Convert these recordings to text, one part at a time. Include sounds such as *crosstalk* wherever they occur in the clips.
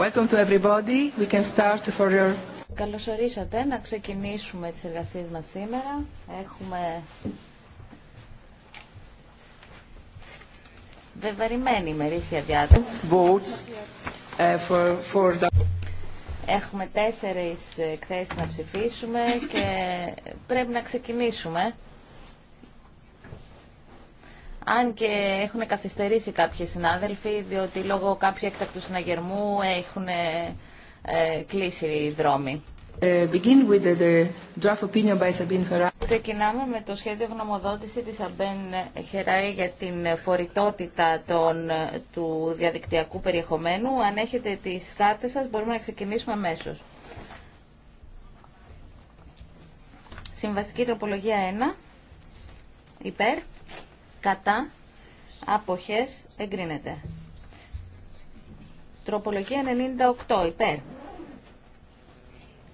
Welcome Καλώς ορίσατε. Να ξεκινήσουμε τις εργασίες μας σήμερα. Έχουμε βεβαρημένη ημερήσια διάταξη. Votes ε, for, for Έχουμε τέσσερις εκθέσεις να ψηφίσουμε και πρέπει να ξεκινήσουμε αν και έχουν καθυστερήσει κάποιοι συνάδελφοι, διότι λόγω κάποιου εκτακτού συναγερμού έχουν ε, ε, κλείσει οι δρόμοι. Ε, Ξεκινάμε με το σχέδιο γνωμοδότηση της Αμπέν Χεράη για την φορητότητα των, του διαδικτυακού περιεχομένου. Αν έχετε τις κάρτες σας μπορούμε να ξεκινήσουμε αμέσω. Συμβαστική τροπολογία 1. Υπέρ κατά, αποχές, εγκρίνεται. Τροπολογία 98, υπέρ,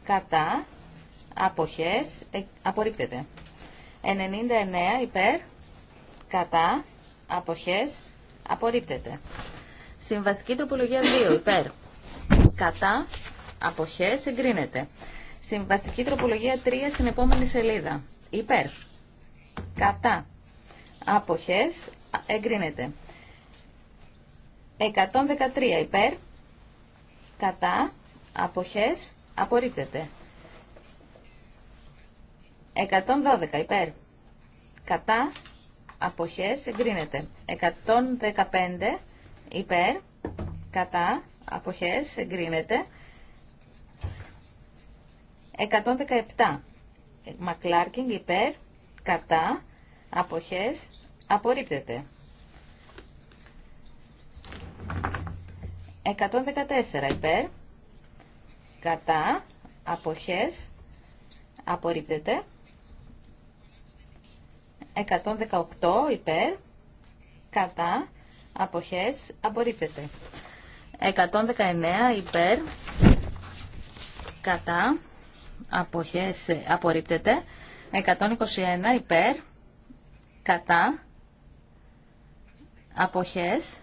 κατά, αποχές, ε, απορρίπτεται. 99, υπέρ, κατά, αποχές, απορρίπτεται. Συμβαστική τροπολογία 2, υπέρ, κατά, αποχές, εγκρίνεται. Συμβαστική τροπολογία 3 στην επόμενη σελίδα. Υπέρ. Κατά. Αποχές. Εγκρίνεται. 113 υπέρ. Κατά. Αποχές. Απορρίπτεται. 112 υπέρ. Κατά. Αποχές. Εγκρίνεται. 115 υπέρ. Κατά. Αποχές. Εγκρίνεται. 117. Μακλάρκινγκ υπέρ. Κατά αποχές απορρίπτεται. 114 υπέρ, κατά, αποχές, απορρίπτεται. 118 υπέρ, κατά, αποχές, απορρίπτεται. 119 υπέρ, κατά, αποχές, απορρίπτεται. 121 υπέρ, κατά, αποχές,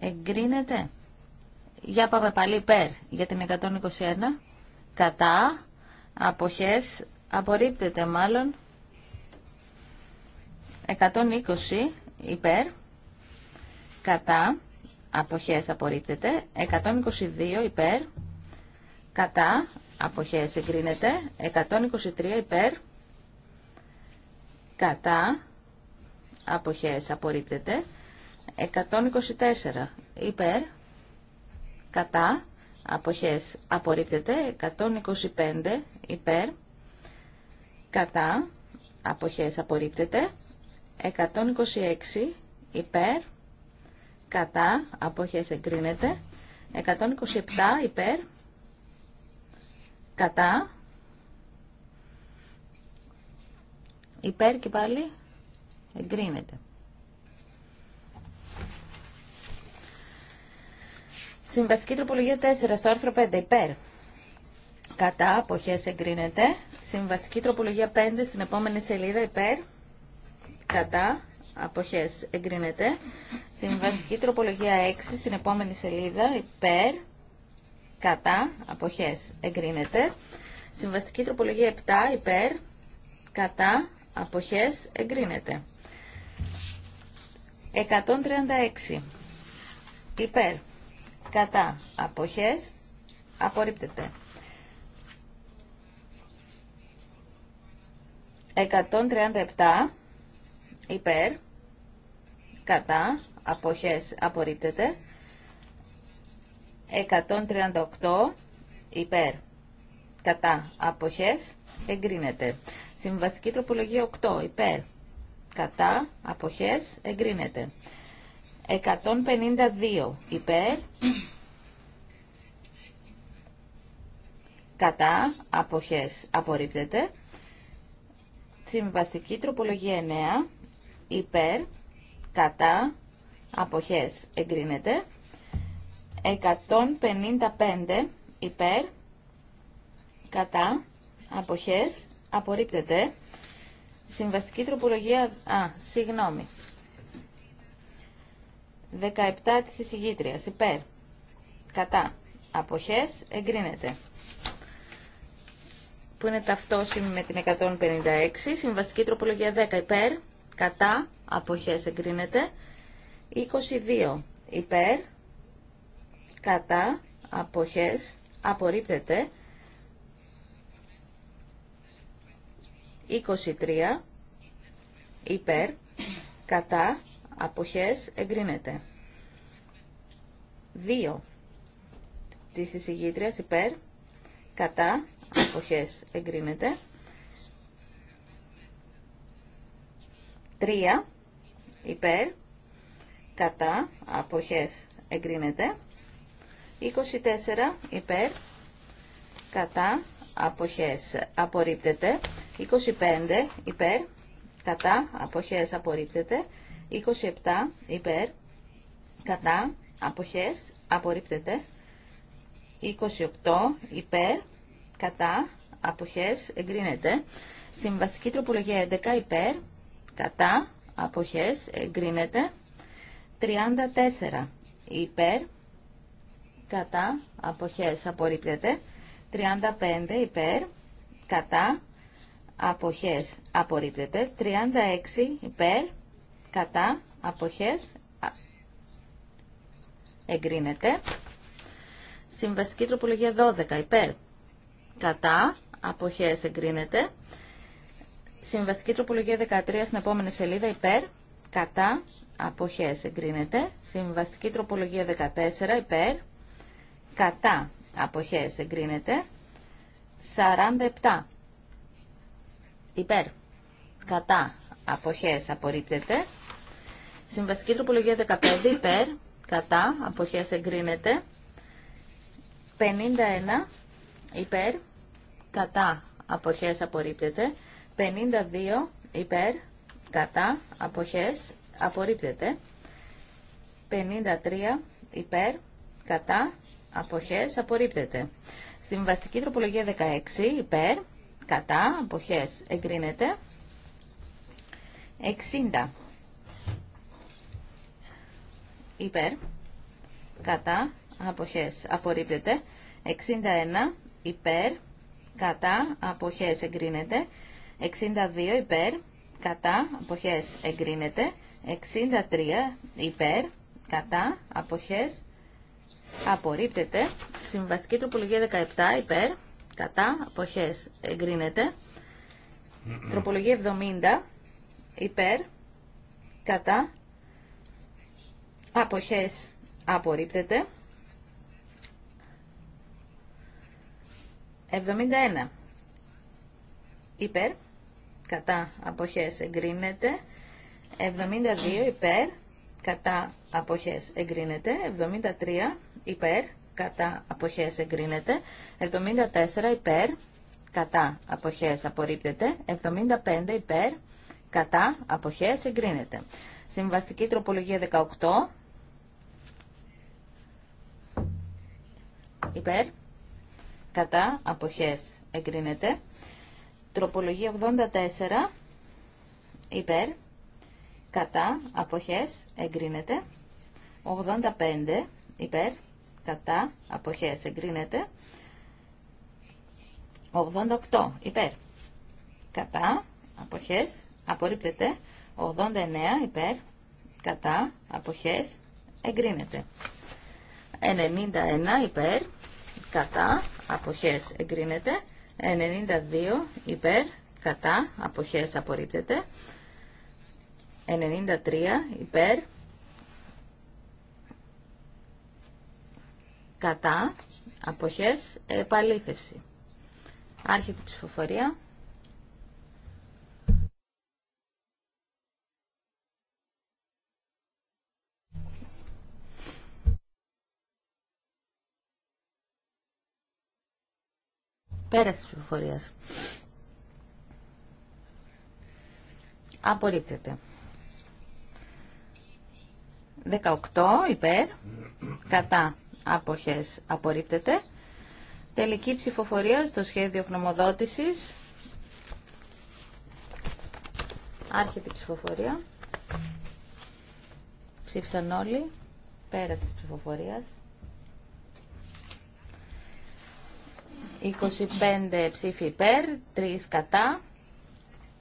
εγκρίνεται. Για πάμε πάλι υπέρ για την 121, κατά, αποχές, απορρίπτεται μάλλον, 120 υπέρ, κατά, αποχές απορρίπτεται, 122 υπέρ, κατά, αποχές εγκρίνεται, 123 υπέρ, κατά, αποχές απορρίπτεται, 124 υπέρ, κατά, αποχές απορρίπτεται, 125 υπέρ, κατά, αποχές απορρίπτεται, 126 υπέρ, κατά, αποχές εγκρίνεται, 127 υπέρ, κατά, Υπέρ και πάλι εγκρίνεται. Συμβαστική τροπολογία 4 στο άρθρο 5 υπέρ. Κατά αποχές εγκρίνεται. Συμβαστική τροπολογία 5 στην επόμενη σελίδα υπέρ. Κατά αποχές εγκρίνεται. Συμβαστική τροπολογία 6 στην επόμενη σελίδα υπέρ. Κατά αποχές εγκρίνεται. Συμβαστική τροπολογία 7 υπέρ. Κατά αποχές εγκρίνεται. 136 υπέρ κατά αποχές απορρίπτεται. 137 υπέρ κατά αποχές απορρίπτεται. 138 υπέρ κατά αποχές εγκρίνεται. Συμβαστική τροπολογία 8 υπέρ. Κατά αποχές εγκρίνεται. 152 υπέρ. Κατά αποχές απορρίπτεται. Συμβαστική τροπολογία 9 υπέρ. Κατά αποχές εγκρίνεται. 155 υπέρ. Κατά αποχές απορρίπτεται. Συμβαστική τροπολογία... Α, συγγνώμη. 17 της εισηγήτριας, υπέρ. Κατά. Αποχές, εγκρίνεται. Που είναι ταυτόσιμη με την 156. Συμβαστική τροπολογία 10, υπέρ. Κατά. Αποχές, εγκρίνεται. 22, υπέρ. Κατά. Αποχές, απορρίπτεται. 23 υπέρ, κατά, αποχές, εγκρίνεται. 2 της εισηγήτριας υπέρ, κατά, αποχές, εγκρίνεται. 3 υπέρ, κατά, αποχές, εγκρίνεται. 24 υπέρ, κατά, αποχές, απορρίπτεται. 25 υπέρ, κατά, αποχές απορρίπτεται. 27 υπέρ, κατά, αποχές απορρίπτεται. 28 υπέρ, κατά, αποχές εγκρίνεται. Συμβαστική τροπολογία 11 υπέρ, κατά, αποχές εγκρίνεται. 34 υπέρ, κατά, αποχές απορρίπτεται. 35 υπέρ, κατά, αποχές απορρίπτεται, 36 υπέρ, κατά, αποχές εγκρίνεται. Συμβαστική τροπολογία 12 υπέρ, κατά, αποχές εγκρίνεται. Συμβαστική τροπολογία 13 στην επόμενη σελίδα υπέρ, κατά, αποχές εγκρίνεται. Συμβαστική τροπολογία 14 υπέρ, κατά, αποχές εγκρίνεται. 47 υπέρ, κατά, αποχές, απορρίπτεται. Συμβαστική τροπολογία 15, υπέρ, κατά, αποχές, εγκρίνεται. 51, υπέρ, κατά, αποχές, απορρίπτεται. 52, υπέρ, κατά, αποχές, απορρίπτεται. 53, υπέρ, κατά, αποχές, απορρίπτεται. Συμβαστική τροπολογία 16, υπέρ, κατά, αποχές, εγκρίνεται. 60 υπέρ, κατά, αποχές, απορρίπτεται. 61 υπέρ, κατά, αποχές, εγκρίνεται. 62 υπέρ, κατά, αποχές, εγκρίνεται. 63 υπέρ, κατά, αποχές, απορρίπτεται. Συμβαστική τροπολογία 17 υπέρ, κατά, αποχές εγκρίνεται. Τροπολογία 70, υπέρ, κατά, αποχές απορρίπτεται. 71, υπέρ, κατά, αποχές εγκρίνεται. 72, υπέρ, κατά, αποχές εγκρίνεται. 73, υπέρ, κατά αποχές εγκρίνεται, 74 υπέρ, κατά αποχές απορρίπτεται, 75 υπέρ, κατά αποχές εγκρίνεται. Συμβαστική τροπολογία 18, υπέρ, κατά αποχές εγκρίνεται. Τροπολογία 84, υπέρ, κατά αποχές εγκρίνεται. 85 υπέρ, κατά, αποχές εγκρίνεται. 88 υπέρ, κατά, αποχές απορρίπτεται. 89 υπέρ, κατά, αποχές εγκρίνεται. 91 υπέρ, κατά, αποχές εγκρίνεται. 92 υπέρ, κατά, αποχές απορρίπτεται. 93 υπέρ, κατά, αποχές, επαλήθευση. Άρχεται η ψηφοφορία. Πέραση ψηφοφορία. ψηφοφορίας. Απορρίπτεται. 18 υπέρ, κατά αποχές απορρίπτεται. Τελική ψηφοφορία στο σχέδιο γνωμοδότησης. Άρχεται η ψηφοφορία. Ψήφισαν όλοι. Πέρασε της ψηφοφορίας. 25 ψήφοι υπέρ, 3 κατά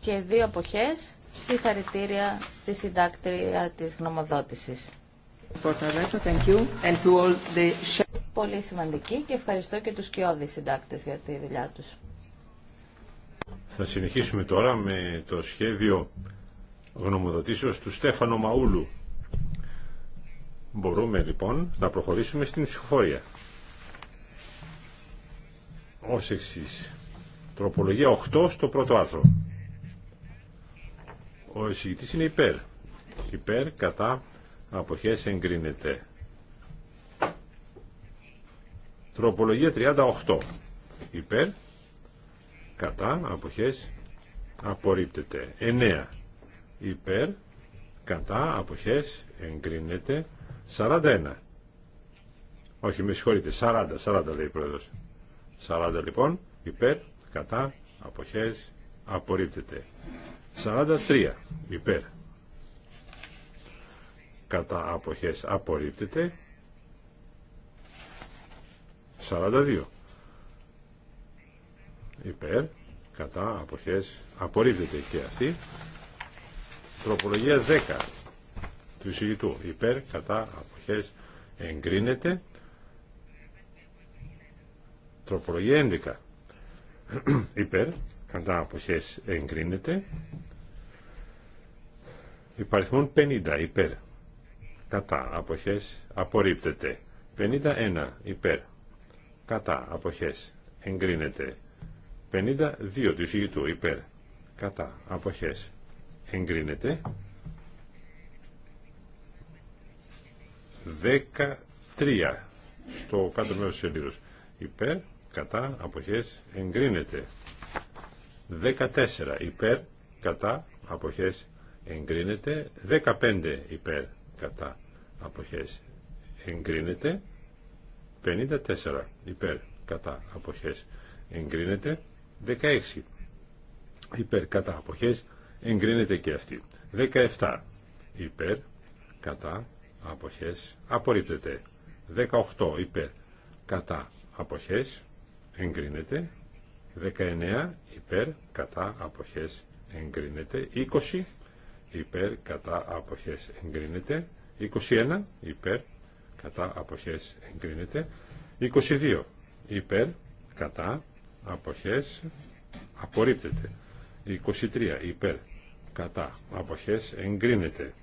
και 2 αποχές. Συγχαρητήρια στη συντάκτρια της γνωμοδότησης. Πολύ σημαντική και ευχαριστώ και τους κοιόδης συντάκτες για τη δουλειά τους. Θα συνεχίσουμε τώρα με το σχέδιο γνωμοδοτήσεως του Στέφανο Μαούλου. Μπορούμε λοιπόν να προχωρήσουμε στην ψηφοφορία. Ως εξής. Τροπολογία 8 στο πρώτο άρθρο. Ο εισηγητής είναι υπέρ. Υπέρ κατά αποχές εγκρίνεται. Τροπολογία 38. Υπέρ, κατά, αποχές, απορρίπτεται. 9. Υπέρ, κατά, αποχές, εγκρίνεται. 41. Όχι, με συγχωρείτε, 40, 40 λέει η 40 λοιπόν, υπέρ, κατά, αποχές, απορρίπτεται. 43, υπέρ, κατά αποχές απορρίπτεται 42 υπέρ κατά αποχές απορρίπτεται και αυτή τροπολογία 10 του εισηγητού υπέρ κατά αποχές εγκρίνεται τροπολογία 11 υπέρ κατά αποχές εγκρίνεται υπαριθμών 50 υπέρ κατά αποχές απορρίπτεται 51 υπέρ κατά αποχές εγκρίνεται 52 του εισηγητού υπέρ κατά αποχές εγκρίνεται 13 στο κάτω μέρος της σελίδος υπέρ κατά αποχές εγκρίνεται 14 υπέρ κατά αποχές εγκρίνεται 15 υπέρ κατά αποχές εγκρίνεται 54 υπέρ κατά αποχές εγκρίνεται 16 υπέρ κατά αποχές εγκρίνεται και αυτή 17 υπέρ κατά αποχές απορρίπτεται 18 υπέρ κατά αποχές εγκρίνεται 19 υπέρ κατά αποχές εγκρίνεται 20 υπέρ κατά αποχές εγκρίνεται 21 υπέρ κατά αποχές εγκρίνεται 22 υπέρ κατά αποχές απορρίπτεται 23 υπέρ κατά αποχές εγκρίνεται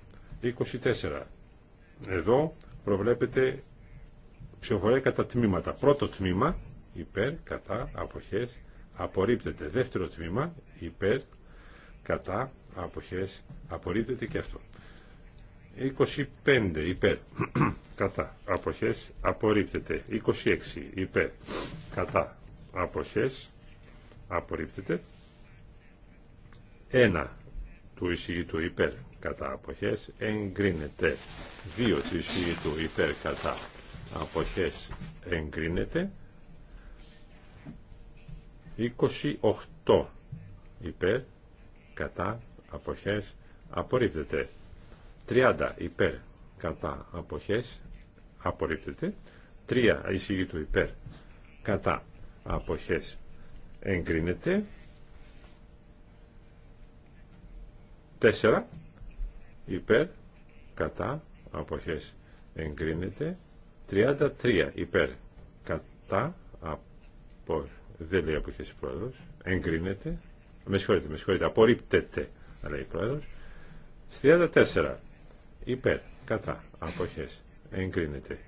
24 εδώ προβλέπεται ψηφοφορία κατά τμήματα πρώτο τμήμα υπέρ κατά αποχές απορρίπτεται δεύτερο τμήμα υπέρ κατά αποχές απορρίπτεται και αυτό 25 *clears throat* υπέρ κατά αποχές απορρίπτεται 26 υπέρ κατά αποχές απορρίπτεται 1 του εισηγητού υπέρ κατά αποχές εγκρίνεται 2 του εισηγητού υπέρ κατά αποχές εγκρίνεται 28 υπέρ κατά αποχές απορρίπτεται 30 υπέρ κατά αποχές απορρίπτεται 3 εισηγήτου υπέρ κατά αποχές εγκρίνεται 4 υπέρ κατά αποχές εγκρίνεται 33 υπέρ κατά απο... δεν λέει αποχές πρόεδρος εγκρίνεται με συγχωρείτε, με συγχωρείτε. Απορρίπτεται, λέει η πρόεδρος. 34. Υπέρ. Κατά. Αποχές. Εγκρίνεται.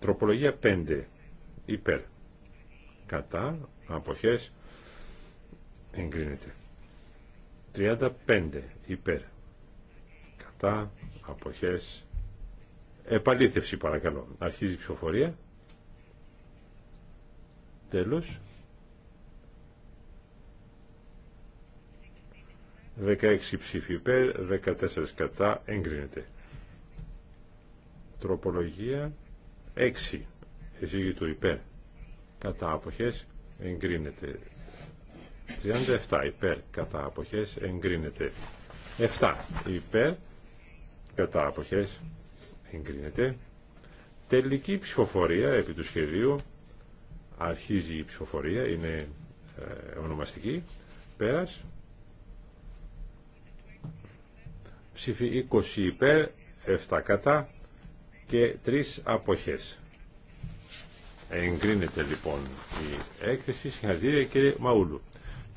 Τροπολογία 5. Υπέρ. Κατά. Αποχές. Εγκρίνεται. 35. Υπέρ. Κατά. Αποχές. Επαλήθευση παρακαλώ. Αρχίζει η ψηφοφορία. Τέλος. 16 ψήφοι υπέρ, 14 κατά, εγκρίνεται. Τροπολογία 6 εισήγητου υπέρ, κατά αποχές, εγκρίνεται. 37 υπέρ, κατά αποχές, εγκρίνεται. 7 υπέρ, κατά αποχές, εγκρίνεται. Τελική ψηφοφορία επί του σχεδίου, αρχίζει η ψηφοφορία, είναι ε, ονομαστική, πέρας. ψήφι 20 υπέρ, 7 κατά και 3 αποχές. Εγκρίνεται λοιπόν η έκθεση. Συγχαρητήρια κύριε Μαούλου.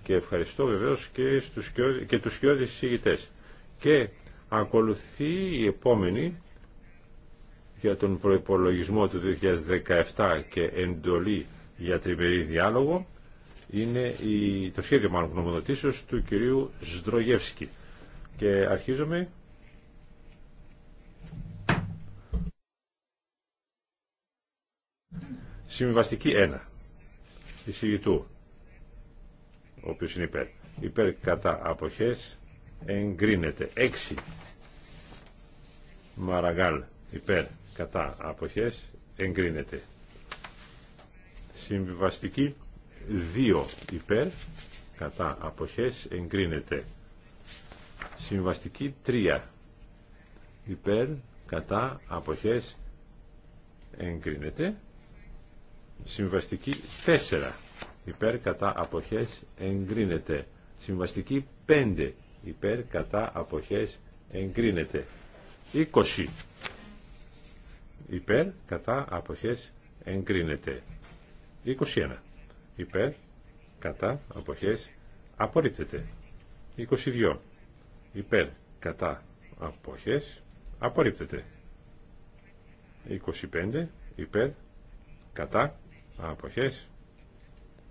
Και ευχαριστώ βεβαίως και, στους, και τους συζητητές. Και ακολουθεί η επόμενη για τον προϋπολογισμό του 2017 και εντολή για τριμερή διάλογο είναι η, το σχέδιο μάλλον του κυρίου Σδρογεύσκη και αρχίζουμε. Συμβιβαστική 1. Εισηγητού. Ο οποίος είναι υπέρ. Υπέρ κατά αποχές εγκρίνεται. 6. Μαραγκάλ. Υπέρ κατά αποχές εγκρίνεται. Συμβιβαστική 2. Υπέρ κατά αποχές εγκρίνεται. Συμβαστική 3. Υπέρ, κατά, αποχές, εγκρίνεται. Συμβαστική 4. Υπέρ, κατά, αποχές, εγκρίνεται. Συμβαστική 5. Υπέρ, κατά, αποχές, εγκρίνεται. 20. Υπέρ, κατά, αποχές, εγκρίνεται. 21. Υπέρ, κατά, αποχές, απορρίπτεται. 22 υπέρ κατά αποχές απορρίπτεται 25 υπέρ κατά αποχές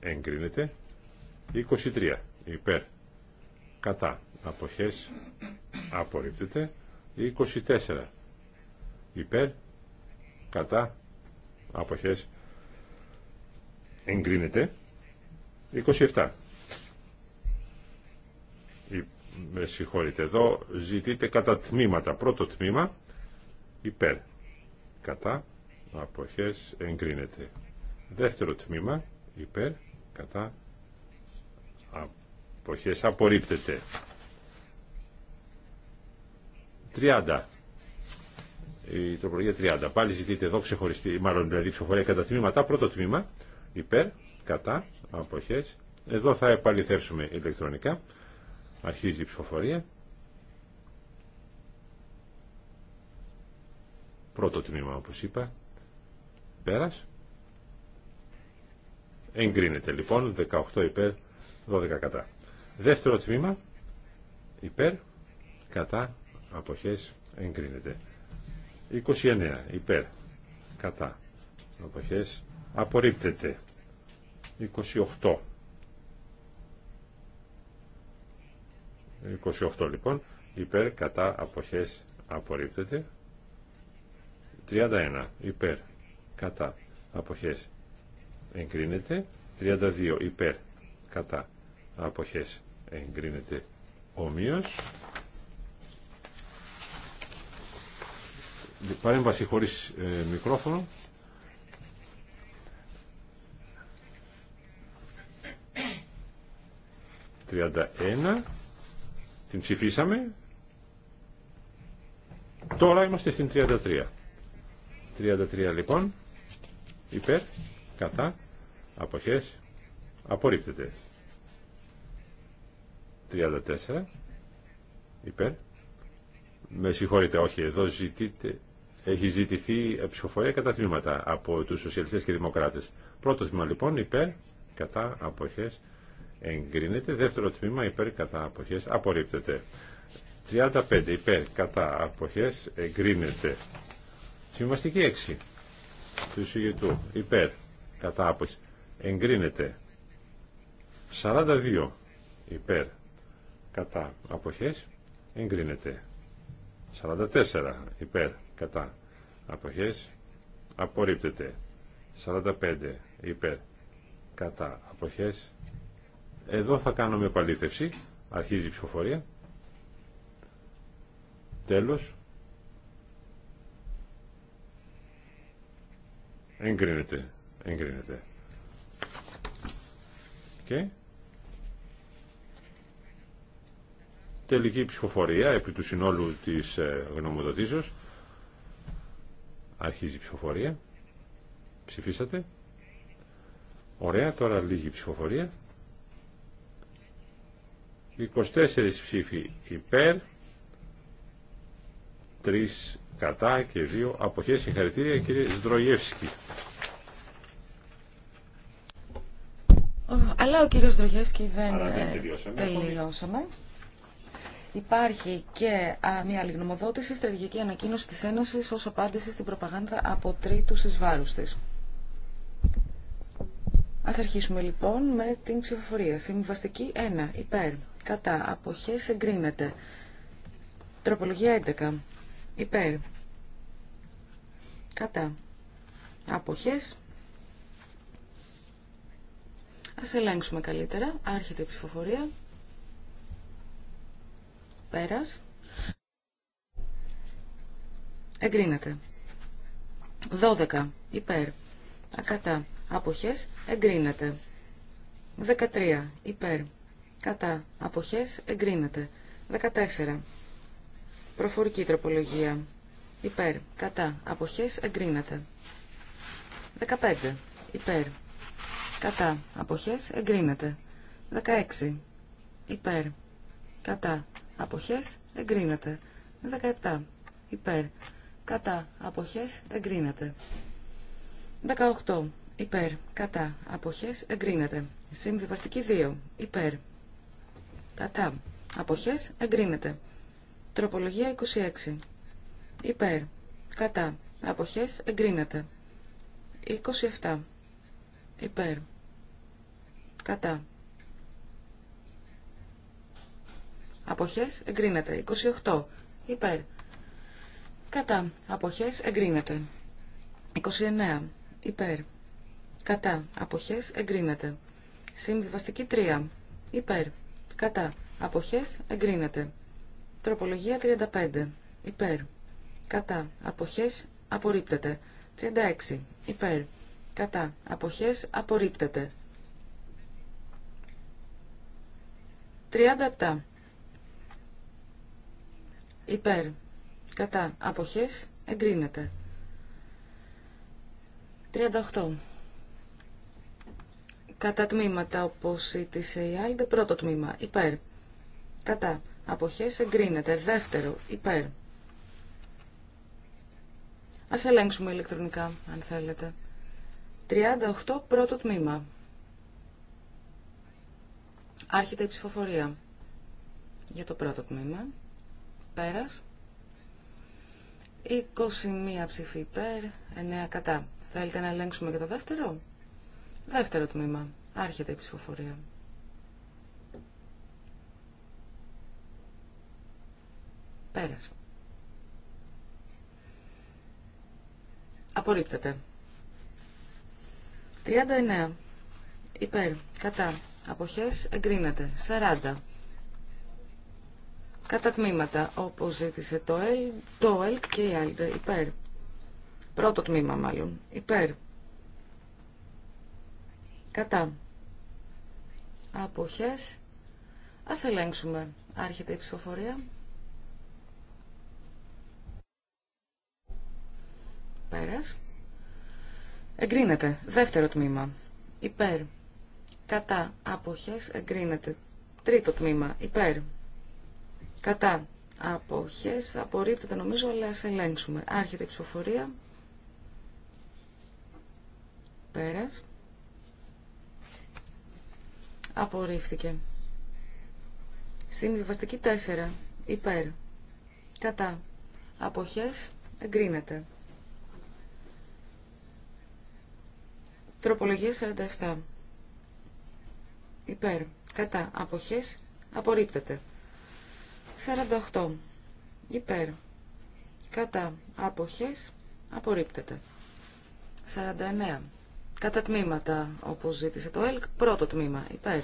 εγκρίνεται 23 υπέρ κατά αποχές απορρίπτεται 24 υπέρ κατά αποχές εγκρίνεται 27 με συγχωρείτε, εδώ ζητείτε κατά τμήματα. Πρώτο τμήμα, υπέρ. Κατά, αποχές, εγκρίνεται. Δεύτερο τμήμα, υπέρ, κατά, αποχές, απορρίπτεται. 30. Η τροπολογία 30. Πάλι ζητείτε εδώ ξεχωριστή, μάλλον δηλαδή ξεχωρία κατά τμήματα. Πρώτο τμήμα, υπέρ, κατά, αποχές. Εδώ θα επαληθεύσουμε ηλεκτρονικά. Αρχίζει η ψηφοφορία. Πρώτο τμήμα, όπως είπα. Πέρας. Εγκρίνεται λοιπόν 18 υπέρ 12 κατά. Δεύτερο τμήμα υπέρ κατά αποχές εγκρίνεται. 29 υπέρ κατά αποχές απορρίπτεται. 28 28 λοιπόν, υπέρ, κατά, αποχές, απορρίπτεται. 31 υπέρ, κατά, αποχές, εγκρίνεται. 32 υπέρ, κατά, αποχές, εγκρίνεται ομοίως. Παρέμβαση χωρίς ε, μικρόφωνο. 31. Την ψηφίσαμε. Τώρα είμαστε στην 33. 33 λοιπόν. Υπέρ, κατά, αποχές, απορρίπτεται. 34. Υπέρ. Με συγχωρείτε, όχι, εδώ ζητείτε, έχει ζητηθεί ψηφοφορία κατά τμήματα από τους σοσιαλιστές και δημοκράτες. Πρώτο τμήμα λοιπόν, υπέρ, κατά, αποχές, εγκρίνεται. Δεύτερο τμήμα υπέρ κατά αποχές απορρίπτεται. 35 υπέρ κατά αποχές εγκρίνεται. Συμβαστική 6 του συγγετού υπέρ κατά αποχές εγκρίνεται. 42 υπέρ κατά αποχές εγκρίνεται. 44 υπέρ κατά αποχές απορρίπτεται. 45 υπέρ κατά αποχές εδώ θα κάνουμε επαλήθευση. Αρχίζει η ψηφοφορία. Τέλος. Εγκρίνεται. Εγκρίνεται. Και τελική ψηφοφορία επί του συνόλου της ε, γνωμοδοτήσεως. Αρχίζει η ψηφοφορία. Ψηφίσατε. Ωραία, τώρα λίγη ψηφοφορία. 24 ψήφοι υπέρ, 3 κατά και 2 αποχές. Συγχαρητήρια κύριε Σδρογεύσκη. Αλλά ο κύριος Δρογεύσκη δεν, ε, τελειώσαμε. Υπάρχει και μια άλλη γνωμοδότηση, στρατηγική ανακοίνωση της Ένωσης ως απάντηση στην προπαγάνδα από τρίτους εις βάρους της. Ας αρχίσουμε λοιπόν με την ψηφοφορία. Συμβαστική 1. Υπέρ κατά, αποχές εγκρίνεται. Τροπολογία 11, υπέρ, κατά, αποχές. Ας ελέγξουμε καλύτερα, άρχεται η ψηφοφορία. Πέρας. Εγκρίνεται. 12. Υπέρ. Ακατά. Αποχές. Εγκρίνεται. 13. Υπέρ. Κατά. Αποχές εγκρίνεται. 14. Προφορική τροπολογία. Υπέρ. Κατά. Αποχές εγκρίνεται. 15. Υπέρ. Κατά. Αποχές εγκρίνεται. 16. Υπέρ. Κατά. Αποχές εγκρίνεται. 17. Υπέρ. Κατά. Αποχές εγκρίνεται. 18. Υπέρ. Κατά. Αποχές εγκρίνεται. Συμβιβαστική 2. Υπέρ. Κατά. Αποχές εγκρίνεται. Τροπολογία 26. Υπέρ. Κατά. Αποχές εγκρίνεται. 27. Υπέρ. Κατά. Αποχές εγκρίνεται. 28. Υπέρ. Κατά. Αποχές εγκρίνεται. 29. Υπέρ. Κατά. Αποχές εγκρίνεται. Συμβιβαστική 3. Υπέρ κατά, αποχές, εγκρίνεται. Τροπολογία 35, υπέρ, κατά, αποχές, απορρίπτεται. 36, υπέρ, κατά, αποχές, απορρίπτεται. 37, υπέρ, κατά, αποχές, εγκρίνεται. 38 κατά τμήματα όπως η η άλλη. Πρώτο τμήμα υπέρ. Κατά. Αποχές εγκρίνεται. Δεύτερο υπέρ. Ας ελέγξουμε ηλεκτρονικά αν θέλετε. 38 πρώτο τμήμα. Άρχεται η ψηφοφορία για το πρώτο τμήμα. Πέρας. 21 ψηφοί υπέρ, 9 κατά. Θέλετε να ελέγξουμε και το δεύτερο. Δεύτερο τμήμα. Άρχεται η ψηφοφορία. Πέρασε. Απορρίπτεται. 39. Υπέρ. Κατά. Αποχές εγκρίνεται. 40. Κατά τμήματα, όπως ζήτησε το ΕΛΚ το και η ΑΛΤΕ. Υπέρ. Πρώτο τμήμα μάλλον. Υπέρ. Κατά. Αποχές. Ας ελέγξουμε. Άρχεται η ψηφοφορία. Πέρας. Εγκρίνεται. Δεύτερο τμήμα. Υπέρ. Κατά. Αποχές. Εγκρίνεται. Τρίτο τμήμα. Υπέρ. Κατά. Αποχές. Απορρίπτεται νομίζω, αλλά ας ελέγξουμε. Άρχεται η ψηφοφορία. Πέρας. Απορρίφθηκε. Συμβιβαστική 4. Υπέρ. Κατά. Αποχές. Εγκρίνεται. Τροπολογία 47. Υπέρ. Κατά. Αποχές. Απορρίπτεται. 48. Υπέρ. Κατά. Αποχές. Απορρίπτεται. 49. Κατά τμήματα, όπως ζήτησε το ΕΛΚ, πρώτο τμήμα, υπέρ.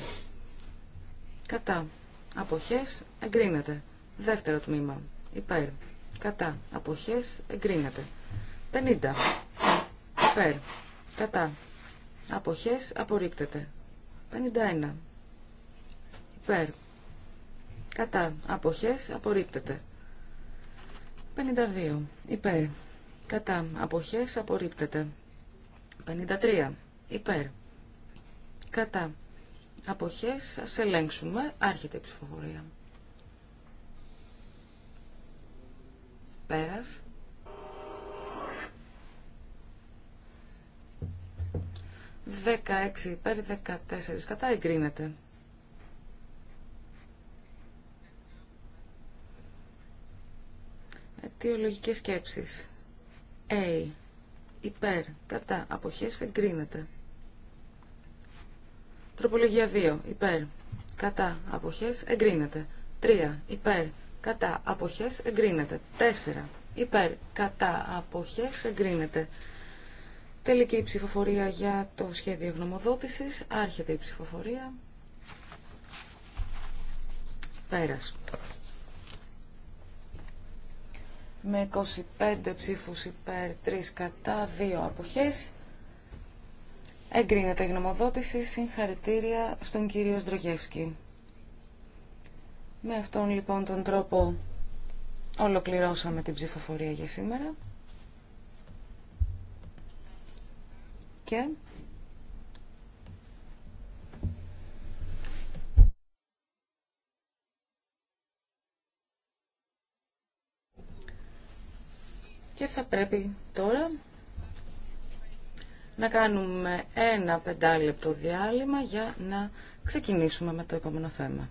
Κατά. Αποχές, εγκρίνεται. Δεύτερο τμήμα, υπέρ. Κατά. Αποχές, εγκρίνεται. 50. Υπέρ. Κατά. Αποχές, απορρίπτεται. 51. Υπέρ. Κατά. Αποχές, απορρίπτεται. 52. Υπέρ. Κατά. Αποχές, απορρίπτεται. 53. Υπέρ. Κατά. Αποχές. Ας ελέγξουμε. Άρχεται η ψηφοφορία. Πέρας. 16 υπέρ, 14 κατά εγκρίνεται. Αιτιολογικές σκέψεις. A υπέρ, κατά, αποχές εγκρίνεται. Τροπολογία 2, υπέρ, κατά, αποχές εγκρίνεται. 3, υπέρ, κατά, αποχές εγκρίνεται. 4, υπέρ, κατά, αποχές εγκρίνεται. Τελική ψηφοφορία για το σχέδιο γνωμοδότησης. Άρχεται η ψηφοφορία. Πέρας με 25 ψήφους υπέρ, 3 κατά, 2 αποχές. Εγκρίνεται η γνωμοδότηση. Συγχαρητήρια στον κύριο Στρογεύσκη. Με αυτόν λοιπόν τον τρόπο ολοκληρώσαμε την ψηφοφορία για σήμερα. Και... Και θα πρέπει τώρα να κάνουμε ένα πεντάλεπτο διάλειμμα για να ξεκινήσουμε με το επόμενο θέμα.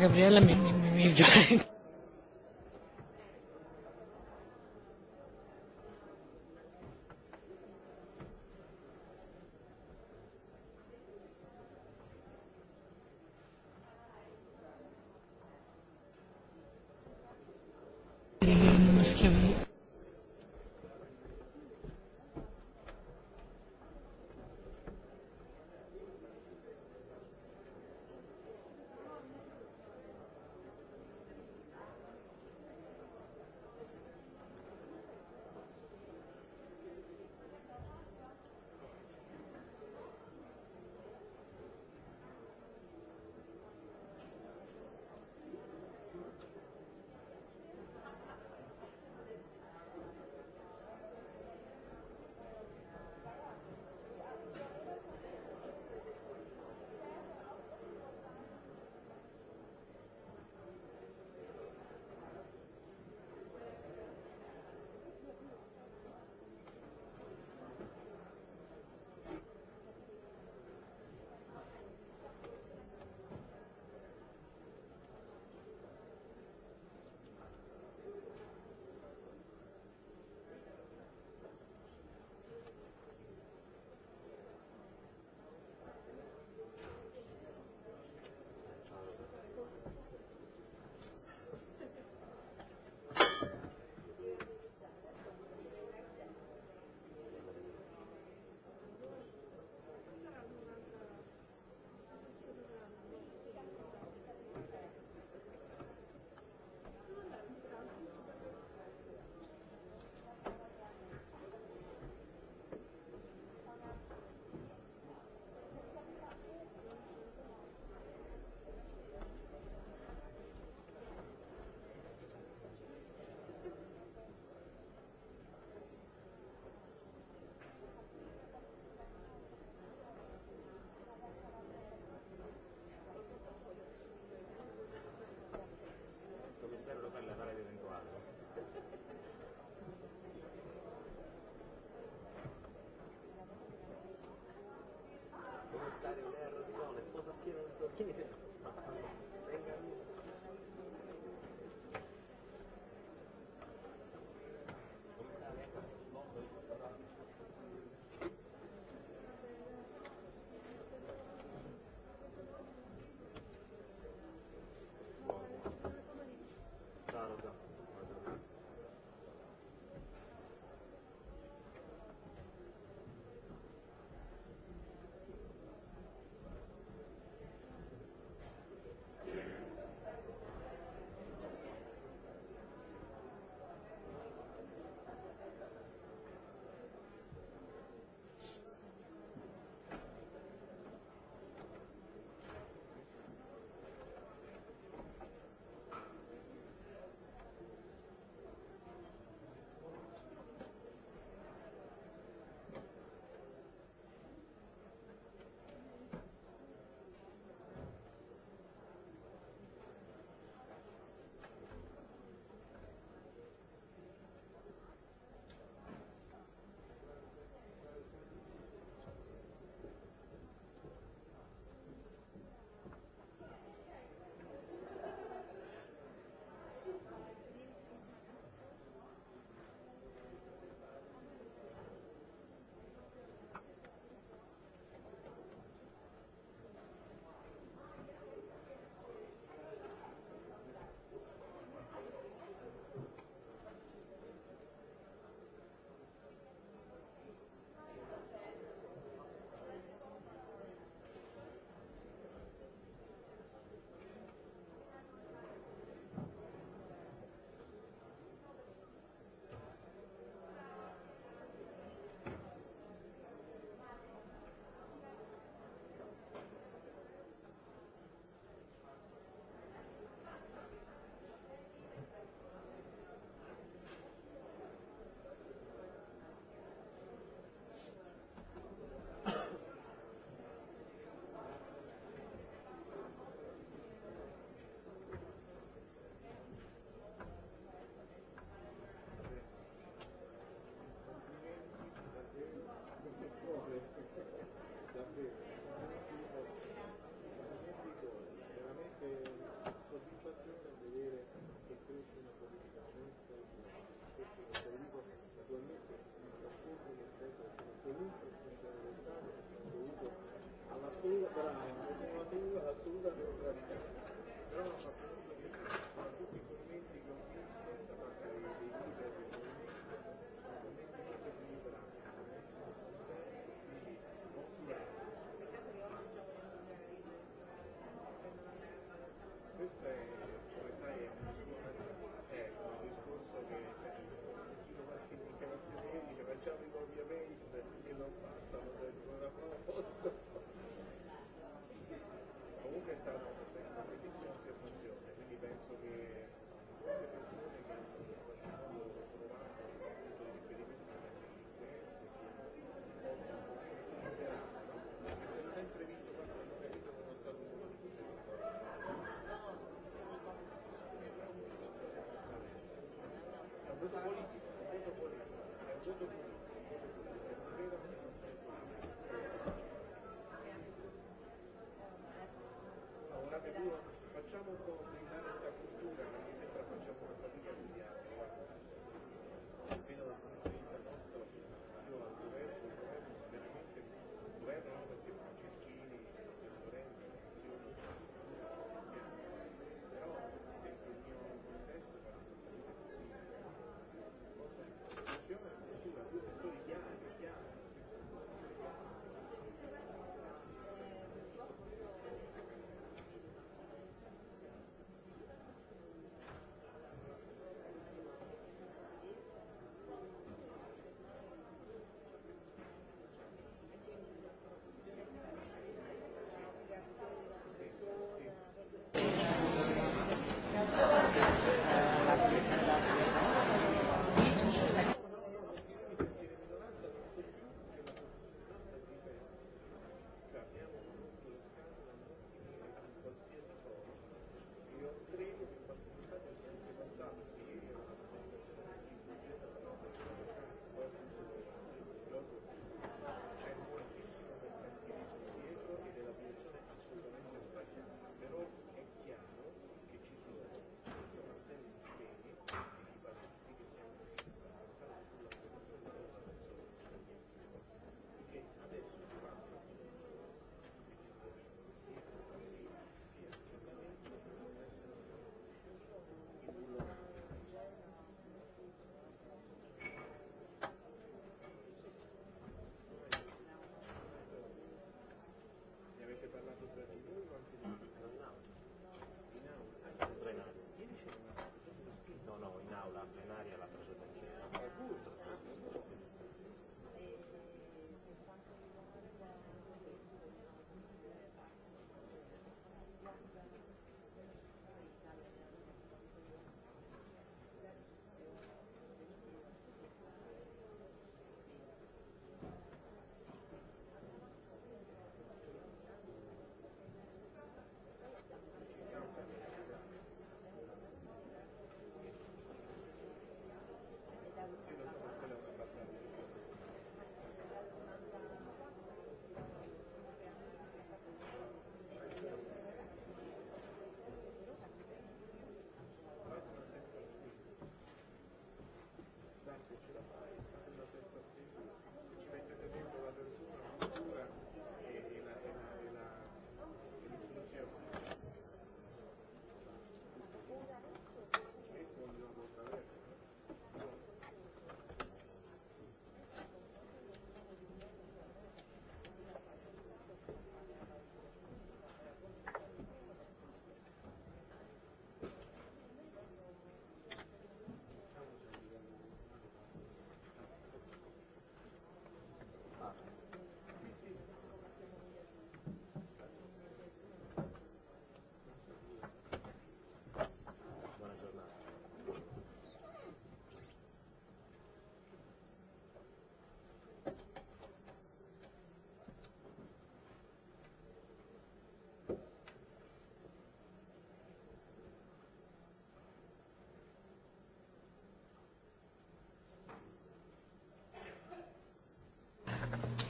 Gabriela mi, mi, mi, mi les cose appieno che Grazie. Ahora che tu facciamo un po'.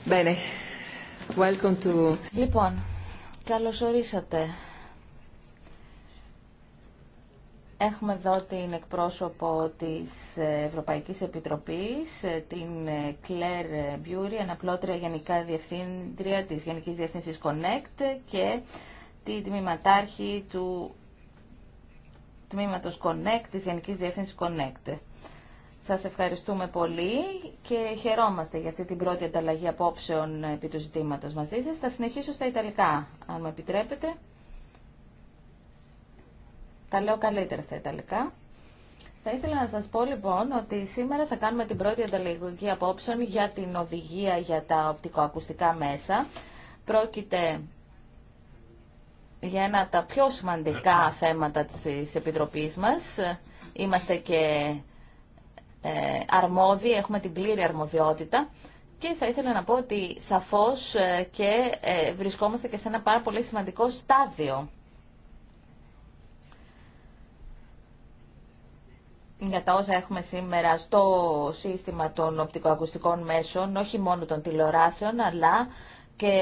Bene. Welcome to... Λοιπόν, καλώς ορίσατε. Έχουμε εδώ την εκπρόσωπο της Ευρωπαϊκής Επιτροπής, την Κλέρ Μπιούρι, αναπλώτρια γενικά διευθύντρια της Γενικής Διεύθυνσης Connect και τη τμήματάρχη του τμήματος Connect, της Γενικής Διεύθυνσης Connect. Σας ευχαριστούμε πολύ και χαιρόμαστε για αυτή την πρώτη ανταλλαγή απόψεων επί του ζητήματος μαζί σας. Θα συνεχίσω στα Ιταλικά, αν μου επιτρέπετε. Τα λέω καλύτερα στα Ιταλικά. Θα ήθελα να σας πω λοιπόν ότι σήμερα θα κάνουμε την πρώτη ανταλλαγή απόψεων για την οδηγία για τα οπτικοακουστικά μέσα. Πρόκειται για ένα από τα πιο σημαντικά θέματα της Επιτροπής μας. Είμαστε και ε, αρμόδιοι, έχουμε την πλήρη αρμοδιότητα και θα ήθελα να πω ότι σαφώς ε, και ε, βρισκόμαστε και σε ένα πάρα πολύ σημαντικό στάδιο για τα όσα έχουμε σήμερα στο σύστημα των οπτικοακουστικών μέσων, όχι μόνο των τηλεοράσεων, αλλά και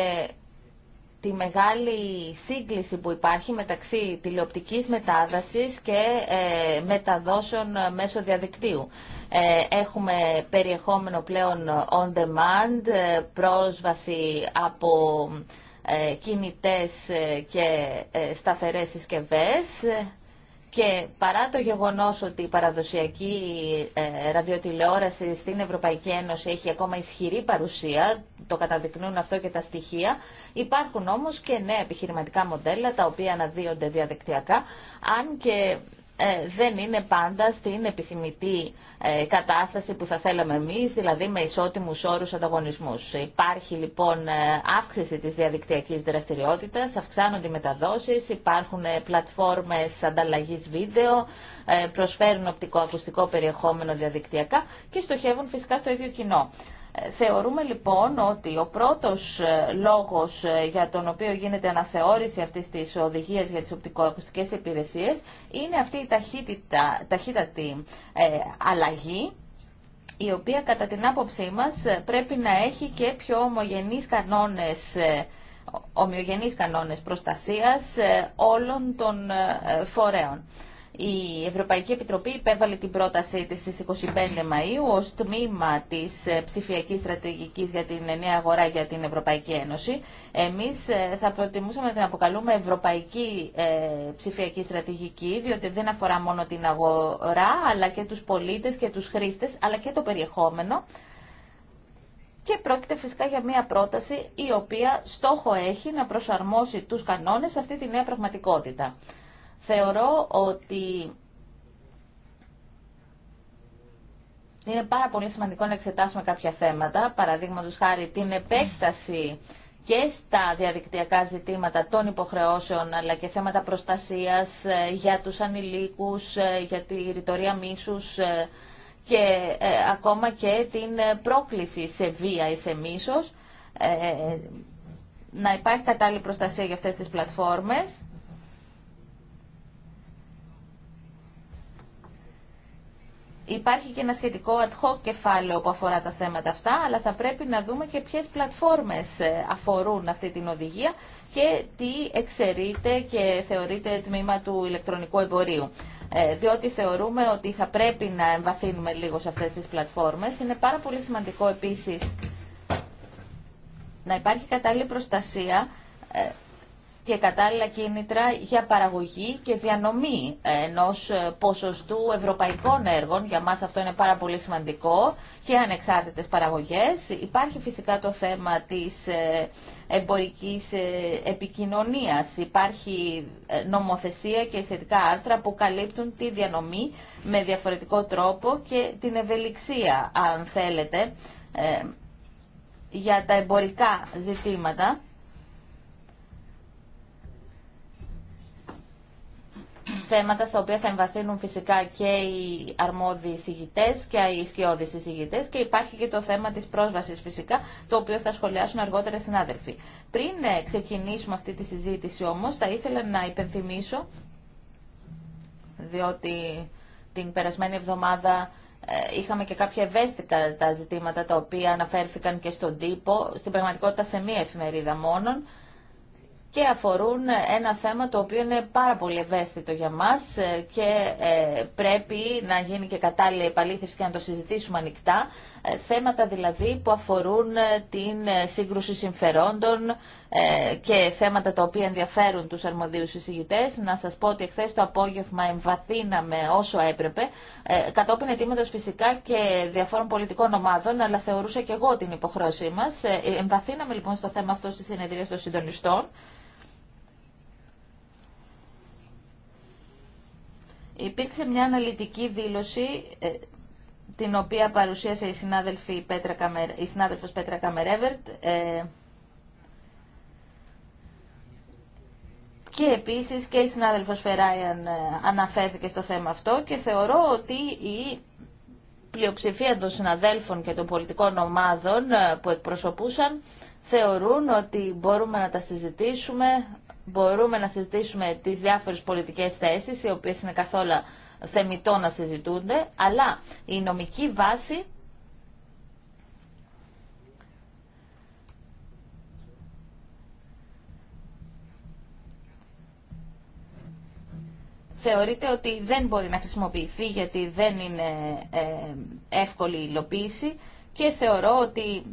τη μεγάλη σύγκληση που υπάρχει μεταξύ τηλεοπτικής μετάδασης και ε, μεταδόσεων μέσω διαδικτύου. Ε, έχουμε περιεχόμενο πλέον on demand, ε, πρόσβαση από ε, κινητές ε, και σταθερές συσκευές και παρά το γεγονός ότι η παραδοσιακή ραδιοτηλεόραση στην Ευρωπαϊκή Ένωση έχει ακόμα ισχυρή παρουσία, το καταδεικνύουν αυτό και τα στοιχεία, Υπάρχουν όμως και νέα επιχειρηματικά μοντέλα τα οποία αναδύονται διαδικτυακά, αν και ε, δεν είναι πάντα στην επιθυμητή ε, κατάσταση που θα θέλαμε εμείς, δηλαδή με ισότιμους όρους ανταγωνισμούς. Υπάρχει λοιπόν ε, αύξηση της διαδικτυακής δραστηριότητας, αυξάνονται οι μεταδόσεις, υπάρχουν πλατφόρμες ανταλλαγής βίντεο, προσφέρουν οπτικό-ακουστικό περιεχόμενο διαδικτυακά και στοχεύουν φυσικά στο ίδιο κοινό. Θεωρούμε λοιπόν ότι ο πρώτος ε, λόγος ε, για τον οποίο γίνεται αναθεώρηση αυτής της οδηγίας για τις οπτικοακουστικές υπηρεσίες είναι αυτή η ταχύτητα, ταχύτατη ε, αλλαγή η οποία κατά την άποψή μας πρέπει να έχει και πιο ομογενείς κανόνες ομοιογενείς κανόνες προστασίας όλων των φορέων. Η Ευρωπαϊκή Επιτροπή υπέβαλε την πρότασή της στις 25 Μαΐου ως τμήμα της ε, ψηφιακής στρατηγικής για την νέα αγορά για την Ευρωπαϊκή Ένωση. Εμείς ε, θα προτιμούσαμε να την αποκαλούμε Ευρωπαϊκή ε, Ψηφιακή Στρατηγική, διότι δεν αφορά μόνο την αγορά, αλλά και τους πολίτες και τους χρήστες, αλλά και το περιεχόμενο. Και πρόκειται φυσικά για μια πρόταση η οποία στόχο έχει να προσαρμόσει τους κανόνες σε αυτή τη νέα πραγματικότητα. Θεωρώ ότι είναι πάρα πολύ σημαντικό να εξετάσουμε κάποια θέματα, παραδείγματο χάρη την επέκταση και στα διαδικτυακά ζητήματα των υποχρεώσεων, αλλά και θέματα προστασίας ε, για τους ανηλίκους, ε, για τη ρητορία μίσους ε, και ακόμα και την πρόκληση σε βία ή σε μίσος. Να υπάρχει κατάλληλη προστασία για αυτές τις πλατφόρμες Υπάρχει και ένα σχετικό ad hoc κεφάλαιο που αφορά τα θέματα αυτά, αλλά θα πρέπει να δούμε και ποιες πλατφόρμες ε, αφορούν αυτή την οδηγία και τι εξαιρείται και θεωρείται τμήμα του ηλεκτρονικού εμπορίου. Ε, διότι θεωρούμε ότι θα πρέπει να εμβαθύνουμε λίγο σε αυτές τις πλατφόρμες. Είναι πάρα πολύ σημαντικό επίσης να υπάρχει κατάλληλη προστασία ε, και κατάλληλα κίνητρα για παραγωγή και διανομή ενός ε, ποσοστού ευρωπαϊκών έργων. Για μας αυτό είναι πάρα πολύ σημαντικό και ανεξάρτητες παραγωγές. Υπάρχει φυσικά το θέμα της ε, εμπορικής ε, επικοινωνίας. Υπάρχει νομοθεσία και σχετικά άρθρα που καλύπτουν τη διανομή με διαφορετικό τρόπο και την ευελιξία, αν θέλετε, για τα εμπορικά ζητήματα. θέματα στα οποία θα εμβαθύνουν φυσικά και οι αρμόδιοι συγητέ και οι ισχυώδει συγητέ και υπάρχει και το θέμα της πρόσβασης φυσικά, το οποίο θα σχολιάσουν αργότερα συνάδελφοι. Πριν ε, ξεκινήσουμε αυτή τη συζήτηση όμως, θα ήθελα να υπενθυμίσω, διότι την περασμένη εβδομάδα ε, είχαμε και κάποια ευαίσθητα τα ζητήματα τα οποία αναφέρθηκαν και στον τύπο, στην πραγματικότητα σε μία εφημερίδα μόνον, και αφορούν ένα θέμα το οποίο είναι πάρα πολύ ευαίσθητο για μας ε, και ε, πρέπει να γίνει και κατάλληλη επαλήθευση και να το συζητήσουμε ανοιχτά. Ε, θέματα δηλαδή που αφορούν την σύγκρουση συμφερόντων και θέματα τα οποία ενδιαφέρουν τους αρμοδίους εισηγητές. Να σας πω ότι εχθές το απόγευμα εμβαθύναμε όσο έπρεπε, κατόπιν αιτήματος φυσικά και διαφόρων πολιτικών ομάδων, αλλά θεωρούσα και εγώ την υποχρέωσή μας. Εμβαθύναμε λοιπόν στο θέμα αυτό στη συνεδρία των συντονιστών. Υπήρξε μια αναλυτική δήλωση ε, την οποία παρουσίασε η, συνάδελφη Πέτρα Καμερ, η συνάδελφος Πέτρα Καμερέβερτ ε, και επίσης και η συνάδελφος Φεράιαν ε, αναφέρθηκε στο θέμα αυτό και θεωρώ ότι η πλειοψηφία των συναδέλφων και των πολιτικών ομάδων που εκπροσωπούσαν θεωρούν ότι μπορούμε να τα συζητήσουμε, μπορούμε να συζητήσουμε τις διάφορες πολιτικές θέσεις, οι οποίες είναι καθόλου θεμητό να συζητούνται, αλλά η νομική βάση θεωρείται ότι δεν μπορεί να χρησιμοποιηθεί γιατί δεν είναι ε, εύκολη η υλοποίηση και θεωρώ ότι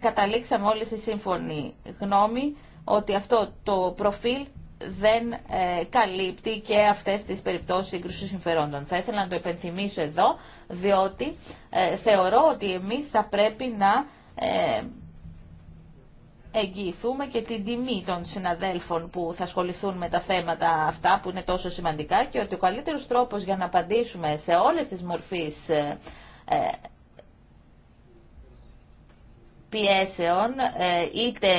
καταλήξαμε όλοι στη σύμφωνη γνώμη ότι αυτό το προφίλ δεν ε, καλύπτει και αυτές τις περιπτώσεις σύγκρουσης συμφερόντων. Θα ήθελα να το επενθυμίσω εδώ, διότι ε, θεωρώ ότι εμείς θα πρέπει να ε, εγγυηθούμε και την τιμή των συναδέλφων που θα ασχοληθούν με τα θέματα αυτά που είναι τόσο σημαντικά και ότι ο καλύτερος τρόπος για να απαντήσουμε σε όλες τις μορφές ε, πιέσεων, ε, είτε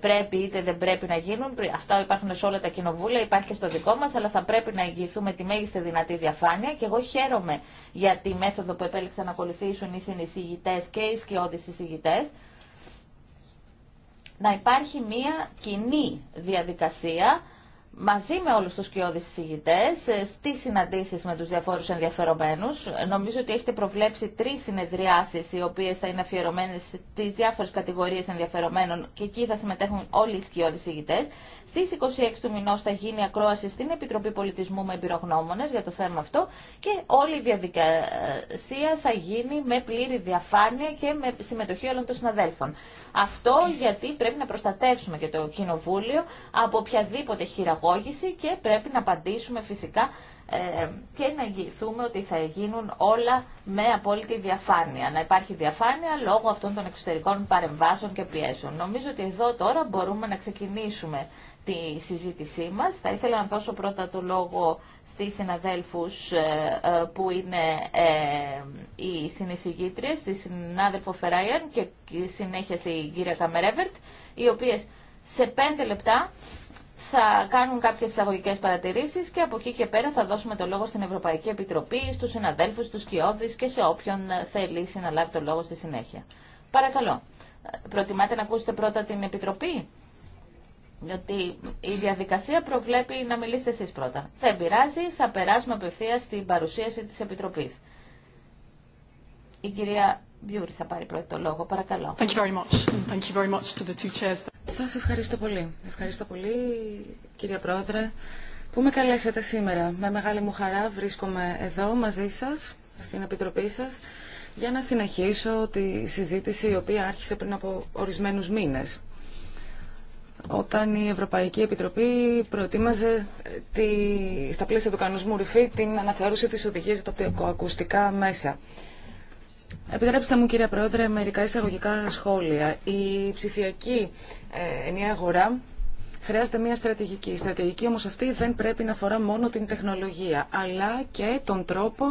πρέπει είτε δεν πρέπει να γίνουν. Αυτά υπάρχουν σε όλα τα κοινοβούλια, υπάρχει και στο δικό μα, αλλά θα πρέπει να εγγυηθούμε τη μέγιστη δυνατή διαφάνεια και εγώ χαίρομαι για τη μέθοδο που επέλεξαν να ακολουθήσουν οι συνεισηγητέ και οι σκιώδη εισηγητές να υπάρχει μία κοινή διαδικασία μαζί με όλους τους κοιόδης συζητητές ε, στις συναντήσεις με τους διαφόρους ενδιαφερομένους. Νομίζω ότι έχετε προβλέψει τρεις συνεδριάσεις οι οποίες θα είναι αφιερωμένες στις διάφορες κατηγορίες ενδιαφερομένων και εκεί θα συμμετέχουν όλοι οι σκιώδεις συζητητές Στις 26 του μηνός θα γίνει ακρόαση στην Επιτροπή Πολιτισμού με εμπειρογνώμονες για το θέμα αυτό και όλη η διαδικασία θα γίνει με πλήρη διαφάνεια και με συμμετοχή όλων των συναδέλφων. Αυτό γιατί πρέπει να προστατεύσουμε και το Κοινοβούλιο από οποιαδήποτε χειραγωγή και πρέπει να απαντήσουμε φυσικά ε, και να εγγυηθούμε ότι θα γίνουν όλα με απόλυτη διαφάνεια. Να υπάρχει διαφάνεια λόγω αυτών των εξωτερικών παρεμβάσεων και πιέσεων. Νομίζω ότι εδώ τώρα μπορούμε να ξεκινήσουμε τη συζήτησή μας. Θα ήθελα να δώσω πρώτα το λόγο στις συναδέλφους ε, ε, που είναι οι συνεισηγήτριες, στη συνάδελφο Φεράιαν και συνέχεια στην κυρία Καμερέβερτ, οι οποίες σε πέντε λεπτά θα κάνουν κάποιες εισαγωγικέ παρατηρήσεις και από εκεί και πέρα θα δώσουμε το λόγο στην Ευρωπαϊκή Επιτροπή, στου συναδέλφους, στου κοιόδη και σε όποιον θέλει συναλλάβει το λόγο στη συνέχεια. Παρακαλώ, προτιμάτε να ακούσετε πρώτα την Επιτροπή, διότι η διαδικασία προβλέπει να μιλήσετε εσεί πρώτα. Δεν πειράζει, θα περάσουμε απευθεία στην παρουσίαση τη επιτροπή θα λόγο, Σας ευχαριστώ πολύ. Ευχαριστώ πολύ, κυρία Πρόεδρε, που με καλέσατε σήμερα. Με μεγάλη μου χαρά βρίσκομαι εδώ μαζί σας, στην Επιτροπή σας, για να συνεχίσω τη συζήτηση η οποία άρχισε πριν από ορισμένους μήνες όταν η Ευρωπαϊκή Επιτροπή προετοίμαζε ε, τη, στα πλαίσια του κανονισμού ΡΙΦΗ την αναθεώρηση της οδηγίας για τα ακουστικά μέσα. Επιτρέψτε μου κύριε Πρόεδρε μερικά εισαγωγικά σχόλια. Η ψηφιακή ε, ενιαία αγορά χρειάζεται μια στρατηγική. Η στρατηγική όμως αυτή δεν πρέπει να αφορά μόνο την τεχνολογία, αλλά και τον τρόπο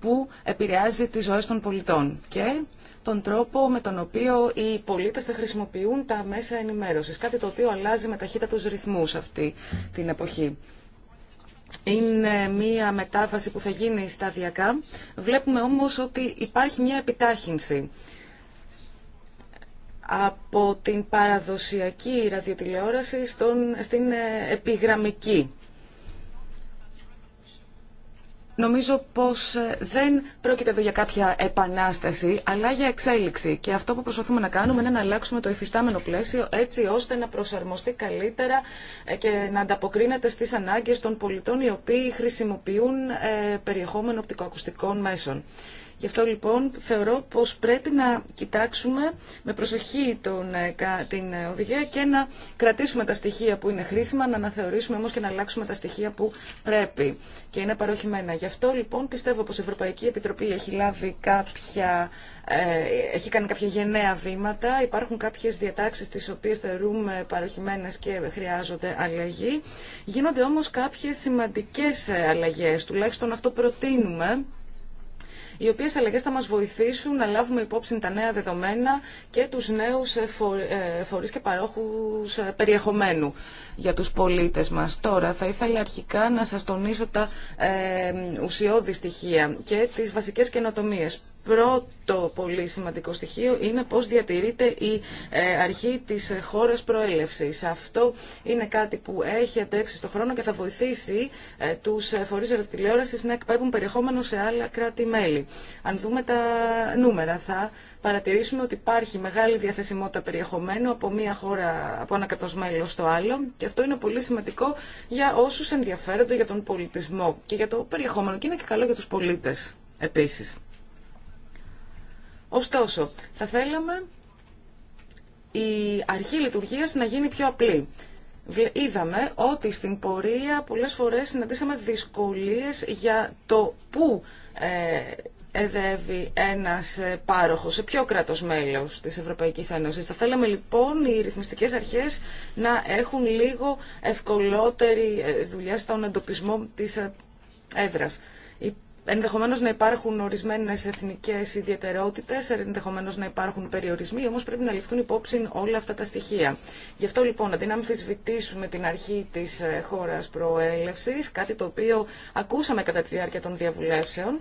που επηρεάζει τις ζωές των πολιτών και τον τρόπο με τον οποίο οι πολίτες θα χρησιμοποιούν τα μέσα ενημέρωσης, κάτι το οποίο αλλάζει με ταχύτητα τους ρυθμούς αυτή την εποχή είναι μία μετάβαση που θα γίνει σταδιακά. Βλέπουμε όμως ότι υπάρχει μία επιτάχυνση. Από την παραδοσιακή ραδιοτηλεόραση στον, στην ε, επιγραμμική Νομίζω πως ε, δεν πρόκειται εδώ για κάποια επανάσταση, αλλά για εξέλιξη. Και αυτό που προσπαθούμε να κάνουμε είναι να αλλάξουμε το εφιστάμενο πλαίσιο έτσι ώστε να προσαρμοστεί καλύτερα ε, και να ανταποκρίνεται στις ανάγκες των πολιτών οι οποίοι χρησιμοποιούν ε, περιεχόμενο οπτικοακουστικών μέσων. Γι' αυτό λοιπόν θεωρώ πως πρέπει να κοιτάξουμε με προσοχή τον, ε, την ε, οδηγία και να κρατήσουμε τα στοιχεία που είναι χρήσιμα, να αναθεωρήσουμε όμως και να αλλάξουμε τα στοιχεία που πρέπει και είναι παροχημένα. Γι' αυτό λοιπόν πιστεύω πως η Ευρωπαϊκή Επιτροπή έχει, λάβει κάποια, ε, έχει κάνει κάποια γενναία βήματα, υπάρχουν κάποιες διατάξεις τις οποίες θεωρούμε παροχημένες και χρειάζονται αλλαγή. Γίνονται όμως κάποιες σημαντικές αλλαγές, τουλάχιστον αυτό προτείνουμε οι οποίε αλλαγέ θα μας βοηθήσουν να λάβουμε υπόψη τα νέα δεδομένα και τους νέους ε, ε, φορεί και παρόχους ε, περιεχομένου για τους πολίτες μας. Τώρα θα ήθελα αρχικά να σας τονίσω τα ουσιώδη στοιχεία και τις βασικές καινοτομίε πρώτο πολύ σημαντικό στοιχείο είναι πώς διατηρείται η ε, αρχή της χώρας προέλευσης. Αυτό είναι κάτι που έχει αντέξει στον χρόνο και θα βοηθήσει ε, τους ε, φορείς ερωτηλεόρασης να εκπέμπουν περιεχόμενο σε άλλα κράτη-μέλη. Αν δούμε τα νούμερα θα παρατηρήσουμε ότι υπάρχει μεγάλη διαθεσιμότητα περιεχομένου από μία χώρα, από ένα κατός μέλος στο άλλο και αυτό είναι πολύ σημαντικό για όσους ενδιαφέρονται για τον πολιτισμό και για το περιεχόμενο και είναι και καλό για τους πολίτες επίσης. Ωστόσο, θα θέλαμε η αρχή λειτουργίας να γίνει πιο απλή. Είδαμε ότι στην πορεία πολλές φορές συναντήσαμε δυσκολίες για το πού ε, εδεύει ένας ε, πάροχος, σε ποιο κράτος μέλος της Ευρωπαϊκής Ένωσης. Θα θέλαμε λοιπόν οι ρυθμιστικές αρχές να έχουν λίγο ευκολότερη ε, δουλειά στον εντοπισμό της έδρας ενδεχομένως να υπάρχουν ορισμένες εθνικές ιδιαιτερότητες, ενδεχομένως να υπάρχουν περιορισμοί, όμως πρέπει να ληφθούν υπόψη όλα αυτά τα στοιχεία. Γι' αυτό λοιπόν, αντί να αμφισβητήσουμε την αρχή της ε, χώρας προέλευσης, κάτι το οποίο ακούσαμε κατά τη διάρκεια των διαβουλεύσεων,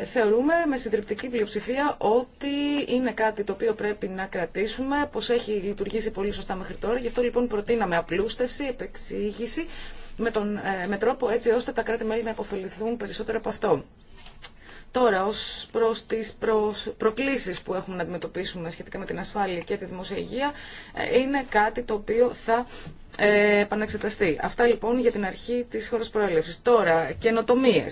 ε, θεωρούμε με συντριπτική πλειοψηφία ότι είναι κάτι το οποίο πρέπει να κρατήσουμε, πως έχει λειτουργήσει πολύ σωστά μέχρι τώρα. Γι' αυτό λοιπόν προτείναμε απλούστευση, επεξήγηση, με, τον, ε, με τρόπο έτσι ώστε τα κράτη-μέλη να υποφεληθούν περισσότερο από αυτό. Τώρα, ω προ τι προκλήσει που έχουμε να αντιμετωπίσουμε σχετικά με την ασφάλεια και τη δημόσια υγεία, ε, είναι κάτι το οποίο θα ε, επαναξεταστεί. Αυτά λοιπόν για την αρχή τη χώρα προέλεύση. Τώρα, καινοτομίε.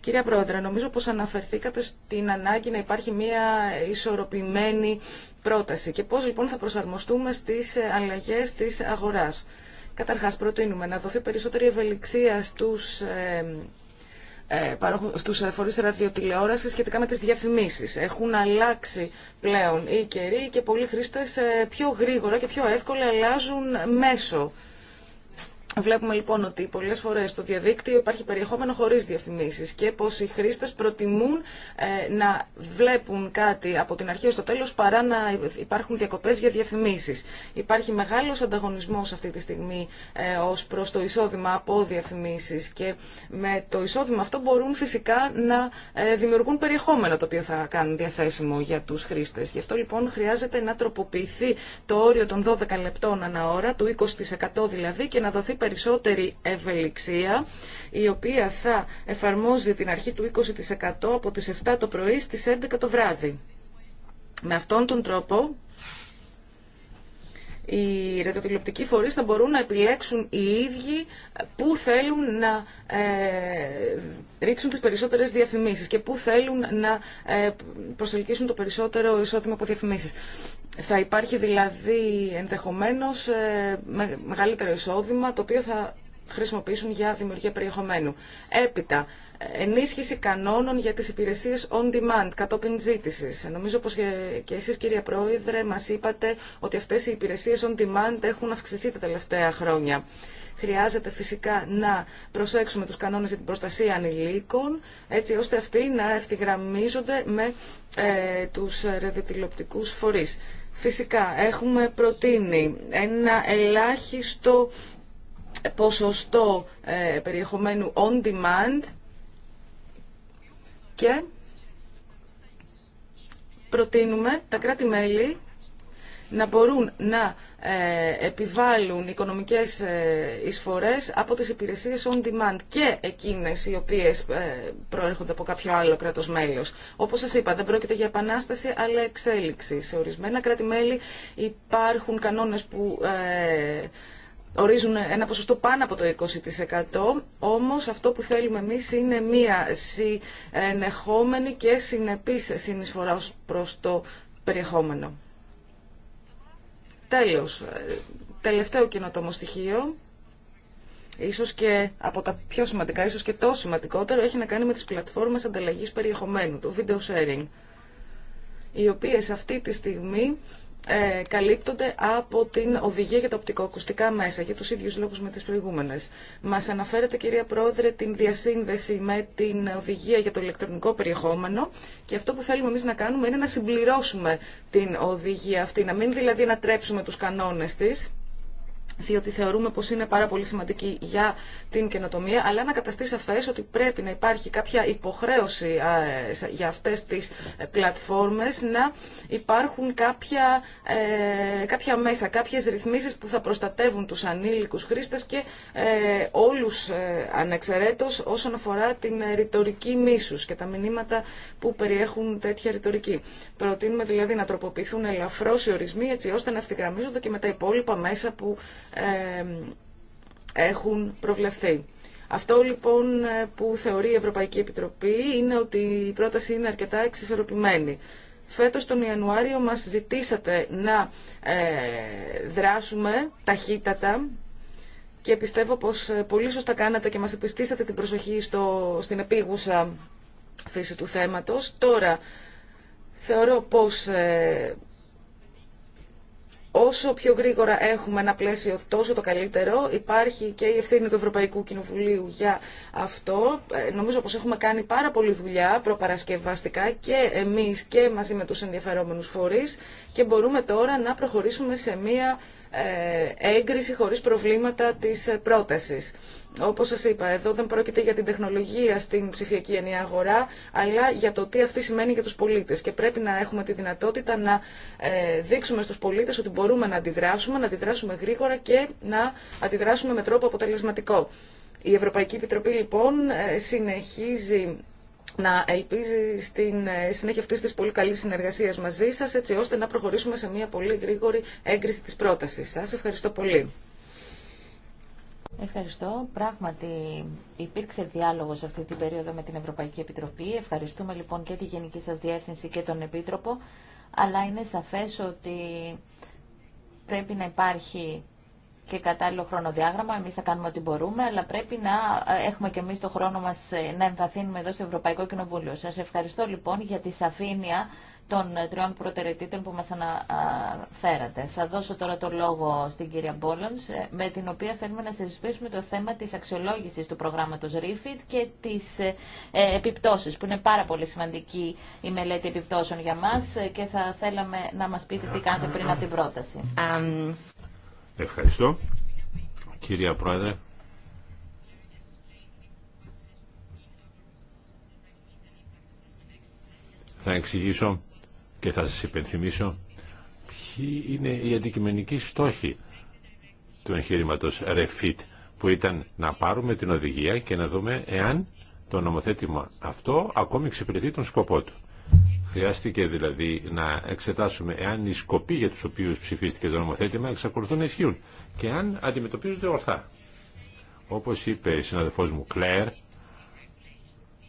Κυρία Πρόεδρε, νομίζω πω αναφερθήκατε στην ανάγκη να υπάρχει μια ισορροπημένη πρόταση και πώ λοιπόν θα προσαρμοστούμε στι ε, αλλαγέ τη αγορά. Καταρχάς, προτείνουμε να δοθεί περισσότερη ευελιξία στους ε, ε, στους ε, φορείς ραδιοτηλεόρασης σχετικά με τις διαφημίσεις. Έχουν αλλάξει πλέον οι καιροί και πολλοί χρήστες πιο γρήγορα και πιο εύκολα αλλάζουν μέσο Βλέπουμε λοιπόν ότι πολλέ φορέ στο διαδίκτυο υπάρχει περιεχόμενο χωρί διαφημίσει και πώ οι χρήστε προτιμούν ε, να βλέπουν κάτι από την αρχή στο τέλο παρά να υπάρχουν διακοπέ για διαφημίσει. Υπάρχει μεγάλο ανταγωνισμό αυτή τη στιγμή ε, ω προ το εισόδημα από διαφημίσει. και με το εισόδημα αυτό μπορούν φυσικά να ε, δημιουργούν περιεχόμενο το οποίο θα κάνουν διαθέσιμο για τους χρήστες. Γι' αυτό λοιπόν χρειάζεται να τροποποιηθεί το όριο των 12 λεπτών ανά ώρα, του 20% δηλαδή, και να δοθεί περισσότερη ευελιξία, η οποία θα εφαρμόζει την αρχή του 20% από τις 7 το πρωί στις 11 το βράδυ. Με αυτόν τον τρόπο, οι ρεδοτηλεοπτικοί φορείς θα μπορούν να επιλέξουν οι ίδιοι πού θέλουν να ε, ρίξουν τις περισσότερες διαφημίσεις και πού θέλουν να ε, προσελκύσουν το περισσότερο εισόδημα από διαφημίσεις. Θα υπάρχει δηλαδή ενδεχομένως ε, μεγαλύτερο εισόδημα το οποίο θα χρησιμοποιήσουν για δημιουργία περιεχομένου. Έπειτα, ε, ενίσχυση κανόνων για τις υπηρεσίες on demand, κατόπιν ζήτηση. Νομίζω πως και εσείς κυρία Πρόεδρε μας είπατε ότι αυτές οι υπηρεσίες on demand έχουν αυξηθεί τα τελευταία χρόνια. Χρειάζεται φυσικά να προσέξουμε τους κανόνες για την προστασία ανηλίκων, έτσι ώστε αυτοί να ευθυγραμμίζονται με ε, τους ρεδιοτηλεοπτικούς φορείς. Φυσικά, έχουμε προτείνει ένα ελάχιστο ποσοστό ε, περιεχομένου on demand και προτείνουμε τα κράτη-μέλη να μπορούν να ε, επιβάλλουν οικονομικές ε, εισφορές από τις υπηρεσίες on demand και εκείνες οι οποίες ε, προέρχονται από κάποιο άλλο κράτος μέλος. Όπως σας είπα, δεν πρόκειται για επανάσταση αλλά εξέλιξη. Σε ορισμένα κράτη-μέλη υπάρχουν κανόνες που ορίζουν ένα ποσοστό πάνω από το 20%, όμως αυτό που θέλουμε εμείς είναι μία συνεχόμενη και συνεπής συνεισφορά προς το περιεχόμενο. Τέλος, ε, τελευταίο καινοτόμο στοιχείο, ίσως και από τα πιο σημαντικά, ίσως και το σημαντικότερο, έχει να κάνει με τις πλατφόρμες ανταλλαγής περιεχομένου, το video sharing, οι οποίες αυτή τη στιγμή ε, καλύπτονται από την οδηγία για τα οπτικοακουστικά μέσα, για τους ίδιους λόγους με τις προηγούμενες. Μας αναφέρετε, κυρία Πρόεδρε, την διασύνδεση με την οδηγία για το ηλεκτρονικό περιεχόμενο και αυτό που θέλουμε εμείς να κάνουμε είναι να συμπληρώσουμε την οδηγία αυτή, να μην δηλαδή να τρέψουμε τους κανόνες της, διότι θεωρούμε πως είναι πάρα πολύ σημαντική για την καινοτομία, αλλά να καταστεί σαφές ότι πρέπει να υπάρχει κάποια υποχρέωση για αυτές τις ε, πλατφόρμες να υπάρχουν κάποια, ε, κάποια μέσα, κάποιες ρυθμίσεις που θα προστατεύουν τους ανήλικους χρήστες και ε, όλους ανεξαιρέτως όσον αφορά την ρητορική μίσους και τα μηνύματα που περιέχουν τέτοια ρητορική. Προτείνουμε δηλαδή να τροποποιηθούν ελαφρώς οι ορισμοί έτσι ώστε να ευθυγραμμίζονται και με τα υπόλοιπα μέσα που έχουν προβλεφθεί. Αυτό λοιπόν ε, που θεωρεί η Ευρωπαϊκή Επιτροπή είναι ότι η πρόταση είναι αρκετά εξισορροπημένη. Φέτος τον Ιανουάριο μας ζητήσατε να ε, δράσουμε ταχύτατα και πιστεύω πως ε, πολύ σωστά κάνατε και μας επιστήσατε την προσοχή στο, στην επίγουσα φύση του θέματος. Τώρα θεωρώ πως όσο πιο γρήγορα έχουμε ένα πλαίσιο τόσο το καλύτερο. Υπάρχει και η ευθύνη του Ευρωπαϊκού Κοινοβουλίου για αυτό. Ε, νομίζω πως έχουμε κάνει πάρα πολλή δουλειά προπαρασκευαστικά και εμείς και μαζί με τους ενδιαφερόμενους φορείς και μπορούμε τώρα να προχωρήσουμε σε μία ε, έγκριση χωρίς προβλήματα της πρότασης. Όπω σα είπα, εδώ δεν πρόκειται για την τεχνολογία στην ψηφιακή ενιαία αγορά, αλλά για το τι αυτή σημαίνει για του πολίτε. Και πρέπει να έχουμε τη δυνατότητα να ε, δείξουμε στου πολίτε ότι μπορούμε να αντιδράσουμε, να αντιδράσουμε γρήγορα και να αντιδράσουμε με τρόπο αποτελεσματικό. Η Ευρωπαϊκή Επιτροπή λοιπόν ε, συνεχίζει να ελπίζει στην ε, συνέχεια αυτή τη πολύ καλή συνεργασία μαζί σα, έτσι ώστε να προχωρήσουμε σε μια πολύ γρήγορη έγκριση τη πρόταση. Σα ευχαριστώ πολύ. Ευχαριστώ. Πράγματι υπήρξε διάλογος αυτή την περίοδο με την Ευρωπαϊκή Επιτροπή. Ευχαριστούμε λοιπόν και τη Γενική σας Διεύθυνση και τον Επίτροπο, αλλά είναι σαφές ότι πρέπει να υπάρχει και κατάλληλο χρονοδιάγραμμα. Εμεί θα κάνουμε ό,τι μπορούμε, αλλά πρέπει να ε, έχουμε και εμεί το χρόνο μα ε, να εμβαθύνουμε εδώ στο Ευρωπαϊκό Κοινοβούλιο. Σα ευχαριστώ λοιπόν για τη σαφήνεια των τριών προτεραιτήτων που μας αναφέρατε. Θα δώσω τώρα το λόγο στην κυρία Μπόλονς, ε, με την οποία θέλουμε να συζητήσουμε το θέμα της αξιολόγησης του προγράμματος REFIT και τις ε, ε, επιπτώσεις, που είναι πάρα πολύ σημαντική η μελέτη επιπτώσεων για μας και θα θέλαμε να μας πείτε τι κάνετε πριν από την πρόταση. Ευχαριστώ. Κυρία Πρόεδρε, θα εξηγήσω και θα σας υπενθυμίσω ποιοι είναι οι αντικειμενικοί στόχοι του εγχείρηματος REFIT που ήταν να πάρουμε την οδηγία και να δούμε εάν το νομοθέτημα αυτό ακόμη εξυπηρετεί τον σκοπό του. Χρειάστηκε δηλαδή να εξετάσουμε εάν οι σκοποί για τους οποίους ψηφίστηκε το νομοθέτημα εξακολουθούν να ισχύουν και αν αντιμετωπίζονται ορθά. Όπως είπε η συναδελφός μου Κλέρ,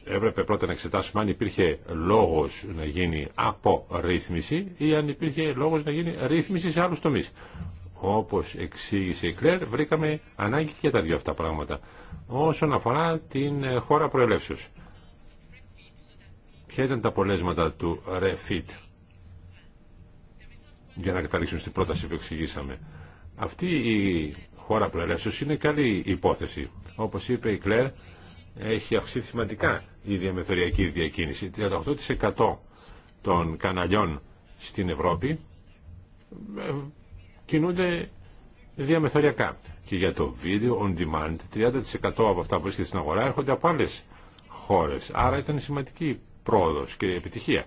έπρεπε πρώτα να εξετάσουμε αν υπήρχε λόγος να γίνει απορρίθμιση ή αν υπήρχε λόγος να γίνει ρύθμιση σε άλλους τομείς. Όπως εξήγησε η Κλέρ, βρήκαμε ανάγκη και τα δύο αυτά πράγματα. Όσον αφορά την χώρα προελεύσεως. Ποια ήταν τα αποτελέσματα του REFIT για να καταλήξουν στην πρόταση που εξηγήσαμε. Αυτή η χώρα προελεύσεως είναι καλή υπόθεση. Όπως είπε η Κλέρ, έχει αυξηθεί η διαμεθοριακή διακίνηση. 38% των καναλιών στην Ευρώπη ε, κινούνται διαμεθοριακά. Και για το video on demand, 30% από αυτά που βρίσκεται στην αγορά έρχονται από άλλε χώρε. Άρα ήταν σημαντική πρόοδο και επιτυχία.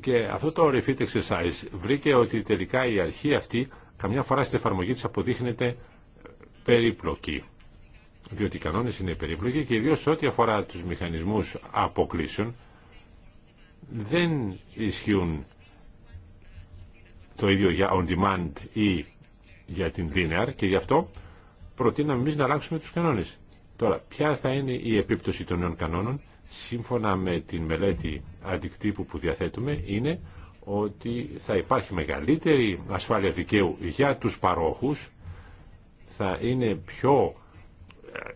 Και αυτό το refit exercise βρήκε ότι τελικά η αρχή αυτή καμιά φορά στην εφαρμογή της αποδείχνεται περίπλοκη διότι οι κανόνες είναι περίπλοκοι και ιδίω ό,τι αφορά τους μηχανισμούς αποκλήσεων δεν ισχύουν το ίδιο για on demand ή για την linear και γι' αυτό προτείναμε εμεί να αλλάξουμε τους κανόνες. Τώρα, ποια θα είναι η επίπτωση των νέων κανόνων σύμφωνα με την μελέτη αντικτύπου που διαθέτουμε είναι ότι θα υπάρχει μεγαλύτερη ασφάλεια δικαίου για τους παρόχους, θα είναι πιο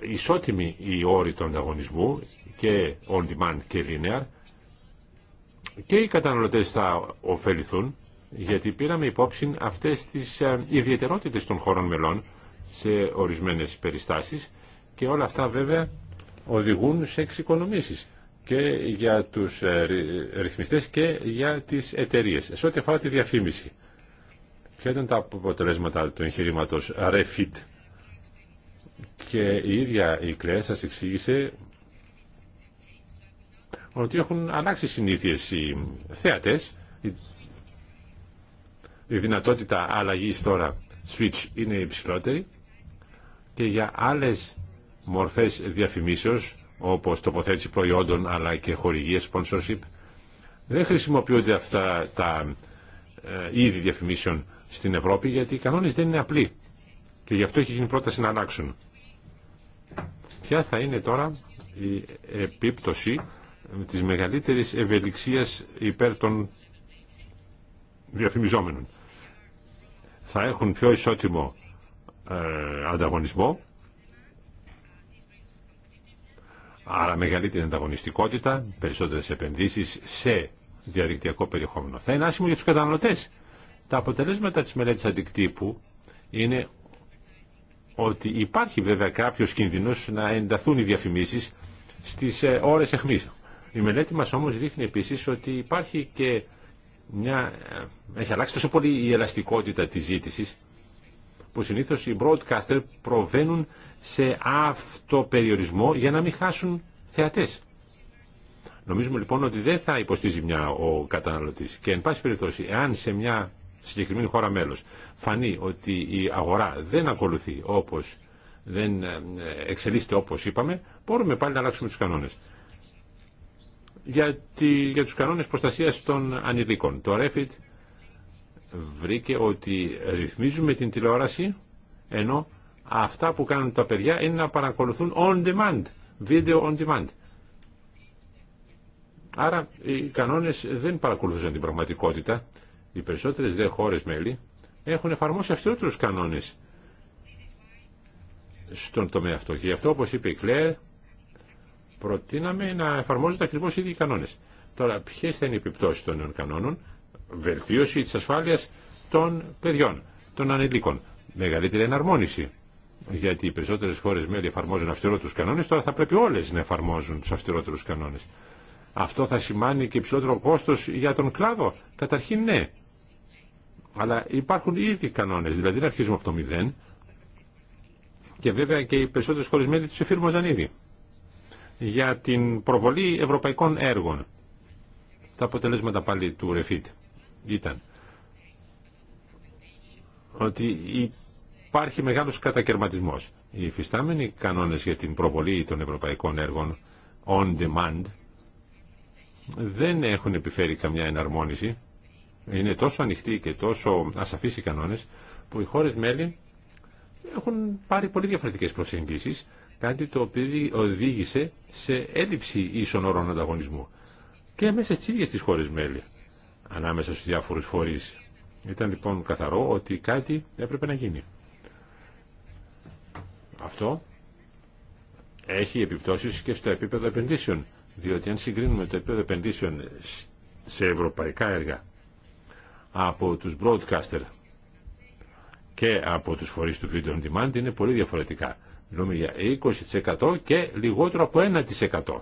ισότιμοι οι όροι του ανταγωνισμού και on demand και linear και οι καταναλωτές θα ωφεληθούν γιατί πήραμε υπόψη αυτές τις ε, ιδιαιτερότητες των χωρών μελών σε ορισμένες περιστάσεις και όλα αυτά βέβαια οδηγούν σε εξοικονομήσεις και για τους ε, ρυθμιστές και για τις εταιρείες. Σε ό,τι αφορά τη διαφήμιση, ποια ήταν τα αποτελέσματα του εγχειρήματο REFIT και η ίδια η Κλέα σας εξήγησε ότι έχουν αλλάξει συνήθειες οι θέατες. Η δυνατότητα αλλαγής τώρα switch είναι υψηλότερη και για άλλες μορφές διαφημίσεως όπως τοποθέτηση προϊόντων αλλά και χορηγίες sponsorship δεν χρησιμοποιούνται αυτά τα ε, είδη διαφημίσεων στην Ευρώπη γιατί οι κανόνες δεν είναι απλοί και γι' αυτό έχει γίνει πρόταση να αλλάξουν. Ποια θα είναι τώρα η επίπτωση της μεγαλύτερης ευελιξίας υπέρ των διαφημιζόμενων. Θα έχουν πιο ισότιμο ε, ανταγωνισμό, άρα μεγαλύτερη ανταγωνιστικότητα, περισσότερες επενδύσεις σε διαδικτυακό περιεχόμενο. Θα είναι άσχημο για τους καταναλωτές. Τα αποτελέσματα της μελέτης αντικτύπου είναι ότι υπάρχει βέβαια κάποιο κινδυνο να ενταθούν οι διαφημίσεις στις ε, ώρες αιχμή. Η μελέτη μας όμως δείχνει επίσης ότι υπάρχει και μια... Ε, έχει αλλάξει τόσο πολύ η ελαστικότητα της ζήτησης που συνήθως οι broadcaster προβαίνουν σε αυτοπεριορισμό για να μην χάσουν θεατές. Νομίζουμε λοιπόν ότι δεν θα υποστεί μια ο καταναλωτή και εν πάση περιπτώσει εάν σε μια συγκεκριμένη χώρα μέλος φανεί ότι η αγορά δεν ακολουθεί όπως δεν ε, εξελίσσεται όπως είπαμε, μπορούμε πάλι να αλλάξουμε τους κανόνες. Για, τη, για τους κανόνες προστασίας των ανηλίκων. Το REFIT βρήκε ότι ρυθμίζουμε την τηλεόραση, ενώ αυτά που κάνουν τα παιδιά είναι να παρακολουθούν on demand, video on demand. Άρα οι κανόνες δεν παρακολουθούσαν την πραγματικότητα. Οι περισσότερες δε χώρες μέλη έχουν εφαρμόσει αυστηρότερους κανόνες στον τομέα αυτό. Και γι' αυτό, όπως είπε η Κλέρ, προτείναμε να εφαρμόζονται ακριβώς οι ίδιοι κανόνες. Τώρα, ποιες θα είναι οι επιπτώσεις των νέων κανόνων, βελτίωση της ασφάλειας των παιδιών, των ανηλίκων, μεγαλύτερη εναρμόνιση, γιατί οι περισσότερες χώρες μέλη εφαρμόζουν αυστηρότερους κανόνες, τώρα θα πρέπει όλες να εφαρμόζουν τους αυστηρότερου κανόνες. Αυτό θα σημάνει και υψηλότερο κόστος για τον κλάδο. Καταρχήν ναι, αλλά υπάρχουν ήδη κανόνε, δηλαδή δεν αρχίζουμε από το μηδέν και βέβαια και οι περισσότερες χωρισμένοι μέλη τους εφήρμοζαν ήδη για την προβολή ευρωπαϊκών έργων. Τα αποτελέσματα πάλι του Ρεφίτ ήταν ότι υπάρχει μεγάλος κατακαιρματισμός. Οι υφιστάμενοι κανόνες για την προβολή των ευρωπαϊκών έργων on demand δεν έχουν επιφέρει καμιά εναρμόνιση είναι τόσο ανοιχτοί και τόσο ασαφείς οι κανόνες που οι χώρες μέλη έχουν πάρει πολύ διαφορετικές προσεγγίσεις κάτι το οποίο οδήγησε σε έλλειψη ίσων όρων ανταγωνισμού και μέσα στις ίδιες τις χώρες μέλη ανάμεσα στους διάφορους φορείς. Ήταν λοιπόν καθαρό ότι κάτι έπρεπε να γίνει. Αυτό έχει επιπτώσεις και στο επίπεδο επενδύσεων, διότι αν συγκρίνουμε το επίπεδο επενδύσεων σε ευρωπαϊκά έργα από τους broadcaster και από τους φορείς του video on demand είναι πολύ διαφορετικά. Μιλούμε για 20% και λιγότερο από 1%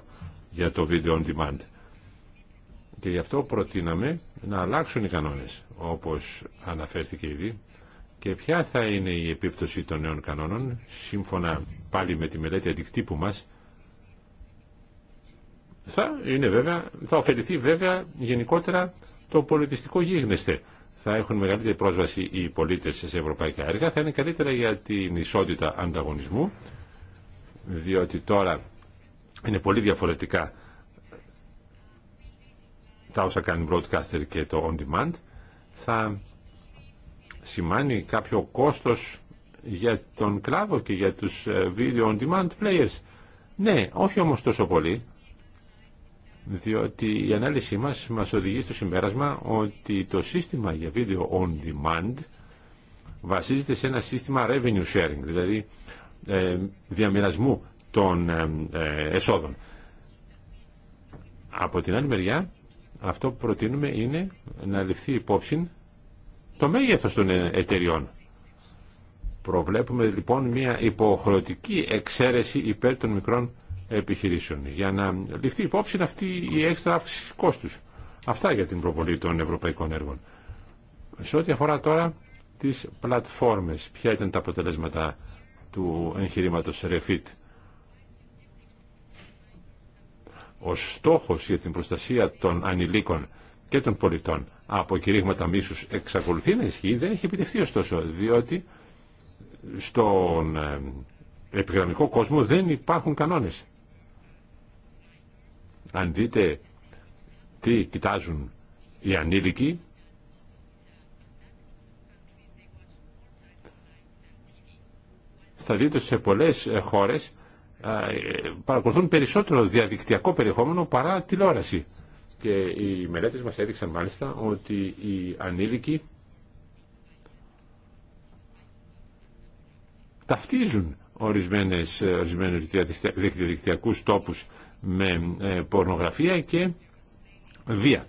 για το video on demand. Και γι' αυτό προτείναμε να αλλάξουν οι κανόνες, όπως αναφέρθηκε ήδη. Και ποια θα είναι η επίπτωση των νέων κανόνων, σύμφωνα πάλι με τη μελέτη αντικτύπου μας, θα, είναι βέβαια, θα ωφεληθεί βέβαια γενικότερα το πολιτιστικό γίγνεσθε. Θα έχουν μεγαλύτερη πρόσβαση οι πολίτες σε ευρωπαϊκά έργα, θα είναι καλύτερα για την ισότητα ανταγωνισμού, διότι τώρα είναι πολύ διαφορετικά τα όσα κάνει broadcaster και το on demand, θα σημάνει κάποιο κόστος για τον κλάδο και για τους ε, video on demand players. Ναι, όχι όμως τόσο πολύ, διότι η ανάλυση μας μας οδηγεί στο συμπέρασμα ότι το σύστημα για βίντεο on demand βασίζεται σε ένα σύστημα revenue sharing, δηλαδή ε, διαμοιρασμού των ε, ε, εσόδων. Από την άλλη μεριά, αυτό που προτείνουμε είναι να ληφθεί υπόψη το μέγεθος των ε, εταιριών. Προβλέπουμε λοιπόν μια υποχρεωτική εξαίρεση υπέρ των μικρών επιχειρήσεων για να ληφθεί υπόψη αυτή η έξτρα αύξηση κόστους. Αυτά για την προβολή των ευρωπαϊκών έργων. Σε ό,τι αφορά τώρα τις πλατφόρμες, ποια ήταν τα αποτελέσματα του εγχειρήματο Refit. Ο στόχο για την προστασία των ανηλίκων και των πολιτών από κηρύγματα μίσους εξακολουθεί να ισχύει, δεν έχει επιτευχθεί ωστόσο, διότι στον ε, επιγραμμικό κόσμο δεν υπάρχουν κανόνες. Αν δείτε τι κοιτάζουν οι ανήλικοι, θα δείτε σε πολλές ε, χώρες ε, παρακολουθούν περισσότερο διαδικτυακό περιεχόμενο παρά τηλεόραση. Και οι μελέτες μας έδειξαν μάλιστα ότι οι ανήλικοι ταυτίζουν ορισμένες, ορισμένους δικτυακούς τόπους με ε, πορνογραφία και βία.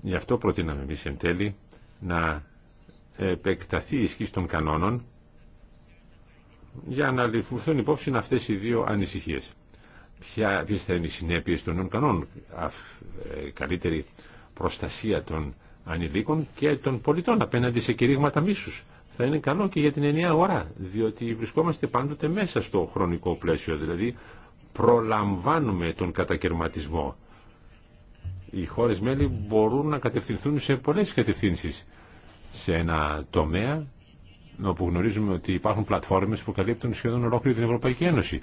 Γι' αυτό προτείναμε εμείς εν τέλει να επεκταθεί η ισχύ των κανόνων για να ληφθούν υπόψη αυτές οι δύο ανησυχίες. Ποια, ποιες θα είναι οι συνέπειες των νέων κανόνων, ε, καλύτερη προστασία των ανηλίκων και των πολιτών απέναντι σε κηρύγματα μίσους θα είναι καλό και για την ενιαία αγορά, διότι βρισκόμαστε πάντοτε μέσα στο χρονικό πλαίσιο, δηλαδή προλαμβάνουμε τον κατακαιρματισμό. Οι χώρες μέλη μπορούν να κατευθυνθούν σε πολλές κατευθύνσεις. Σε ένα τομέα όπου γνωρίζουμε ότι υπάρχουν πλατφόρμες που καλύπτουν σχεδόν ολόκληρη την Ευρωπαϊκή Ένωση.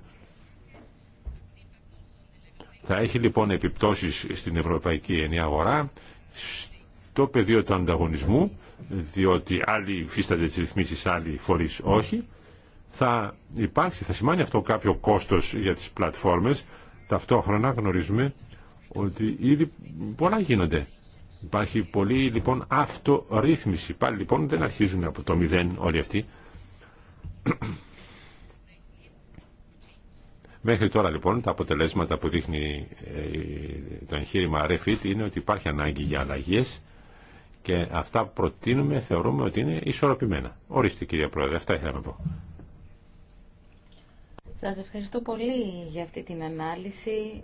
Θα έχει λοιπόν επιπτώσεις στην Ευρωπαϊκή Ενιαία Αγορά, το πεδίο του ανταγωνισμού, διότι άλλοι υφίστανται τις ρυθμίσεις, άλλοι φορείς όχι, θα υπάρξει, θα σημάνει αυτό κάποιο κόστος για τις πλατφόρμες. Ταυτόχρονα γνωρίζουμε ότι ήδη πολλά γίνονται. Υπάρχει πολύ λοιπόν αυτορύθμιση. Πάλι λοιπόν δεν αρχίζουν από το μηδέν όλοι αυτοί. Μέχρι τώρα λοιπόν τα αποτελέσματα που δείχνει ε, το εγχείρημα REFIT είναι ότι υπάρχει ανάγκη για αλλαγές και αυτά που προτείνουμε θεωρούμε ότι είναι ισορροπημένα. Ορίστε κυρία Πρόεδρε, αυτά ήθελα να πω. Σας ευχαριστώ πολύ για αυτή την ανάλυση.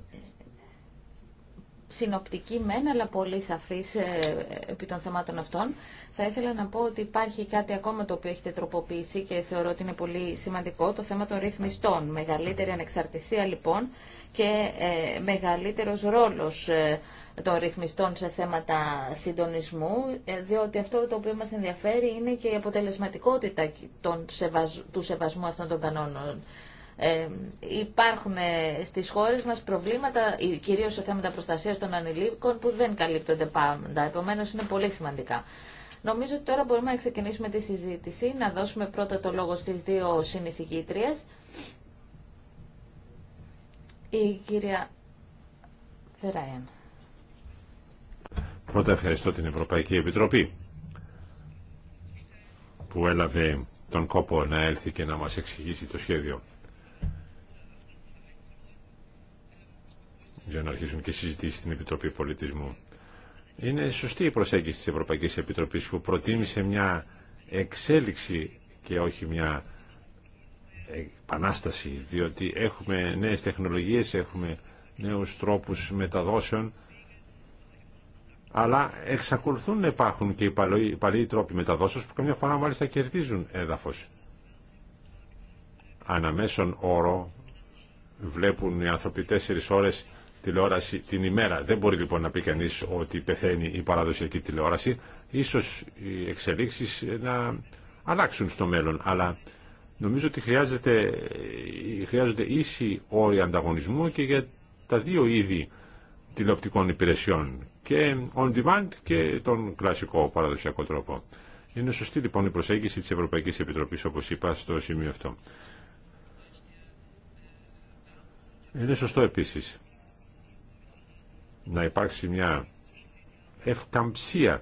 Συνοπτική μεν, αλλά πολύ σαφής ε, επί των θεμάτων αυτών. Θα ήθελα να πω ότι υπάρχει κάτι ακόμα το οποίο έχετε τροποποιήσει και θεωρώ ότι είναι πολύ σημαντικό, το θέμα των ρυθμιστών. Μεγαλύτερη ανεξαρτησία λοιπόν και ε, μεγαλύτερος ρόλος ε, των ρυθμιστών σε θέματα συντονισμού, ε, διότι αυτό το οποίο μας ενδιαφέρει είναι και η αποτελεσματικότητα των του σεβασμού αυτών των κανόνων. Ε, υπάρχουν ε, στις χώρες μας προβλήματα, ε, κυρίως σε θέματα προστασίας των ανηλίκων, που δεν καλύπτονται πάντα. Επομένως, είναι πολύ σημαντικά. Νομίζω ότι τώρα μπορούμε να ξεκινήσουμε τη συζήτηση, να δώσουμε πρώτα το λόγο στις δύο συνεισηγήτριες. Η κυρία Πρώτα ευχαριστώ την Ευρωπαϊκή Επιτροπή που έλαβε τον κόπο να έλθει και να μας εξηγήσει το σχέδιο για να αρχίσουν και συζητήσει στην Επιτροπή Πολιτισμού. Είναι σωστή η προσέγγιση της Ευρωπαϊκής Επιτροπής που προτίμησε μια εξέλιξη και όχι μια επανάσταση, διότι έχουμε νέες τεχνολογίες, έχουμε νέους τρόπους μεταδόσεων αλλά εξακολουθούν να υπάρχουν και οι παλαιοί τρόποι μεταδόσεως που καμιά φορά μάλιστα κερδίζουν έδαφος. Αναμέσων όρο βλέπουν οι άνθρωποι τέσσερις ώρες τηλεόραση την ημέρα. Δεν μπορεί λοιπόν να πει κανείς ότι πεθαίνει η παραδοσιακή τηλεόραση. Ίσως οι εξελίξεις να αλλάξουν στο μέλλον, αλλά νομίζω ότι χρειάζεται, χρειάζονται ίσοι όροι ανταγωνισμού και για τα δύο είδη τηλεοπτικών υπηρεσιών και on demand και τον κλασικό παραδοσιακό τρόπο. Είναι σωστή λοιπόν η προσέγγιση της Ευρωπαϊκής Επιτροπής όπως είπα στο σημείο αυτό. Είναι σωστό επίσης να υπάρξει μια ευκαμψία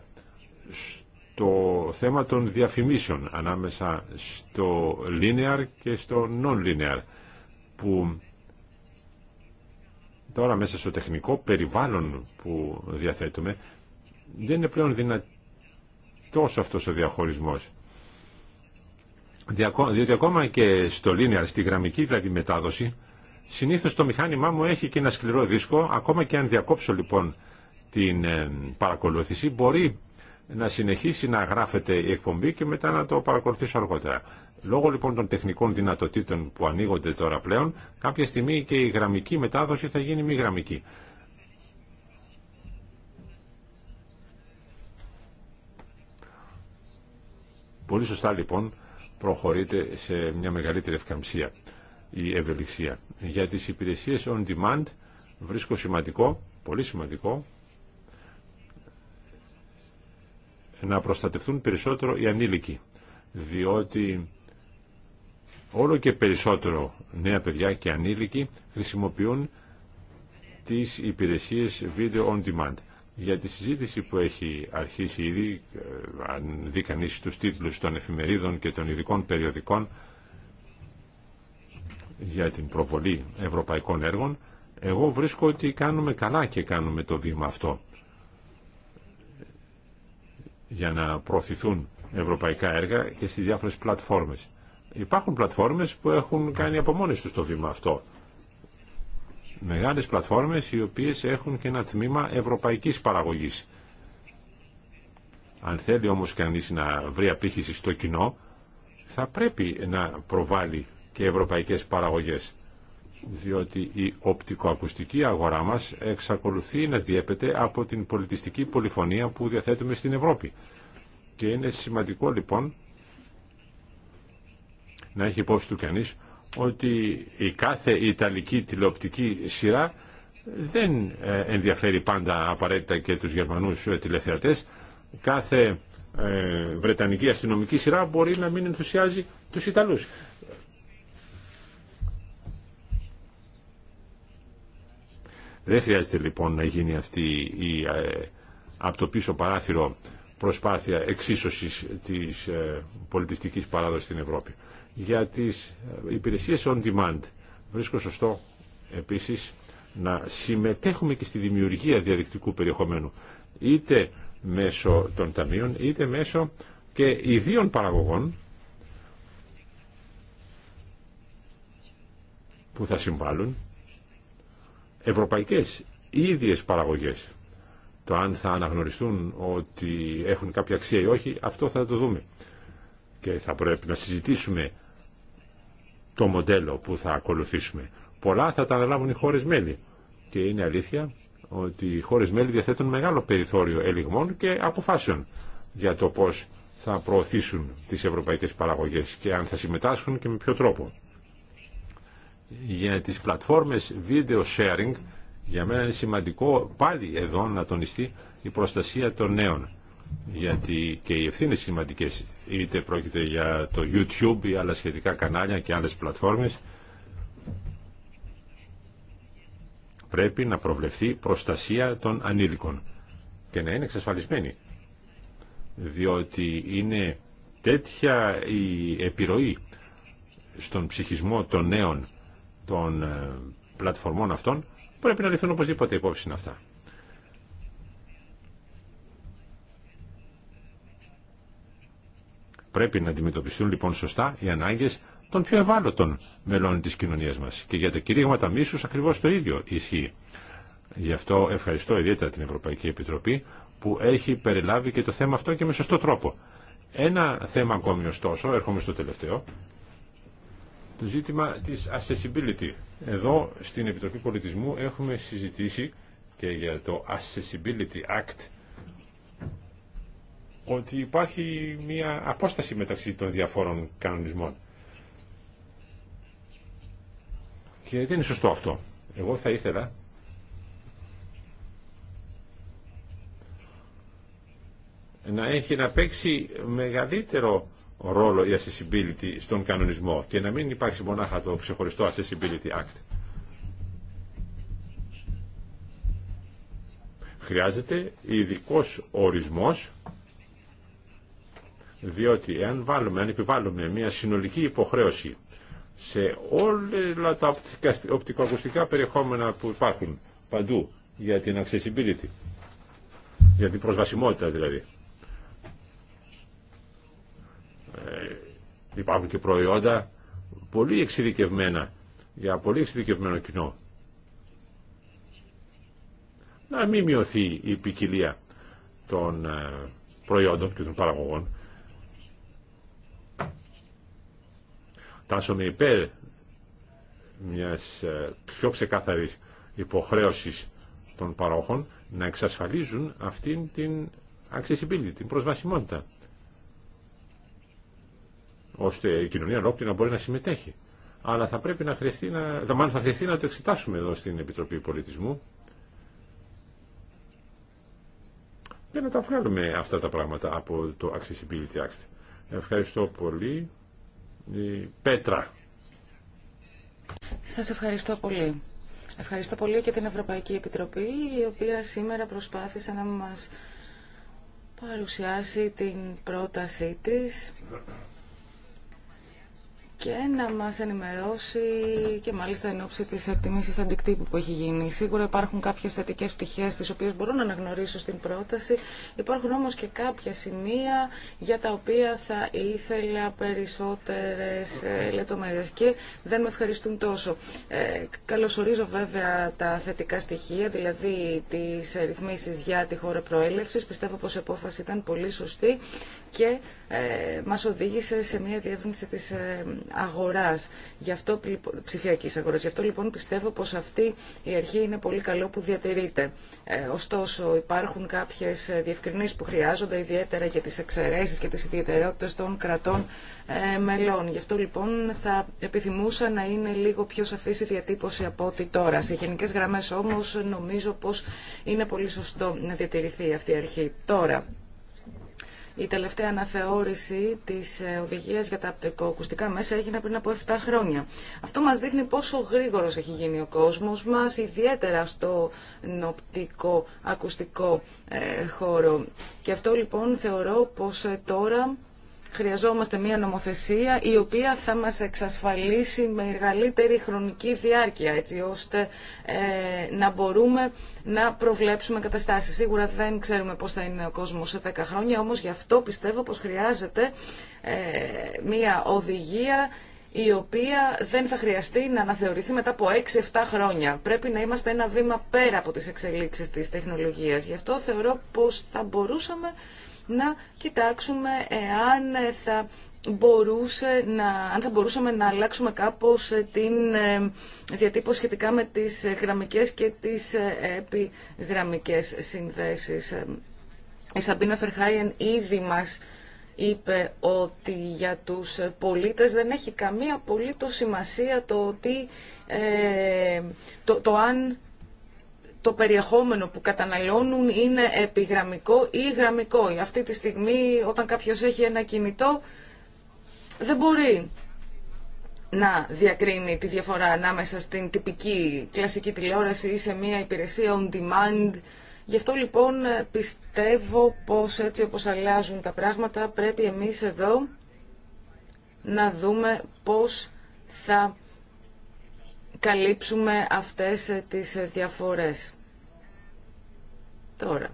στο θέμα των διαφημίσεων ανάμεσα στο linear και στο non-linear που τώρα μέσα στο τεχνικό περιβάλλον που διαθέτουμε δεν είναι πλέον δυνατός αυτός ο διαχωρισμός. Διότι ακόμα και στο linear, στη γραμμική δηλαδή μετάδοση, συνήθως το μηχάνημά μου έχει και ένα σκληρό δίσκο, ακόμα και αν διακόψω λοιπόν την ε, παρακολούθηση, μπορεί να συνεχίσει να γράφεται η εκπομπή και μετά να το παρακολουθήσω αργότερα. Λόγω λοιπόν των τεχνικών δυνατοτήτων που ανοίγονται τώρα πλέον, κάποια στιγμή και η γραμμική μετάδοση θα γίνει μη γραμμική. Πολύ σωστά λοιπόν προχωρείται σε μια μεγαλύτερη ευκαμψία η ευελιξία. Για τις υπηρεσίες on demand βρίσκω σημαντικό, πολύ σημαντικό, να προστατευτούν περισσότερο οι ανήλικοι, διότι όλο και περισσότερο νέα παιδιά και ανήλικοι χρησιμοποιούν τις υπηρεσίες Video On Demand. Για τη συζήτηση που έχει αρχίσει ήδη, ε, αν δει κανείς τους τίτλους των εφημερίδων και των ειδικών περιοδικών για την προβολή ευρωπαϊκών έργων, εγώ βρίσκω ότι κάνουμε καλά και κάνουμε το βήμα αυτό για να προωθηθούν ευρωπαϊκά έργα και στις διάφορες πλατφόρμες. Υπάρχουν πλατφόρμες που έχουν κάνει από μόνες τους το βήμα αυτό. Μεγάλες πλατφόρμες οι οποίες έχουν και ένα τμήμα ευρωπαϊκής παραγωγής. Αν θέλει όμως κανείς να βρει απήχηση στο κοινό, θα πρέπει να προβάλλει και ευρωπαϊκές παραγωγές διότι η οπτικοακουστική αγορά μας εξακολουθεί να διέπεται από την πολιτιστική πολυφωνία που διαθέτουμε στην Ευρώπη. Και είναι σημαντικό λοιπόν να έχει υπόψη του κανείς ότι η κάθε Ιταλική τηλεοπτική σειρά δεν ε, ενδιαφέρει πάντα απαραίτητα και τους Γερμανούς τηλεθεατές. Κάθε ε, Βρετανική αστυνομική σειρά μπορεί να μην ενθουσιάζει τους Ιταλούς. Δεν χρειάζεται λοιπόν να γίνει αυτή η ε, από το πίσω παράθυρο προσπάθεια εξίσωσης της ε, πολιτιστικής παράδοσης στην Ευρώπη. Για τις ε, υπηρεσίες on demand βρίσκω σωστό επίσης να συμμετέχουμε και στη δημιουργία διαδικτικού περιεχομένου είτε μέσω των ταμείων είτε μέσω και ιδίων παραγωγών που θα συμβάλλουν ευρωπαϊκές ίδιες παραγωγές. Το αν θα αναγνωριστούν ότι έχουν κάποια αξία ή όχι, αυτό θα το δούμε. Και θα πρέπει να συζητήσουμε το μοντέλο που θα ακολουθήσουμε. Πολλά θα τα αναλάβουν οι χώρες μέλη. Και είναι αλήθεια ότι οι χώρες μέλη διαθέτουν μεγάλο περιθώριο ελιγμών και αποφάσεων για το πώς θα προωθήσουν τις ευρωπαϊκές παραγωγές και αν θα συμμετάσχουν και με ποιο τρόπο για τις πλατφόρμες video sharing για μένα είναι σημαντικό πάλι εδώ να τονιστεί η προστασία των νέων γιατί και οι ευθύνε σημαντικές είτε πρόκειται για το YouTube ή άλλα σχετικά κανάλια και άλλες πλατφόρμες πρέπει να προβλεφθεί προστασία των ανήλικων και να είναι εξασφαλισμένη διότι είναι τέτοια η επιρροή στον ψυχισμό των νέων των ε, πλατφορμών αυτών πρέπει να ληφθούν οπωσδήποτε υπόψη αυτά. Πρέπει να αντιμετωπιστούν λοιπόν σωστά οι ανάγκες των πιο ευάλωτων μελών της κοινωνίας μας. Και για τα κηρύγματα μίσους ακριβώς το ίδιο ισχύει. Γι' αυτό ευχαριστώ ιδιαίτερα την Ευρωπαϊκή Επιτροπή που έχει περιλάβει και το θέμα αυτό και με σωστό τρόπο. Ένα θέμα ακόμη ωστόσο, έρχομαι στο τελευταίο, το ζήτημα της accessibility. Εδώ στην Επιτροπή Πολιτισμού έχουμε συζητήσει και για το Accessibility Act ότι υπάρχει μια απόσταση μεταξύ των διαφόρων κανονισμών. Και δεν είναι σωστό αυτό. Εγώ θα ήθελα να έχει να παίξει μεγαλύτερο ρόλο η accessibility στον κανονισμό και να μην υπάρξει μονάχα το ξεχωριστό accessibility act. Χρειάζεται ειδικό ορισμός διότι εάν βάλουμε, αν επιβάλλουμε μια συνολική υποχρέωση σε όλα τα οπτικοακουστικά περιεχόμενα που υπάρχουν παντού για την accessibility, για την προσβασιμότητα δηλαδή, ε, υπάρχουν και προϊόντα πολύ εξειδικευμένα για πολύ εξειδικευμένο κοινό. Να μην μειωθεί η ποικιλία των ε, προϊόντων και των παραγωγών. Τάσομαι υπέρ μιας ε, πιο ξεκάθαρης υποχρέωσης των παρόχων να εξασφαλίζουν αυτήν την accessibility, την προσβασιμότητα ώστε η κοινωνία ολόκληρη να μπορεί να συμμετέχει. Αλλά θα πρέπει να χρειαστεί να, μάλλον θα χρειαστεί να το εξετάσουμε εδώ στην Επιτροπή Πολιτισμού και να τα βγάλουμε αυτά τα πράγματα από το Accessibility Act. Ευχαριστώ πολύ. Η Πέτρα. Σας ευχαριστώ πολύ. Ευχαριστώ πολύ και την Ευρωπαϊκή Επιτροπή, η οποία σήμερα προσπάθησε να μας παρουσιάσει την πρότασή της και να μας ενημερώσει και μάλιστα εν ώψη της εκτιμήσης αντικτύπου που έχει γίνει. Σίγουρα υπάρχουν κάποιες θετικές πτυχές τις οποίες μπορώ να αναγνωρίσω στην πρόταση. Υπάρχουν όμως και κάποια σημεία για τα οποία θα ήθελα περισσότερες ε, λεπτομέρειες και δεν με ευχαριστούν τόσο. Ε, καλωσορίζω βέβαια τα θετικά στοιχεία, δηλαδή τις ρυθμίσεις για τη χώρα προέλευσης. Πιστεύω πως η απόφαση ήταν πολύ σωστή και ε, μας οδήγησε σε μια διεύρυνση της ε, αγοράς, γι αυτό, λοιπόν, ψηφιακής αγοράς. Γι' αυτό λοιπόν πιστεύω πως αυτή η αρχή είναι πολύ καλό που διατηρείται. Ε, ωστόσο υπάρχουν κάποιες ε, διευκρινήσεις που χρειάζονται ιδιαίτερα για τις εξαιρέσεις και τις ιδιαιτερότητες των κρατών ε, μελών. Γι' αυτό λοιπόν θα επιθυμούσα να είναι λίγο πιο σαφής η διατύπωση από ό,τι τώρα. Σε γενικές γραμμές όμως νομίζω πως είναι πολύ σωστό να διατηρηθεί αυτή η αρχή τώρα. Η τελευταία αναθεώρηση τη ε, οδηγία για τα οπτικο-ακουστικά μέσα έγινε πριν από 7 χρόνια. Αυτό μας δείχνει πόσο γρήγορο έχει γίνει ο κόσμος μας, ιδιαίτερα στο νοπτικό ακουστικό ε, χώρο. Και αυτό λοιπόν θεωρώ πως ε, τώρα Χρειαζόμαστε μια νομοθεσία η οποία θα μας εξασφαλίσει με μεγαλύτερη χρονική διάρκεια, έτσι ώστε ε, να μπορούμε να προβλέψουμε καταστάσεις. Σίγουρα δεν ξέρουμε πώς θα είναι ο κόσμος σε 10 χρόνια, όμως γι' αυτό πιστεύω πως χρειάζεται ε, μια οδηγία η οποία δεν θα χρειαστεί να αναθεωρηθεί μετά από 6-7 χρόνια. Πρέπει να είμαστε ένα βήμα πέρα από τις εξελίξεις της τεχνολογίας. Γι' αυτό θεωρώ πως θα μπορούσαμε να κοιτάξουμε εάν θα μπορούσε να, αν θα μπορούσαμε να αλλάξουμε κάπως την ε, διατύπωση σχετικά με τις γραμμικές και τις ε, επιγραμμικές συνδέσεις. Η Σαμπίνα Φερχάιεν ήδη μας είπε ότι για τους πολίτες δεν έχει καμία απολύτως σημασία το, ότι, ε, το, το αν το περιεχόμενο που καταναλώνουν είναι επιγραμμικό ή γραμμικό. Αυτή τη στιγμή όταν κάποιος έχει ένα κινητό δεν μπορεί να διακρίνει τη διαφορά ανάμεσα στην τυπική κλασική τηλεόραση ή σε μια υπηρεσία on demand. Γι' αυτό λοιπόν πιστεύω πως έτσι όπως αλλάζουν τα πράγματα πρέπει εμείς εδώ να δούμε πώς θα καλύψουμε αυτές ε, τις ε, διαφορές. Τώρα.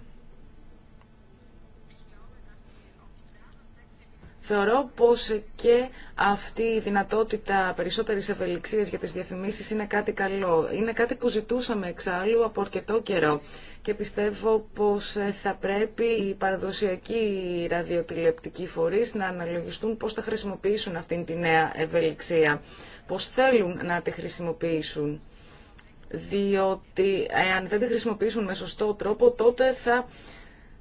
Θεωρώ πως και αυτή η δυνατότητα περισσότερης ευελιξίας για τις διαφημίσεις είναι κάτι καλό. Είναι κάτι που ζητούσαμε εξάλλου από αρκετό καιρό και πιστεύω πως ε, θα πρέπει οι παραδοσιακοί ραδιοτηλεοπτικοί φορείς να αναλογιστούν πώς θα χρησιμοποιήσουν αυτήν τη νέα ευελιξία πώς θέλουν να τη χρησιμοποιήσουν. Διότι αν δεν τη χρησιμοποιήσουν με σωστό τρόπο, τότε θα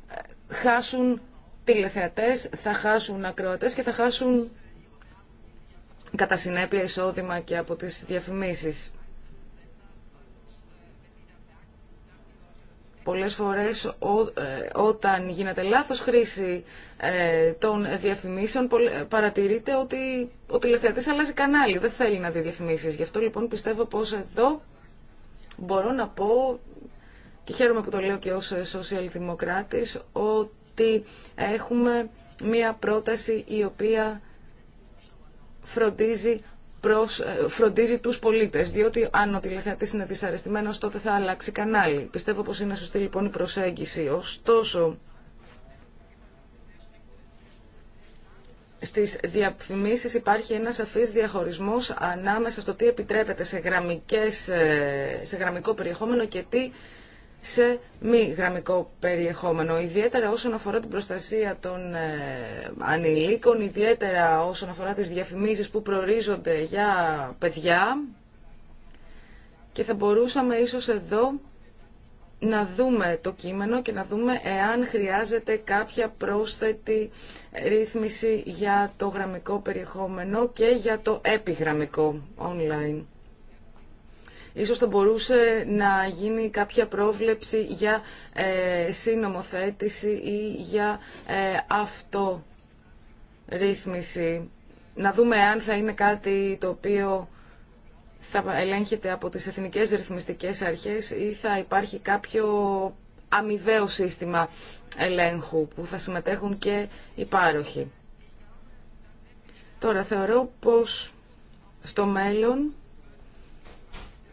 ε, χάσουν τηλεθεατές, θα χάσουν ακροατές και θα χάσουν κατά συνέπεια εισόδημα και από τις διαφημίσεις. Πολλές φορές ε, όταν γίνεται λάθος χρήση ε, των διαφημίσεων ε, παρατηρείται ότι ο τηλεθεατής αλλάζει κανάλι, δεν θέλει να δει διαφημίσεις. Γι' αυτό λοιπόν πιστεύω πως εδώ μπορώ να πω και χαίρομαι που το λέω και ως δημοκράτης ότι έχουμε μία πρόταση η οποία φροντίζει προς, ε, φροντίζει τους πολίτες, διότι αν ο τηλεθεατής είναι δυσαρεστημένος τότε θα αλλάξει κανάλι. Πιστεύω πως είναι σωστή λοιπόν η προσέγγιση. Ωστόσο, στις διαφημίσεις υπάρχει ένα σαφής διαχωρισμός ανάμεσα στο τι επιτρέπεται σε, γραμμικές, ε, σε γραμμικό περιεχόμενο και τι σε μη γραμμικό περιεχόμενο, ιδιαίτερα όσον αφορά την προστασία των ε, ανηλίκων, ιδιαίτερα όσον αφορά τις διαφημίσεις που προορίζονται για παιδιά και θα μπορούσαμε ίσως εδώ να δούμε το κείμενο και να δούμε εάν χρειάζεται κάποια πρόσθετη ρύθμιση για το γραμμικό περιεχόμενο και για το επιγραμμικό online. Ίσως θα μπορούσε να γίνει κάποια πρόβλεψη για ε, συνομοθέτηση ή για ε, αυτορύθμιση. Να δούμε αν θα είναι κάτι το οποίο θα ελέγχεται από τις εθνικές ρυθμιστικές αρχές ή θα υπάρχει κάποιο αμοιβαίο σύστημα ελέγχου που θα συμμετέχουν και οι πάροχοι. Τώρα θεωρώ πως στο μέλλον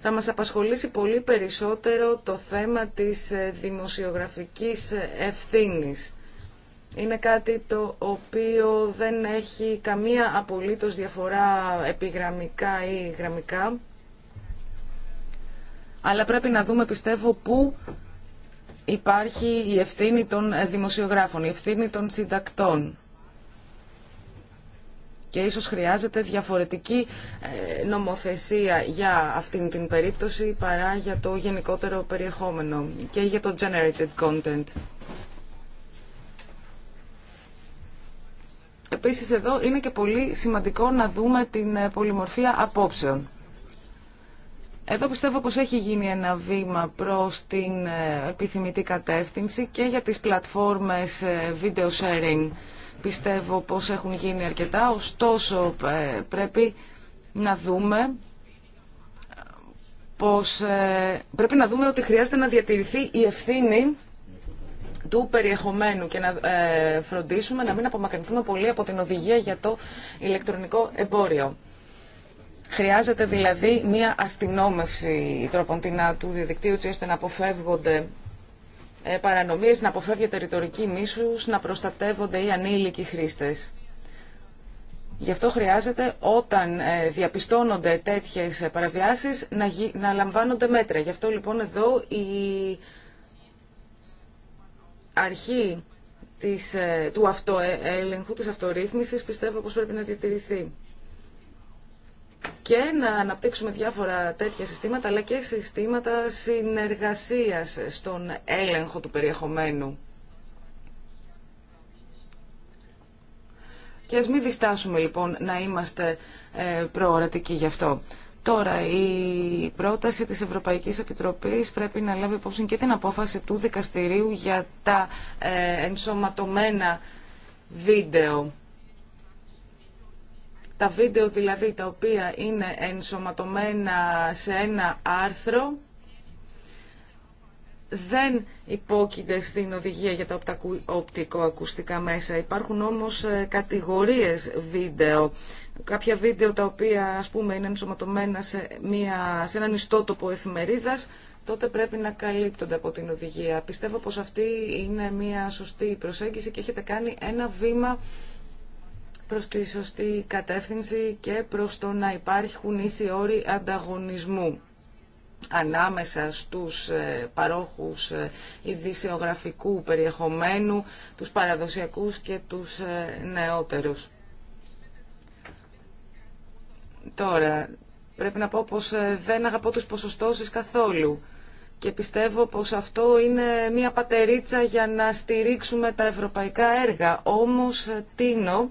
θα μας απασχολήσει πολύ περισσότερο το θέμα της ε, δημοσιογραφικής ε, ευθύνης. Είναι κάτι το οποίο δεν έχει καμία απολύτως διαφορά επιγραμμικά ή γραμμικά. Αλλά πρέπει να δούμε, πιστεύω, πού υπάρχει η ευθύνη των ε, δημοσιογράφων, η ευθύνη των συντακτών και ίσως χρειάζεται διαφορετική ε, νομοθεσία για αυτήν την περίπτωση παρά για το γενικότερο περιεχόμενο και για το generated content. Επίσης εδώ είναι και πολύ σημαντικό να δούμε την ε, πολυμορφία απόψεων. Εδώ πιστεύω πως έχει γίνει ένα βήμα προς την ε, επιθυμητή κατεύθυνση και για τις πλατφόρμες video sharing. Πιστεύω πως έχουν γίνει αρκετά, ωστόσο ε, πρέπει να δούμε πως ε, πρέπει να δούμε ότι χρειάζεται να διατηρηθεί η ευθύνη του περιεχομένου και να ε, φροντίσουμε να μην απομακρυνθούμε πολύ από την οδηγία για το ηλεκτρονικό εμπόριο. Χρειάζεται δηλαδή μία αστυνόμευση τροποντινά του διαδικτύου, έτσι ώστε να αποφεύγονται ε, παρανομίες, να αποφεύγεται ρητορική μίσους, να προστατεύονται οι ανήλικοι χρήστες. Γι' αυτό χρειάζεται όταν ε, διαπιστώνονται τέτοιες παραβιάσεις να λαμβάνονται μέτρα. Γι' αυτό λοιπόν εδώ η αρχή της, ε, του αυτοέλεγχου, της αυτορύθμισης πιστεύω πως πρέπει να διατηρηθεί και να αναπτύξουμε διάφορα τέτοια συστήματα, αλλά και συστήματα συνεργασίας στον έλεγχο του περιεχομένου. Και ας μην διστάσουμε λοιπόν να είμαστε ε, προορατικοί γι' αυτό. Τώρα, η πρόταση της Ευρωπαϊκής Επιτροπής πρέπει να λάβει υπόψη και την απόφαση του δικαστηρίου για τα ε, ενσωματωμένα βίντεο τα βίντεο δηλαδή τα οποία είναι ενσωματωμένα σε ένα άρθρο δεν υπόκειται στην οδηγία για τα οπτικοακουστικά μέσα. Υπάρχουν όμως ε, κατηγορίες βίντεο. Κάποια βίντεο τα οποία ας πούμε είναι ενσωματωμένα σε, μια, σε έναν ιστότοπο εφημερίδας τότε πρέπει να καλύπτονται από την οδηγία. Πιστεύω πως αυτή είναι μια σωστή προσέγγιση και έχετε κάνει ένα βήμα προς τη σωστή κατεύθυνση και προς το να υπάρχουν ίσοι όροι ανταγωνισμού ανάμεσα στους ε, παρόχους ε, ειδησιογραφικού περιεχομένου, τους παραδοσιακούς και τους ε, νεότερους. Τώρα, πρέπει να πω πως δεν αγαπώ τους ποσοστώσεις καθόλου και πιστεύω πως αυτό είναι μια πατερίτσα για να στηρίξουμε τα ευρωπαϊκά έργα. Όμως, τίνω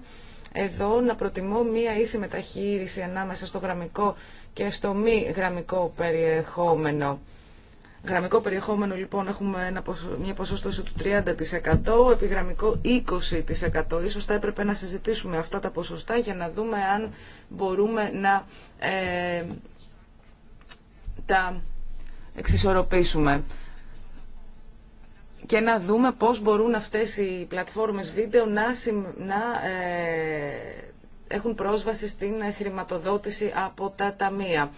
εδώ να προτιμώ μία ίση μεταχείριση ανάμεσα στο γραμμικό και στο μη γραμμικό περιεχόμενο. Γραμμικό περιεχόμενο λοιπόν έχουμε μια ποσόστοση του 30%, επιγραμμικό 20%. Ίσως θα έπρεπε να συζητήσουμε αυτά τα ποσοστά για να δούμε αν μπορούμε να ε, τα εξισορροπήσουμε και να δούμε πώς μπορούν αυτές οι πλατφόρμες βίντεο να, να ε, έχουν πρόσβαση στην χρηματοδότηση από τα ταμεία,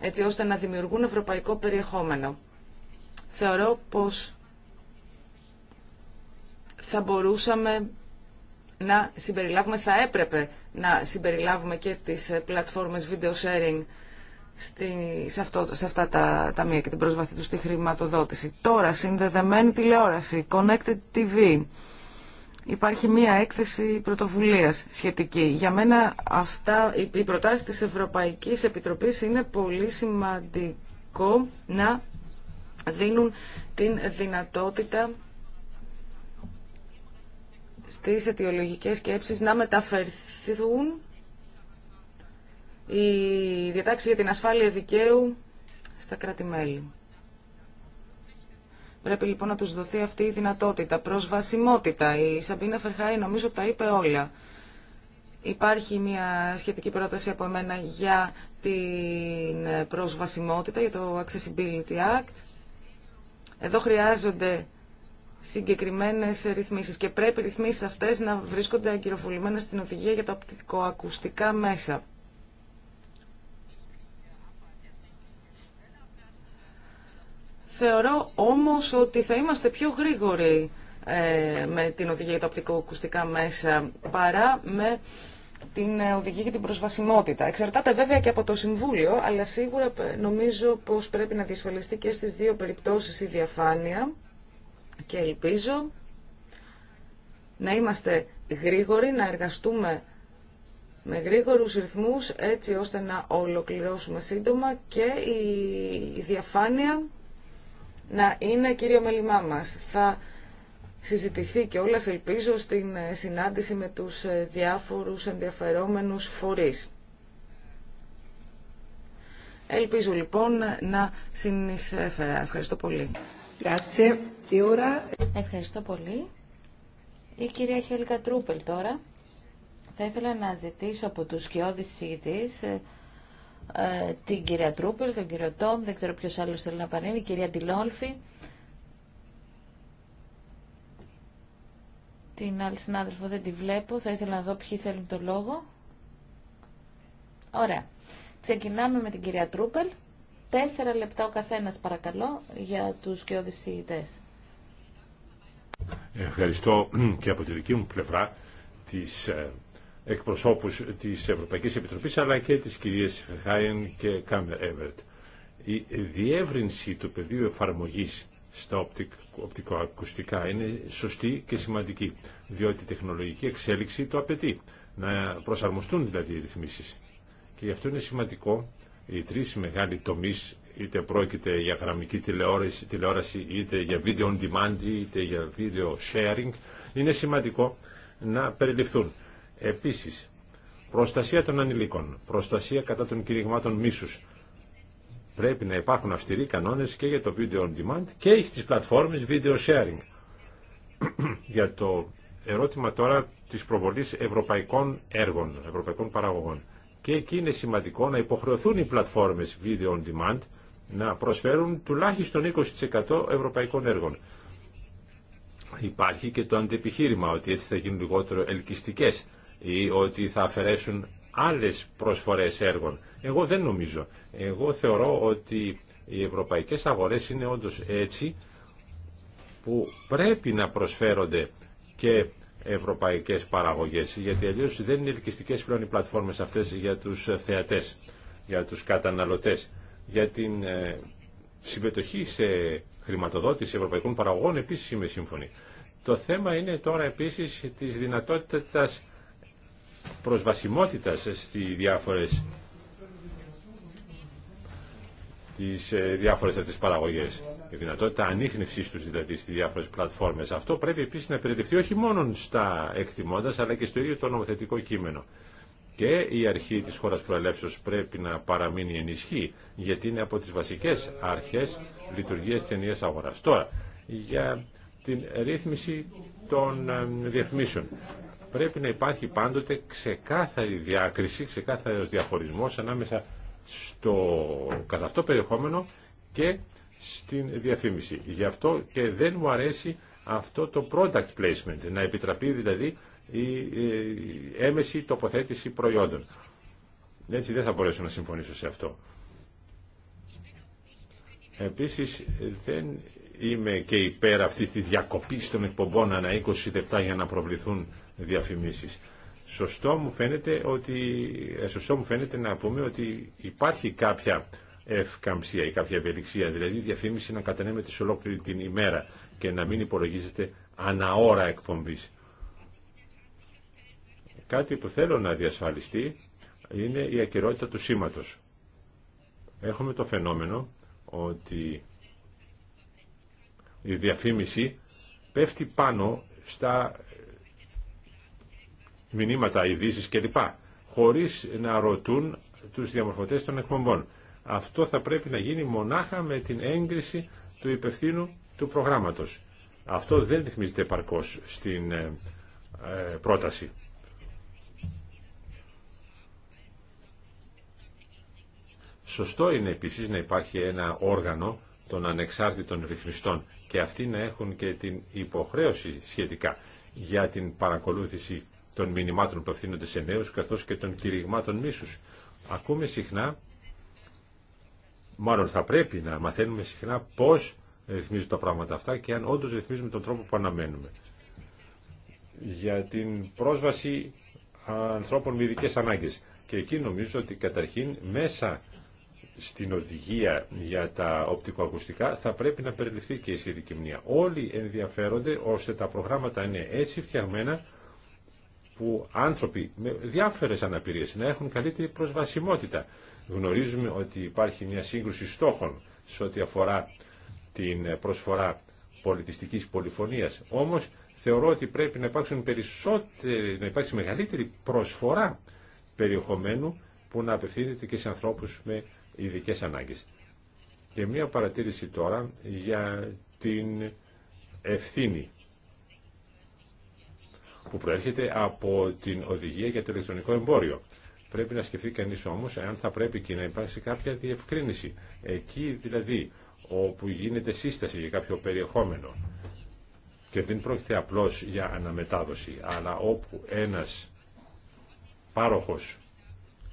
έτσι ώστε να δημιουργούν ευρωπαϊκό περιεχόμενο. Θεωρώ πως θα μπορούσαμε να συμπεριλάβουμε, θα έπρεπε να συμπεριλάβουμε και τις πλατφόρμες βίντεο sharing στη, σε, αυτό, σε αυτά τα ταμεία και την πρόσβαση του στη χρηματοδότηση. Τώρα, συνδεδεμένη τηλεόραση, Connected TV. Υπάρχει μία έκθεση πρωτοβουλίας σχετική. Για μένα αυτά, οι προτάσεις της Ευρωπαϊκής Επιτροπής είναι πολύ σημαντικό να δίνουν την δυνατότητα στις αιτιολογικές σκέψεις να μεταφερθούν η διατάξη για την ασφάλεια δικαίου στα κράτη-μέλη. Πρέπει λοιπόν να τους δοθεί αυτή η δυνατότητα, προσβασιμότητα. Η Σαμπίνα Φερχάη νομίζω τα είπε όλα. Υπάρχει μια σχετική πρόταση από εμένα για την προσβασιμότητα, για το Accessibility Act. Εδώ χρειάζονται συγκεκριμένες ρυθμίσεις και πρέπει οι ρυθμίσεις αυτές να βρίσκονται αγκυροβολημένες στην οδηγία για τα οπτικοακουστικά μέσα. Θεωρώ όμως ότι θα είμαστε πιο γρήγοροι ε, με την οδηγία για τα οπτικοακουστικά μέσα παρά με την ε, οδηγία για την προσβασιμότητα. Εξαρτάται βέβαια και από το Συμβούλιο, αλλά σίγουρα ε, νομίζω πως πρέπει να διασφαλιστεί και στις δύο περιπτώσεις η διαφάνεια και ελπίζω να είμαστε γρήγοροι, να εργαστούμε με γρήγορους ρυθμούς έτσι ώστε να ολοκληρώσουμε σύντομα και η διαφάνεια να είναι κύριο μέλημά μας. Θα συζητηθεί και όλας ελπίζω στην ε, συνάντηση με τους ε, διάφορους ενδιαφερόμενους φορείς. Ελπίζω λοιπόν να συνεισέφερα. Ευχαριστώ πολύ. Ευχαριστώ πολύ. Η κυρία Χέλικα Τρούπελ τώρα. Θα ήθελα να ζητήσω από τους σκιώδεις ε, την κυρία Τρούπελ, τον κύριο Τόμ, δεν ξέρω ποιος άλλος θέλει να παρέμβει, η κυρία Τιλόλφη, την άλλη συνάδελφο δεν τη βλέπω, θα ήθελα να δω ποιοι θέλουν το λόγο. Ωραία. Ξεκινάμε με την κυρία Τρούπελ. Τέσσερα λεπτά ο καθένας παρακαλώ για τους και Ευχαριστώ και από τη δική μου πλευρά τις ε, εκπροσώπους της Ευρωπαϊκής Επιτροπής αλλά και της κυρίας Χάιεν και Κάμερ Εβερτ. Η διεύρυνση του πεδίου εφαρμογής στα οπτικοακουστικά είναι σωστή και σημαντική, διότι η τεχνολογική εξέλιξη το απαιτεί, να προσαρμοστούν δηλαδή οι ρυθμίσεις. Και γι' αυτό είναι σημαντικό οι τρεις μεγάλοι τομείς, είτε πρόκειται για γραμμική τηλεόραση, τηλεόραση είτε για video on demand, είτε για video sharing, είναι σημαντικό να περιληφθούν. Επίσης, προστασία των ανηλίκων, προστασία κατά των κηρυγμάτων μίσους. Πρέπει να υπάρχουν αυστηροί κανόνες και για το video on demand και τι πλατφόρμες video sharing. *clears throat* για το ερώτημα τώρα τη προβολής ευρωπαϊκών έργων, ευρωπαϊκών παραγωγών. Και εκεί είναι σημαντικό να υποχρεωθούν οι πλατφόρμες video on demand να προσφέρουν τουλάχιστον 20% ευρωπαϊκών έργων. Υπάρχει και το αντεπιχείρημα ότι έτσι θα γίνουν λιγότερο ελκυστικές ή ότι θα αφαιρέσουν άλλες προσφορές έργων. Εγώ δεν νομίζω. Εγώ θεωρώ ότι οι ευρωπαϊκές αγορές είναι όντως έτσι που πρέπει να προσφέρονται και ευρωπαϊκές παραγωγές γιατί αλλιώς δεν είναι ελκυστικές πλέον οι πλατφόρμες αυτές για τους θεατές, για τους καταναλωτές, για την ε, συμμετοχή σε χρηματοδότηση ευρωπαϊκών παραγωγών επίσης είμαι σύμφωνη. Το θέμα είναι τώρα επίσης της δυνατότητας προσβασιμότητας στις διάφορες, τις ε, διάφορες αυτές παραγωγές. Η δυνατότητα ανείχνευσής τους δηλαδή στις διάφορες πλατφόρμες. Αυτό πρέπει επίσης να περιληφθεί όχι μόνο στα εκτιμώντα, αλλά και στο ίδιο το νομοθετικό κείμενο. Και η αρχή της χώρας προελεύσεως πρέπει να παραμείνει ενισχύ, γιατί είναι από τις βασικές αρχές λειτουργίας της ενιαίας αγοράς. Τώρα, για την ρύθμιση των ε, διαφημίσεων πρέπει να υπάρχει πάντοτε ξεκάθαρη διάκριση, ξεκάθαρος διαχωρισμός ανάμεσα στο κατά αυτό περιεχόμενο και στην διαφήμιση. Γι' αυτό και δεν μου αρέσει αυτό το product placement, να επιτραπεί δηλαδή η έμεση τοποθέτηση προϊόντων. Έτσι δεν θα μπορέσω να συμφωνήσω σε αυτό. Επίσης δεν είμαι και υπέρ αυτή τη διακοπή των εκπομπών ανά 20 λεπτά για να προβληθούν διαφημίσεις. Σωστό μου φαίνεται, ότι, ε, σωστό μου φαίνεται να πούμε ότι υπάρχει κάποια ευκαμψία ή κάποια ευελιξία, δηλαδή η διαφήμιση να κατανέμεται σε ολόκληρη την ημέρα και να μην υπολογίζεται αναώρα εκπομπής. Κάτι που θέλω να διασφαλιστεί είναι η ακυρότητα του σήματος. Έχουμε το φαινόμενο ότι η διαφήμιση πέφτει πάνω στα μηνύματα, ειδήσει κλπ. χωρίς να ρωτούν τους διαμορφωτές των εκπομπών. Αυτό θα πρέπει να γίνει μονάχα με την έγκριση του υπευθύνου του προγράμματος. Αυτό δεν ρυθμίζεται επαρκώς στην ε, ε, πρόταση. Σωστό είναι επίσης να υπάρχει ένα όργανο των ανεξάρτητων ρυθμιστών και αυτοί να έχουν και την υποχρέωση σχετικά για την παρακολούθηση των μηνυμάτων που ευθύνονται σε νέους καθώς και των κηρυγμάτων μίσους. Ακούμε συχνά, μάλλον θα πρέπει να μαθαίνουμε συχνά πώς ρυθμίζουν τα πράγματα αυτά και αν όντως ρυθμίζουμε τον τρόπο που αναμένουμε. Για την πρόσβαση ανθρώπων με ειδικέ ανάγκες. Και εκεί νομίζω ότι καταρχήν μέσα στην οδηγία για τα οπτικοακουστικά θα πρέπει να περιληφθεί και η σχετική μνήμα. Όλοι ενδιαφέρονται ώστε τα προγράμματα είναι έτσι φτιαγμένα που άνθρωποι με διάφορες αναπηρίες να έχουν καλύτερη προσβασιμότητα. Γνωρίζουμε ότι υπάρχει μια σύγκρουση στόχων σε ό,τι αφορά την προσφορά πολιτιστικής πολυφωνίας. Όμως θεωρώ ότι πρέπει να, υπάρξουν να υπάρξει μεγαλύτερη προσφορά περιεχομένου που να απευθύνεται και σε ανθρώπους με ειδικέ ανάγκες. Και μια παρατήρηση τώρα για την ευθύνη που προέρχεται από την οδηγία για το ηλεκτρονικό εμπόριο. Πρέπει να σκεφτεί κανείς όμως αν θα πρέπει και να υπάρξει κάποια διευκρίνηση. Εκεί δηλαδή όπου γίνεται σύσταση για κάποιο περιεχόμενο και δεν πρόκειται απλώς για αναμετάδοση, αλλά όπου ένας πάροχος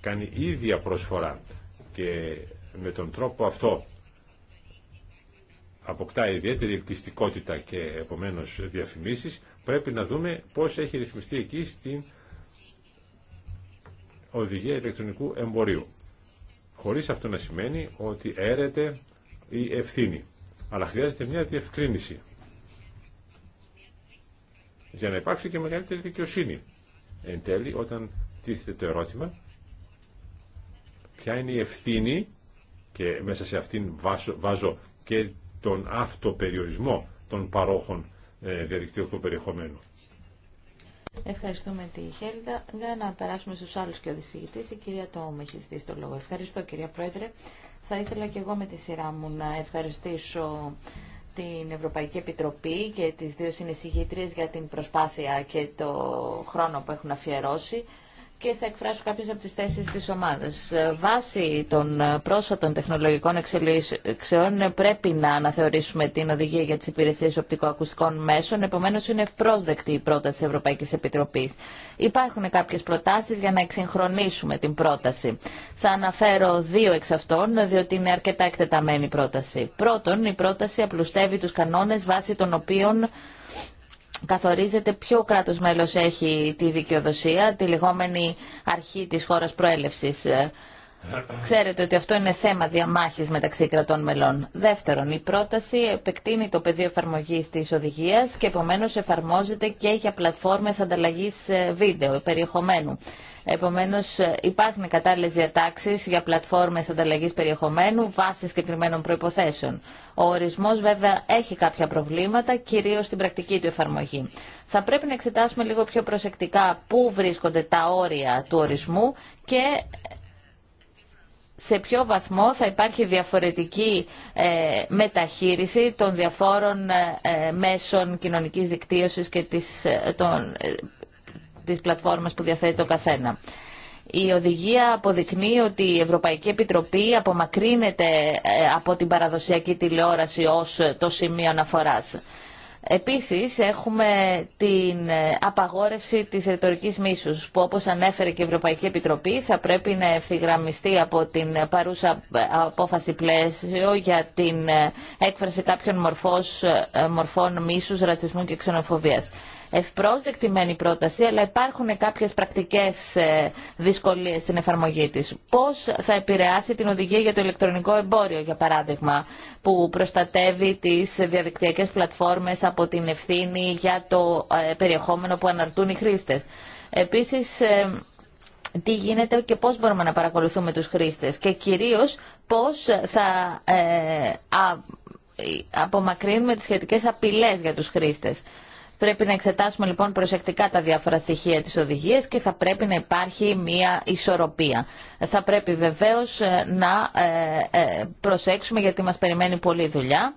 κάνει ίδια προσφορά και με τον τρόπο αυτό αποκτά ιδιαίτερη ελκυστικότητα και επομένως διαφημίσεις, πρέπει να δούμε πώς έχει ρυθμιστεί εκεί στην οδηγία ηλεκτρονικού εμπορίου. Χωρίς αυτό να σημαίνει ότι έρεται η ευθύνη. Αλλά χρειάζεται μια διευκρίνηση για να υπάρξει και μεγαλύτερη δικαιοσύνη. Εν τέλει, όταν τίθεται το ερώτημα, Ποια είναι η ευθύνη και μέσα σε αυτήν βάζω και τον αυτοπεριορισμό των παρόχων ε, διαδικτυακού περιεχομένου. Ευχαριστούμε τη Χέλντα. Για να περάσουμε στους άλλους και οδησίγητες, η κυρία Τόμ έχει ζητήσει το λόγο. Ευχαριστώ κυρία Πρόεδρε. Θα ήθελα και εγώ με τη σειρά μου να ευχαριστήσω την Ευρωπαϊκή Επιτροπή και τις δύο συνεισηγήτριες για την προσπάθεια και το χρόνο που έχουν αφιερώσει και θα εκφράσω κάποιες από τις θέσεις της ομάδας. Ε, βάσει των ε, πρόσφατων τεχνολογικών εξελίξεων ε, πρέπει να αναθεωρήσουμε την οδηγία για τις υπηρεσίες οπτικοακουστικών μέσων, επομένως είναι ευπρόσδεκτη η πρόταση της Ευρωπαϊκής Επιτροπής. Υπάρχουν κάποιες προτάσεις για να εξυγχρονίσουμε την πρόταση. Θα αναφέρω δύο εξ αυτών, διότι είναι αρκετά εκτεταμένη η πρόταση. Πρώτον, η πρόταση απλουστεύει τους κανόνες βάσει των οποίων καθορίζεται ποιο κράτος μέλος έχει τη δικαιοδοσία, τη λεγόμενη αρχή της χώρας προέλευσης. Ξέρετε ότι αυτό είναι θέμα διαμάχης μεταξύ κρατών μελών. Δεύτερον, η πρόταση επεκτείνει το πεδίο εφαρμογής της οδηγίας και επομένως εφαρμόζεται και για πλατφόρμες ανταλλαγής ε, βίντεο περιεχομένου. Επομένως ε, υπάρχουν κατάλληλε διατάξει για πλατφόρμες ανταλλαγή περιεχομένου βάσει συγκεκριμένων προποθέσεων. Ο ορισμός βέβαια έχει κάποια προβλήματα, κυρίως στην πρακτική του εφαρμογή. Θα πρέπει να εξετάσουμε λίγο πιο προσεκτικά πού βρίσκονται τα όρια του ορισμού και σε ποιο βαθμό θα υπάρχει διαφορετική ε, μεταχείριση των διαφόρων ε, ε, μέσων κοινωνικής δικτύωσης και της, των, της πλατφόρμας που διαθέτει το καθένα. Η οδηγία αποδεικνύει ότι η Ευρωπαϊκή Επιτροπή απομακρύνεται ε, από την παραδοσιακή τηλεόραση ως ε, το σημείο αναφοράς. Επίσης έχουμε την ε, απαγόρευση της ρητορικής μίσους που όπως ανέφερε και η Ευρωπαϊκή Επιτροπή θα πρέπει να ευθυγραμμιστεί από την παρούσα απόφαση πλαίσιο για την έκφραση κάποιων μορφών μίσους, ρατσισμού και ξενοφοβίας ευπρόσδεκτη μεν η πρόταση, αλλά υπάρχουν κάποιες πρακτικές ε, δυσκολίες στην εφαρμογή της. Πώς θα επηρεάσει την οδηγία για το ηλεκτρονικό εμπόριο, για παράδειγμα, που προστατεύει τις διαδικτυακές πλατφόρμες από την ευθύνη για το ε, περιεχόμενο που αναρτούν οι χρήστες. Επίσης, ε, τι γίνεται και πώς μπορούμε να παρακολουθούμε τους χρήστες και κυρίως πώς θα απομακρύνουμε τις σχετικές απειλές για τους χρήστες. Πρέπει να εξετάσουμε λοιπόν προσεκτικά τα διάφορα στοιχεία της οδηγίας και θα πρέπει να υπάρχει μία ισορροπία. Θα πρέπει βεβαίως ε, να ε, ε, προσέξουμε γιατί μας περιμένει πολλή δουλειά.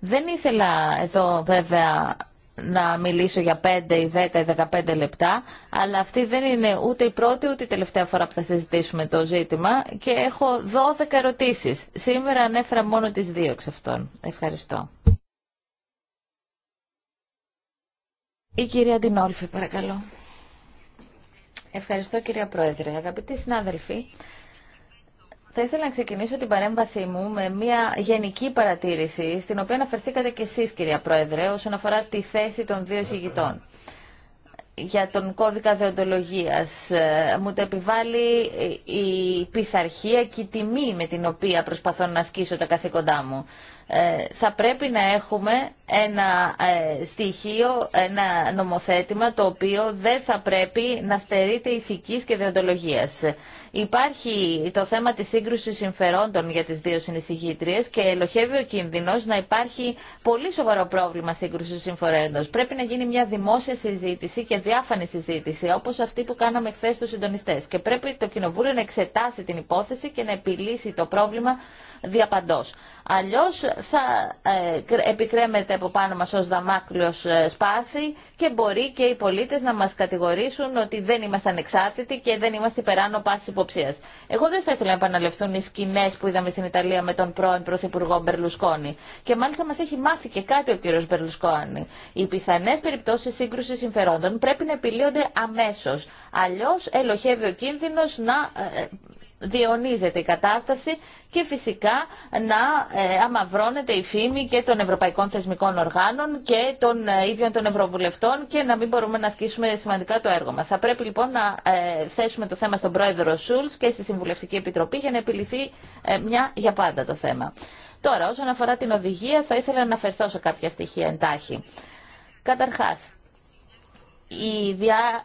Δεν ήθελα εδώ βέβαια να μιλήσω για 5 ή 10 ή 15 λεπτά, αλλά αυτή δεν είναι ούτε η πρώτη ούτε η τελευταία φορά που θα συζητήσουμε το ζήτημα και έχω 12 ερωτήσεις. Σήμερα ανέφερα μόνο τις δύο εξ αυτών. Ευχαριστώ. Η κυρία Ντινόλφη, παρακαλώ. Ευχαριστώ κυρία Πρόεδρε. Αγαπητοί συνάδελφοι, θα ήθελα να ξεκινήσω την παρέμβασή μου με μια γενική παρατήρηση, στην οποία αναφερθήκατε και εσείς κυρία Πρόεδρε, όσον αφορά τη θέση των δύο συγητών για τον κώδικα δεοντολογίας. Ε, μου το επιβάλλει ε, η πειθαρχία και η τιμή με την οποία προσπαθώ να ασκήσω τα καθήκοντά μου. Ε, θα πρέπει να έχουμε ένα ε, στοιχείο, ένα νομοθέτημα το οποίο δεν θα πρέπει να στερείται ηθικής και διοντολογίας. Υπάρχει το θέμα της σύγκρουσης συμφερόντων για τις δύο συνεισηγήτριες και ελοχεύει ο κίνδυνος να υπάρχει πολύ σοβαρό πρόβλημα σύγκρουσης συμφερόντων. Πρέπει να γίνει μια δημόσια συζήτηση και διάφανη συζήτηση όπως αυτή που κάναμε χθε στους συντονιστές και πρέπει το Κοινοβούλιο να εξετάσει την υπόθεση και να επιλύσει το πρόβλημα διαπαντός. Αλλιώς θα ε, επικρέμεται από πάνω μας ως δαμάκλειος ε, σπάθη και μπορεί και οι πολίτες να μας κατηγορήσουν ότι δεν είμαστε ανεξάρτητοι και δεν είμαστε υπεράνω πάση υποψίας. Εγώ δεν θα ήθελα να επαναλευθούν οι σκηνέ που είδαμε στην Ιταλία με τον πρώην Πρωθυπουργό Μπερλουσκόνη. Και μάλιστα μας έχει μάθει και κάτι ο κύριος Μπερλουσκόνη. Οι πιθανές περιπτώσεις σύγκρουσης συμφερόντων πρέπει να επιλύονται αμέσως. Αλλιώς ελοχεύει ο κίνδυνος να ε, διαιωνίζεται η κατάσταση και φυσικά να ε, αμαυρώνεται η φήμη και των ευρωπαϊκών θεσμικών οργάνων και των ε, ίδιων των ευρωβουλευτών και να μην μπορούμε να ασκήσουμε σημαντικά το έργο μας. Θα πρέπει λοιπόν να ε, θέσουμε το θέμα στον πρόεδρο Σούλς και στη Συμβουλευτική Επιτροπή για να επιληθεί μια για πάντα το θέμα. Τώρα, όσον αφορά την οδηγία, θα ήθελα να αναφερθώ σε κάποια στοιχεία εντάχει. Καταρχάς, η διά,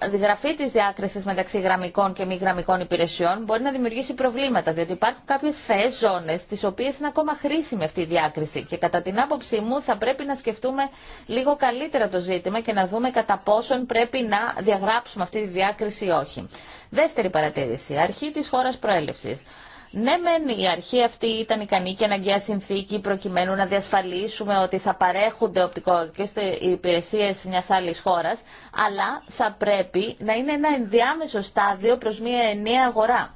ε, ε, γραφή της διάκρισης μεταξύ γραμμικών και μη γραμμικών υπηρεσιών μπορεί να δημιουργήσει προβλήματα, διότι υπάρχουν κάποιες φαιές ζώνες, τις οποίες είναι ακόμα χρήσιμη αυτή η διάκριση. Και κατά την άποψή μου θα πρέπει να σκεφτούμε λίγο καλύτερα το ζήτημα και να δούμε κατά πόσον πρέπει να διαγράψουμε αυτή τη διάκριση ή όχι. Δεύτερη παρατήρηση, αρχή της χώρας προέλευσης. Ναι, μεν η αρχή αυτή ήταν ικανή και αναγκαία συνθήκη προκειμένου να διασφαλίσουμε ότι θα παρέχονται οι υπηρεσίε μια άλλη χώρα, αλλά θα πρέπει να είναι ένα ενδιάμεσο στάδιο προ μια ενιαία αγορά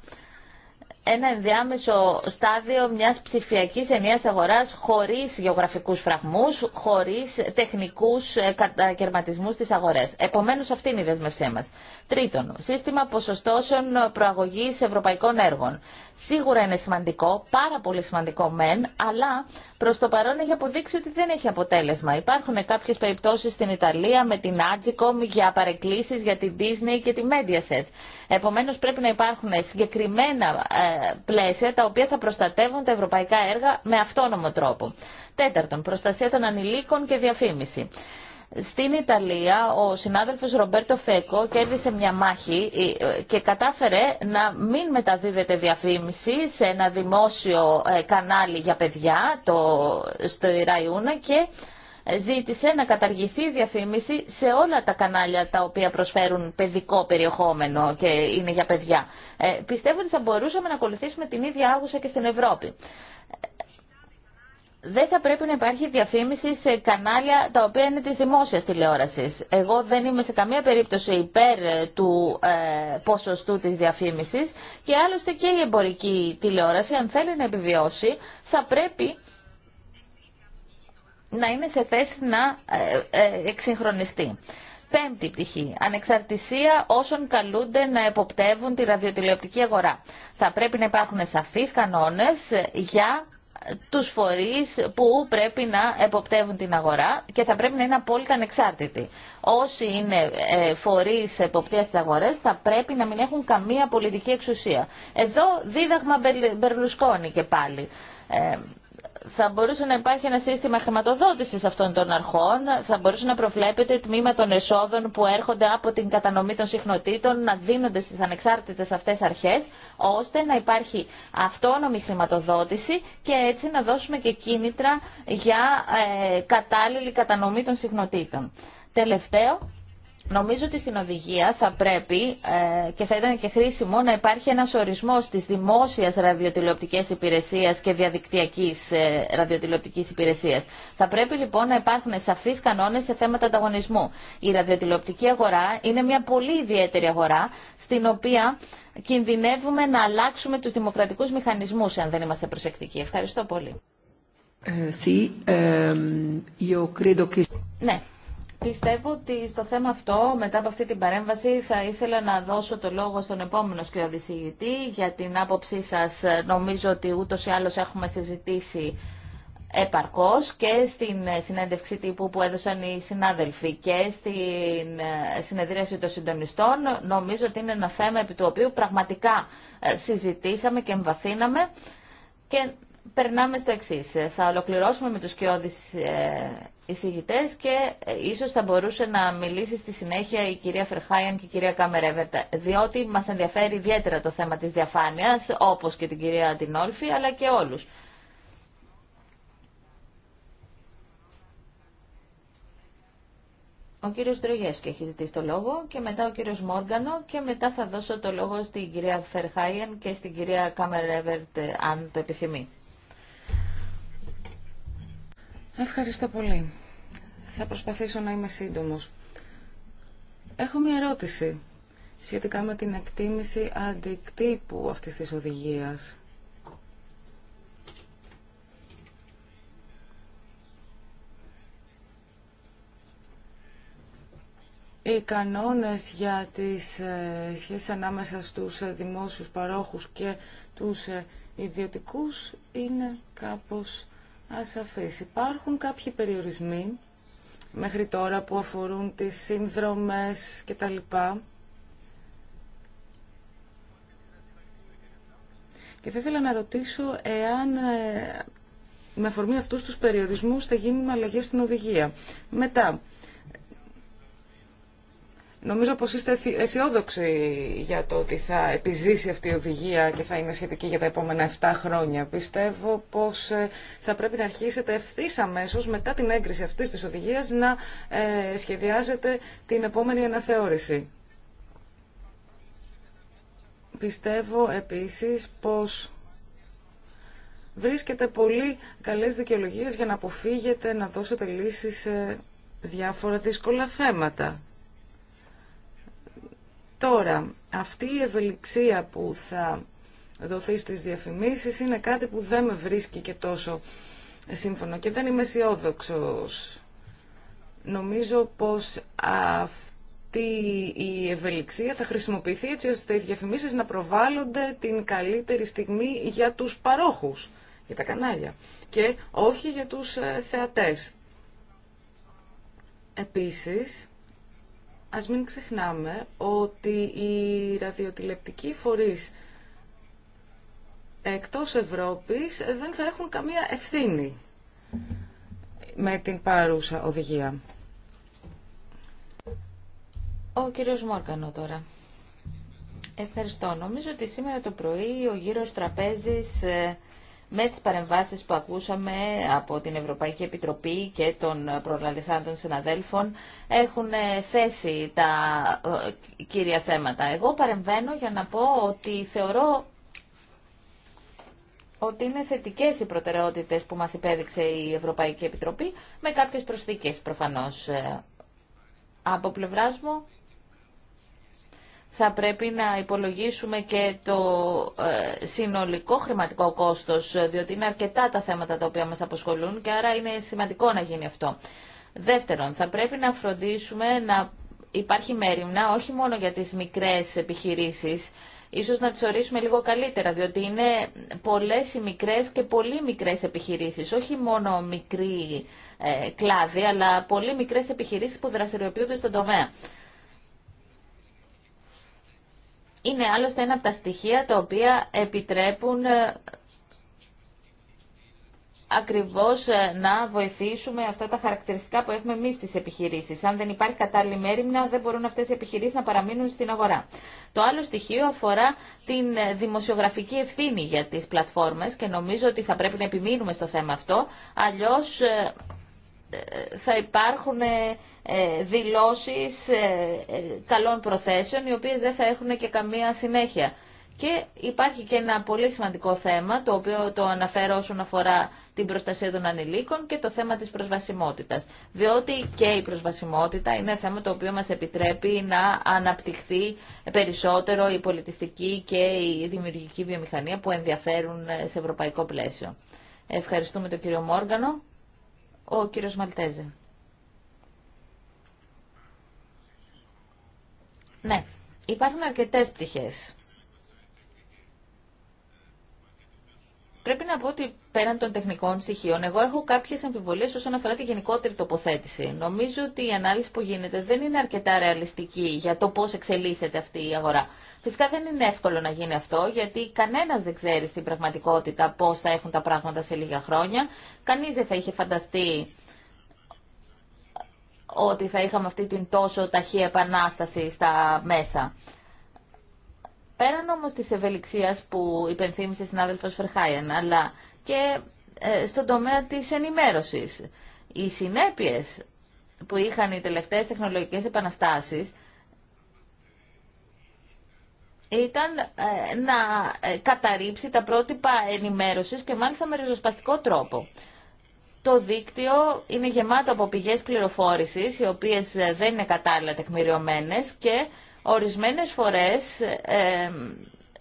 ένα ενδιάμεσο στάδιο μιας ψηφιακής ενίας αγοράς χωρίς γεωγραφικούς φραγμούς, χωρίς τεχνικούς ε, κατακαιρματισμούς της αγορές. Επομένως αυτή είναι η δέσμευσή μας. Τρίτον, σύστημα ποσοστώσεων προαγωγής ευρωπαϊκών έργων. Σίγουρα είναι σημαντικό, πάρα πολύ σημαντικό μεν, αλλά προς το παρόν έχει αποδείξει ότι δεν έχει αποτέλεσμα. Υπάρχουν κάποιες περιπτώσεις στην Ιταλία με την Agicom για παρεκκλήσεις για την Disney και τη Mediaset. Επομένως πρέπει να υπάρχουν συγκεκριμένα ε, πλαίσια τα οποία θα προστατεύουν τα ευρωπαϊκά έργα με αυτόνομο τρόπο. Τέταρτον, προστασία των ανηλίκων και διαφήμιση. Στην Ιταλία ο συνάδελφος Ρομπέρτο Φέκο κέρδισε μια μάχη ε, και κατάφερε να μην μεταδίδεται διαφήμιση σε ένα δημόσιο ε, κανάλι για παιδιά, το, στο Ιραϊούνα και ζήτησε να καταργηθεί η διαφήμιση σε όλα τα κανάλια τα οποία προσφέρουν παιδικό περιεχόμενο και είναι για παιδιά. Ε, πιστεύω ότι θα μπορούσαμε να ακολουθήσουμε την ίδια άγουσα και στην Ευρώπη. Δεν θα πρέπει να υπάρχει διαφήμιση σε κανάλια τα οποία είναι της δημόσιας τηλεόρασης. Εγώ δεν είμαι σε καμία περίπτωση υπέρ του ε, ποσοστού της διαφήμισης και άλλωστε και η εμπορική τηλεόραση αν θέλει να επιβιώσει θα πρέπει να είναι σε θέση να ε, ε, εξυγχρονιστεί. Πέμπτη πτυχή. Ανεξαρτησία όσων καλούνται να εποπτεύουν τη ραδιοτηλεοπτική αγορά. Θα πρέπει να υπάρχουν σαφείς κανόνες για τους φορείς που πρέπει να εποπτεύουν την αγορά και θα πρέπει να είναι απόλυτα ανεξάρτητοι. Όσοι είναι ε, φορείς εποπτείας της αγορές θα πρέπει να μην έχουν καμία πολιτική εξουσία. Εδώ δίδαγμα Μπερλουσκόνη και πάλι θα μπορούσε να υπάρχει ένα σύστημα χρηματοδότησης αυτών των αρχών, θα μπορούσε να προβλέπεται τμήμα των εσόδων που έρχονται από την κατανομή των συχνοτήτων να δίνονται στις ανεξάρτητες αυτές αρχές, ώστε να υπάρχει αυτόνομη χρηματοδότηση και έτσι να δώσουμε και κίνητρα για ε, κατάλληλη κατανομή των συχνοτήτων. Τελευταίο, Νομίζω ότι στην οδηγία θα πρέπει ε, και θα ήταν και χρήσιμο να υπάρχει ένας ορισμός της δημόσιας ραδιοτηλεοπτικής υπηρεσίας και διαδικτυακής ε, ραδιοτηλεοπτικής υπηρεσίας. Θα πρέπει λοιπόν να υπάρχουν σαφείς κανόνες σε θέματα ανταγωνισμού. Η ραδιοτηλεοπτική αγορά είναι μια πολύ ιδιαίτερη αγορά στην οποία κινδυνεύουμε να αλλάξουμε τους δημοκρατικούς μηχανισμούς αν δεν είμαστε προσεκτικοί. Ευχαριστώ πολύ. Ε, ε Ναι. Πιστεύω ότι στο θέμα αυτό, μετά από αυτή την παρέμβαση, θα ήθελα να δώσω το λόγο στον επόμενο σκιοδησηγητή για την άποψή σας. Νομίζω ότι ούτως ή άλλως έχουμε συζητήσει επαρκώς και στην συνέντευξη τύπου που έδωσαν οι συνάδελφοι και στην ε, συνεδρίαση των συντονιστών. Νομίζω ότι είναι ένα θέμα επί του οποίου πραγματικά ε, συζητήσαμε και εμβαθύναμε και περνάμε στο εξή. Θα ολοκληρώσουμε με τους κοιόδης και ε, ίσω θα μπορούσε να μιλήσει στη συνέχεια η κυρία Φερχάιεν και η κυρία Καμερέβερτ, διότι μα ενδιαφέρει ιδιαίτερα το θέμα τη διαφάνεια, όπω και την κυρία Αντινόλφη, αλλά και όλου. Ο κύριο Ντρογεύσκη έχει ζητήσει το λόγο και μετά ο κύριο Μόργανο και μετά θα δώσω το λόγο στην κυρία Φερχάιεν και στην κυρία Καμερέβερτ αν το επιθυμεί. Ευχαριστώ πολύ. Θα προσπαθήσω να είμαι σύντομος. Έχω μια ερώτηση σχετικά με την εκτίμηση αντικτύπου αυτής της οδηγίας. Οι κανόνες για τις ε, σχέσεις ανάμεσα στους ε, δημόσιους παρόχους και τους ε, ιδιωτικούς είναι κάπως ασαφής. Υπάρχουν κάποιοι περιορισμοί μέχρι τώρα που αφορούν τις σύνδρομες κτλ. Και θα ήθελα να ρωτήσω εάν ε, με αφορμή αυτούς τους περιορισμούς θα γίνουν αλλαγές στην οδηγία. Μετά, Νομίζω πως είστε αισιόδοξοι για το ότι θα επιζήσει αυτή η οδηγία και θα είναι σχετική για τα επόμενα 7 χρόνια. Πιστεύω πως ε, θα πρέπει να αρχίσετε ευθύ αμέσω μετά την έγκριση αυτής της οδηγίας να ε, σχεδιάζετε την επόμενη αναθεώρηση. Πιστεύω επίσης πως βρίσκεται πολύ καλές δικαιολογίες για να αποφύγετε να δώσετε λύσεις σε διάφορα δύσκολα θέματα. Τώρα, αυτή η ευελιξία που θα δοθεί στις διαφημίσεις είναι κάτι που δεν με βρίσκει και τόσο σύμφωνο και δεν είμαι αισιόδοξο. Νομίζω πως αυτή η ευελιξία θα χρησιμοποιηθεί έτσι ώστε οι διαφημίσεις να προβάλλονται την καλύτερη στιγμή για τους παρόχους, για τα κανάλια και όχι για τους ε, θεατές. Επίσης, Ας μην ξεχνάμε ότι οι ραδιοτηλεπτικοί φορείς εκτός Ευρώπης δεν θα έχουν καμία ευθύνη με την παρούσα οδηγία. Ο κύριος Μόρκανο τώρα. Ευχαριστώ. Νομίζω ότι σήμερα το πρωί ο γύρος τραπέζης ε, με τις παρεμβάσεις που ακούσαμε από την Ευρωπαϊκή Επιτροπή και των των συναδέλφων έχουν ε, θέσει τα ε, κύρια θέματα. Εγώ παρεμβαίνω για να πω ότι θεωρώ ότι είναι θετικές οι προτεραιότητες που μας υπέδειξε η Ευρωπαϊκή Επιτροπή με κάποιες προσθήκες προφανώς. Ε, από πλευράς μου θα πρέπει να υπολογίσουμε και το ε, συνολικό χρηματικό κόστος, ε, διότι είναι αρκετά τα θέματα τα οποία μας απασχολούν και άρα είναι σημαντικό να γίνει αυτό. Δεύτερον, θα πρέπει να φροντίσουμε να υπάρχει μέρημνα όχι μόνο για τις μικρές επιχειρήσεις, ίσως να τις ορίσουμε λίγο καλύτερα, διότι είναι πολλές οι μικρές και πολύ μικρές επιχειρήσεις, όχι μόνο μικρή ε, κλάδη, αλλά πολύ μικρές επιχειρήσεις που δραστηριοποιούνται στον τομέα. είναι άλλωστε ένα από τα στοιχεία τα οποία επιτρέπουν ε, ακριβώς ε, να βοηθήσουμε αυτά τα χαρακτηριστικά που έχουμε εμείς στις επιχειρήσεις. Αν δεν υπάρχει κατάλληλη μέρημνα, δεν μπορούν αυτές οι επιχειρήσεις να παραμείνουν στην αγορά. Το άλλο στοιχείο αφορά την ε, δημοσιογραφική ευθύνη για τις πλατφόρμες και νομίζω ότι θα πρέπει να επιμείνουμε στο θέμα αυτό, αλλιώς θα υπάρχουν ε, δηλώσεις ε, ε, καλών προθέσεων οι οποίες δεν θα έχουν και καμία συνέχεια. Και υπάρχει και ένα πολύ σημαντικό θέμα, το οποίο το αναφέρω όσον αφορά την προστασία των ανηλίκων και το θέμα της προσβασιμότητας. Διότι και η προσβασιμότητα είναι θέμα το οποίο μας επιτρέπει να αναπτυχθεί περισσότερο η πολιτιστική και η δημιουργική βιομηχανία που ενδιαφέρουν σε ευρωπαϊκό πλαίσιο. Ευχαριστούμε τον κύριο Μόργανο. Ο κύριος Μαλτέζε. Ναι, υπάρχουν αρκετές πτυχές. Πρέπει να πω ότι πέραν των τεχνικών στοιχείων, εγώ έχω κάποιες αμφιβολίες όσον αφορά τη γενικότερη τοποθέτηση. Νομίζω ότι η ανάλυση που γίνεται δεν είναι αρκετά ρεαλιστική για το πώς εξελίσσεται αυτή η αγορά. Φυσικά δεν είναι εύκολο να γίνει αυτό, γιατί κανένα δεν ξέρει στην πραγματικότητα πώ θα έχουν τα πράγματα σε λίγα χρόνια. Κανεί δεν θα είχε φανταστεί ότι θα είχαμε αυτή την τόσο ταχύ επανάσταση στα μέσα. Πέραν όμως της ευελιξίας που υπενθύμησε η συνάδελφος Φερχάιεν, αλλά και ε, στον τομέα της ενημέρωσης. Οι συνέπειες που είχαν οι τελευταίες τεχνολογικές επαναστάσεις ήταν ε, να ε, καταρρύψει τα πρότυπα ενημέρωσης και μάλιστα με ριζοσπαστικό τρόπο το δίκτυο είναι γεμάτο από πηγές πληροφόρησης, οι οποίες ε, δεν είναι κατάλληλα τεκμηριωμένες και ορισμένες φορές ε,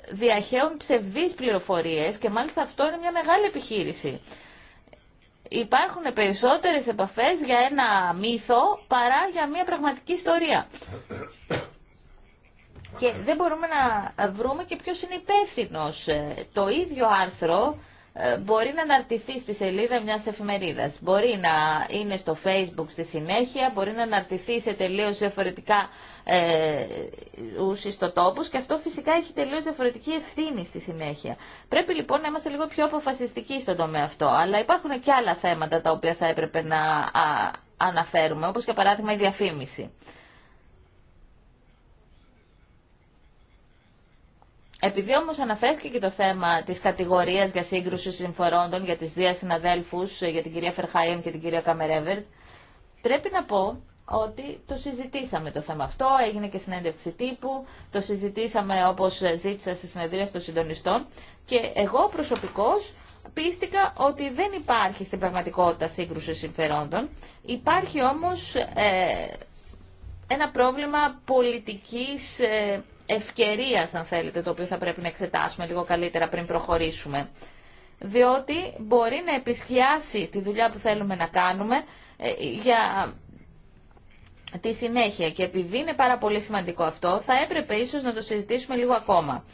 διαχέουν ψευδείς πληροφορίες και μάλιστα αυτό είναι μια μεγάλη επιχείρηση. Υπάρχουν περισσότερες επαφές για ένα μύθο παρά για μια πραγματική ιστορία. Και δεν μπορούμε να βρούμε και ποιος είναι υπεύθυνο. Ε, το ίδιο άρθρο ε, μπορεί να αναρτηθεί στη σελίδα μιας εφημερίδας. Μπορεί να είναι στο facebook στη συνέχεια, μπορεί να αναρτηθεί σε τελείως διαφορετικά ε, στο και αυτό φυσικά έχει τελείως διαφορετική ευθύνη στη συνέχεια. Πρέπει λοιπόν να είμαστε λίγο πιο αποφασιστικοί στον τομέα αυτό, αλλά υπάρχουν και άλλα θέματα τα οποία θα έπρεπε να αναφέρουμε, όπως για παράδειγμα η διαφήμιση. Επειδή όμω αναφέρθηκε και το θέμα τη κατηγορία για σύγκρουση συμφορώντων για τι δύο συναδέλφου, για την κυρία Φερχάιεν και την κυρία Καμερέβερτ, πρέπει να πω ότι το συζητήσαμε το θέμα αυτό, έγινε και συνέντευξη τύπου, το συζητήσαμε όπως ζήτησα στη συνεδρία των συντονιστών και εγώ προσωπικώς πίστηκα ότι δεν υπάρχει στην πραγματικότητα σύγκρουση συμφερόντων. Υπάρχει όμως ε, ένα πρόβλημα πολιτικής ε, Ευκαιρία, αν θέλετε, το οποίο θα πρέπει να εξετάσουμε λίγο καλύτερα πριν προχωρήσουμε. Διότι μπορεί να επισκιάσει τη δουλειά που θέλουμε να κάνουμε ε, για τη συνέχεια. Και επειδή είναι πάρα πολύ σημαντικό αυτό, θα έπρεπε ίσως να το συζητήσουμε λίγο ακόμα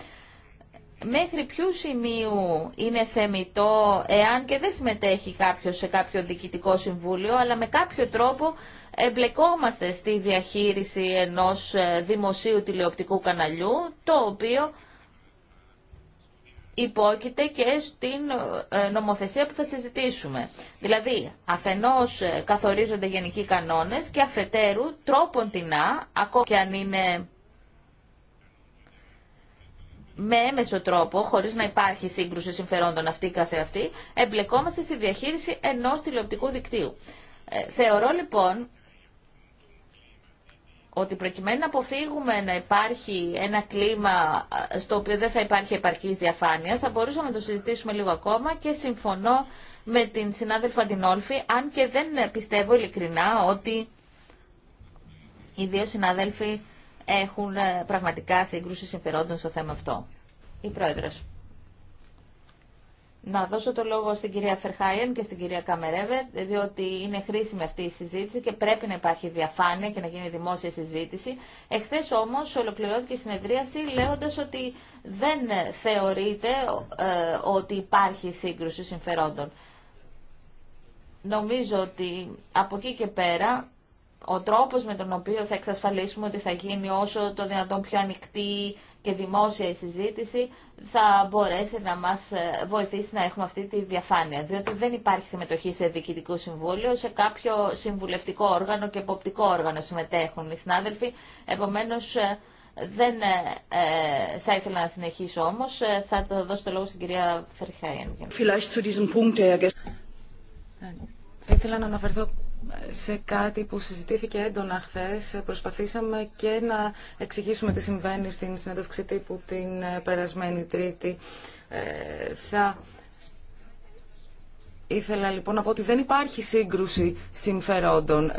μέχρι ποιου σημείου είναι θεμητό εάν και δεν συμμετέχει κάποιος σε κάποιο διοικητικό συμβούλιο, αλλά με κάποιο τρόπο εμπλεκόμαστε στη διαχείριση ενός ε, δημοσίου τηλεοπτικού καναλιού, το οποίο υπόκειται και στην ε, νομοθεσία που θα συζητήσουμε. Δηλαδή, αφενός ε, καθορίζονται γενικοί κανόνες και αφετέρου τρόπον την ακόμα και αν είναι με έμεσο τρόπο, χωρί να υπάρχει σύγκρουση συμφερόντων αυτή καθεαυτή, εμπλεκόμαστε στη διαχείριση ενό τηλεοπτικού δικτύου. Ε, θεωρώ λοιπόν ότι προκειμένου να αποφύγουμε να υπάρχει ένα κλίμα ε, στο οποίο δεν θα υπάρχει επαρκής διαφάνεια, θα μπορούσαμε να το συζητήσουμε λίγο ακόμα και συμφωνώ με την συνάδελφο Αντινόλφη, αν και δεν πιστεύω ειλικρινά ότι οι δύο συνάδελφοι έχουν ε, πραγματικά σύγκρουση συμφερόντων στο θέμα αυτό. Η Πρόεδρος. Να δώσω το λόγο στην κυρία Φερχάιεν και στην κυρία Καμερέβερ, διότι είναι χρήσιμη αυτή η συζήτηση και πρέπει να υπάρχει διαφάνεια και να γίνει δημόσια συζήτηση. Εχθέ όμω ολοκληρώθηκε η συνεδρίαση λέγοντα ότι δεν θεωρείται ε, ότι υπάρχει σύγκρουση συμφερόντων. Νομίζω ότι από εκεί και πέρα ο τρόπος με τον οποίο θα εξασφαλίσουμε ότι θα γίνει όσο το δυνατόν πιο ανοιχτή και δημόσια η συζήτηση θα μπορέσει να μας ε, βοηθήσει να έχουμε αυτή τη διαφάνεια. Διότι δεν υπάρχει συμμετοχή σε διοικητικό συμβούλιο, σε κάποιο συμβουλευτικό όργανο και εποπτικό όργανο συμμετέχουν οι συνάδελφοι. Επομένως ε, δεν ε, θα ήθελα να συνεχίσω όμως. Θα το δώσω το λόγο στην κυρία Φερχάιεν. ήθελα να αναφερθώ σε κάτι που συζητήθηκε έντονα χθε. Προσπαθήσαμε και να εξηγήσουμε τι συμβαίνει στην συνέντευξη τύπου την ε, περασμένη Τρίτη. Ε, θα ήθελα λοιπόν να πω ότι δεν υπάρχει σύγκρουση συμφερόντων,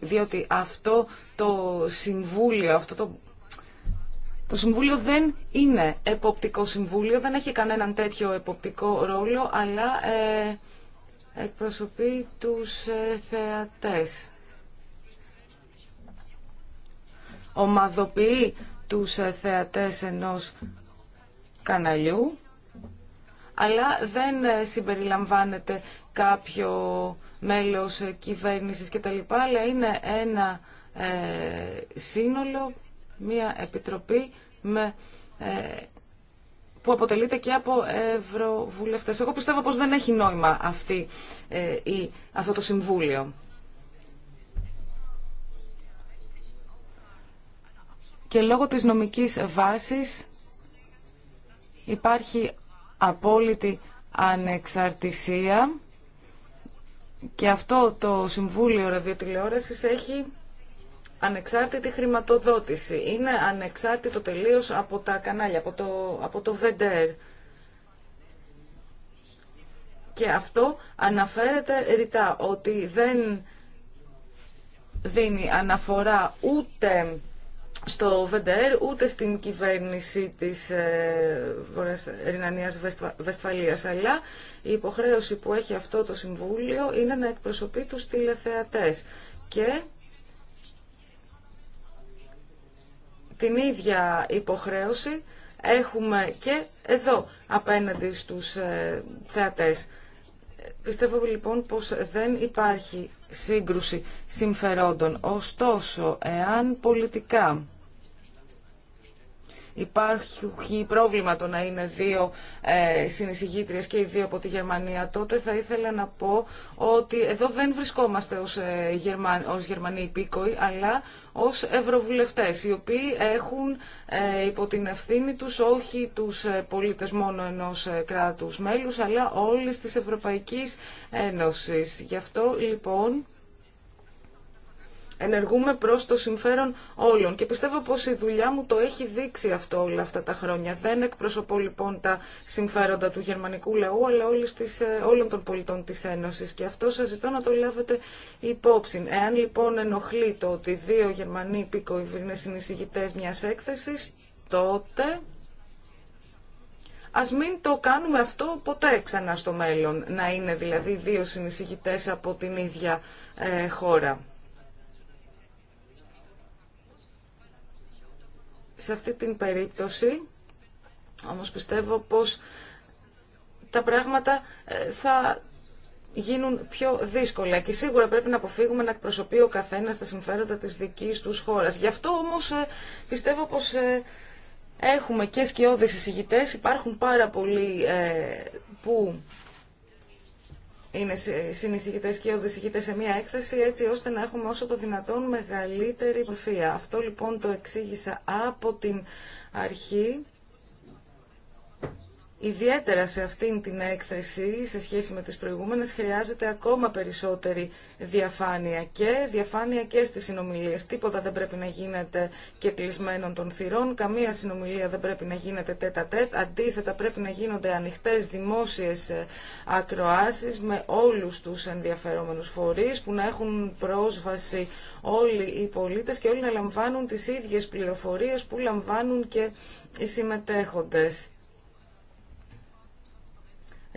διότι, αυτό το συμβούλιο, αυτό το το Συμβούλιο δεν είναι εποπτικό συμβούλιο, δεν έχει κανέναν τέτοιο εποπτικό ρόλο, αλλά ε, εκπροσωπεί τους ε, θεατές. Ομαδοποιεί τους ε, θεατές ενός καναλιού, αλλά δεν ε, συμπεριλαμβάνεται κάποιο μέλος κυβέρνησης κτλ. Αλλά είναι ένα σύνολο, μία επιτροπή με που αποτελείται και από ευρωβουλευτέ. Εγώ πιστεύω πως δεν έχει νόημα αυτή, ε, η, αυτό το συμβούλιο. Και λόγω της νομικής βάσης υπάρχει απόλυτη ανεξαρτησία και αυτό το Συμβούλιο Ραδιοτηλεόρασης έχει ανεξάρτητη χρηματοδότηση. Είναι ανεξάρτητο τελείως από τα κανάλια, από το, από το VDR. Και αυτό αναφέρεται ρητά ότι δεν δίνει αναφορά ούτε στο ΒΕΝΤΕΡ ούτε στην κυβέρνηση της ε, Ρινανίας Βεσφαλίας αλλά η υποχρέωση που έχει αυτό το Συμβούλιο είναι να εκπροσωπεί τους τηλεθεατές και την ίδια υποχρέωση έχουμε και εδώ απέναντι στους ε, θεατές. Πιστεύω λοιπόν πως δεν υπάρχει σύγκρουση συμφερόντων. Ωστόσο, εάν πολιτικά υπάρχει πρόβλημα το να είναι δύο ε, και οι δύο από τη Γερμανία, τότε θα ήθελα να πω ότι εδώ δεν βρισκόμαστε ως, ε, ως Γερμανοί υπήκοοι, αλλά ως ευρωβουλευτές, οι οποίοι έχουν ε, υπό την ευθύνη τους όχι τους ε, πολίτες μόνο ενός ε, κράτους μέλους, αλλά όλες της Ευρωπαϊκής Ένωσης. Γι' αυτό λοιπόν ενεργούμε προς το συμφέρον όλων. Και πιστεύω πως η δουλειά μου το έχει δείξει αυτό όλα αυτά τα χρόνια. Δεν εκπροσωπώ λοιπόν τα συμφέροντα του γερμανικού λαού, αλλά όλες τις, ε, όλων των πολιτών της Ένωσης. Και αυτό σας ζητώ να το λάβετε υπόψη. Εάν λοιπόν ενοχλεί το ότι δύο Γερμανοί πήκοοι είναι συνεισηγητές μιας έκθεσης, τότε Ας μην το κάνουμε αυτό ποτέ ξανά στο μέλλον, να είναι δηλαδή δύο συνεισηγητές από την ίδια ε, χώρα. Σε αυτή την περίπτωση, όμως πιστεύω πως τα πράγματα ε, θα γίνουν πιο δύσκολα και σίγουρα πρέπει να αποφύγουμε να εκπροσωπεί ο καθένα τα συμφέροντα της δικής τους χώρας. Γι' αυτό όμως ε, πιστεύω πως ε, έχουμε και σκιώδεις εισηγητές, υπάρχουν πάρα πολλοί που είναι συνεισηγητέ και οδησηγητές σε μία έκθεση έτσι ώστε να έχουμε όσο το δυνατόν μεγαλύτερη υποφία. Αυτό λοιπόν το εξήγησα από την αρχή Ιδιαίτερα σε αυτήν την έκθεση, σε σχέση με τις προηγούμενες, χρειάζεται ακόμα περισσότερη διαφάνεια και διαφάνεια και στις συνομιλίες. Τίποτα δεν πρέπει να γίνεται και κλεισμένων των θυρών, καμία συνομιλία δεν πρέπει να γίνεται τέτα τέτ, αντίθετα πρέπει να γίνονται ανοιχτές δημόσιες ε, ακροάσεις με όλους τους ενδιαφερόμενους φορείς που να έχουν πρόσβαση όλοι οι πολίτες και όλοι να λαμβάνουν τις ίδιες πληροφορίες που λαμβάνουν και οι συμμετέχοντες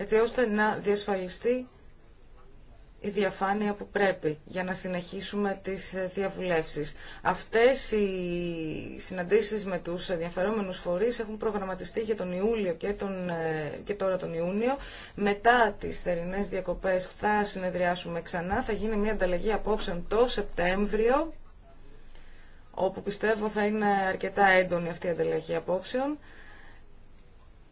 έτσι ώστε να διασφαλιστεί η διαφάνεια που πρέπει για να συνεχίσουμε τις ε, διαβουλεύσεις. Αυτές οι συναντήσεις με τους ενδιαφερόμενους φορείς έχουν προγραμματιστεί για τον Ιούλιο και, τον, ε, και τώρα τον Ιούνιο. Μετά τις θερινές διακοπές θα συνεδριάσουμε ξανά, θα γίνει μια ανταλλαγή απόψεων το Σεπτέμβριο, όπου πιστεύω θα είναι αρκετά έντονη αυτή η ανταλλαγή απόψεων.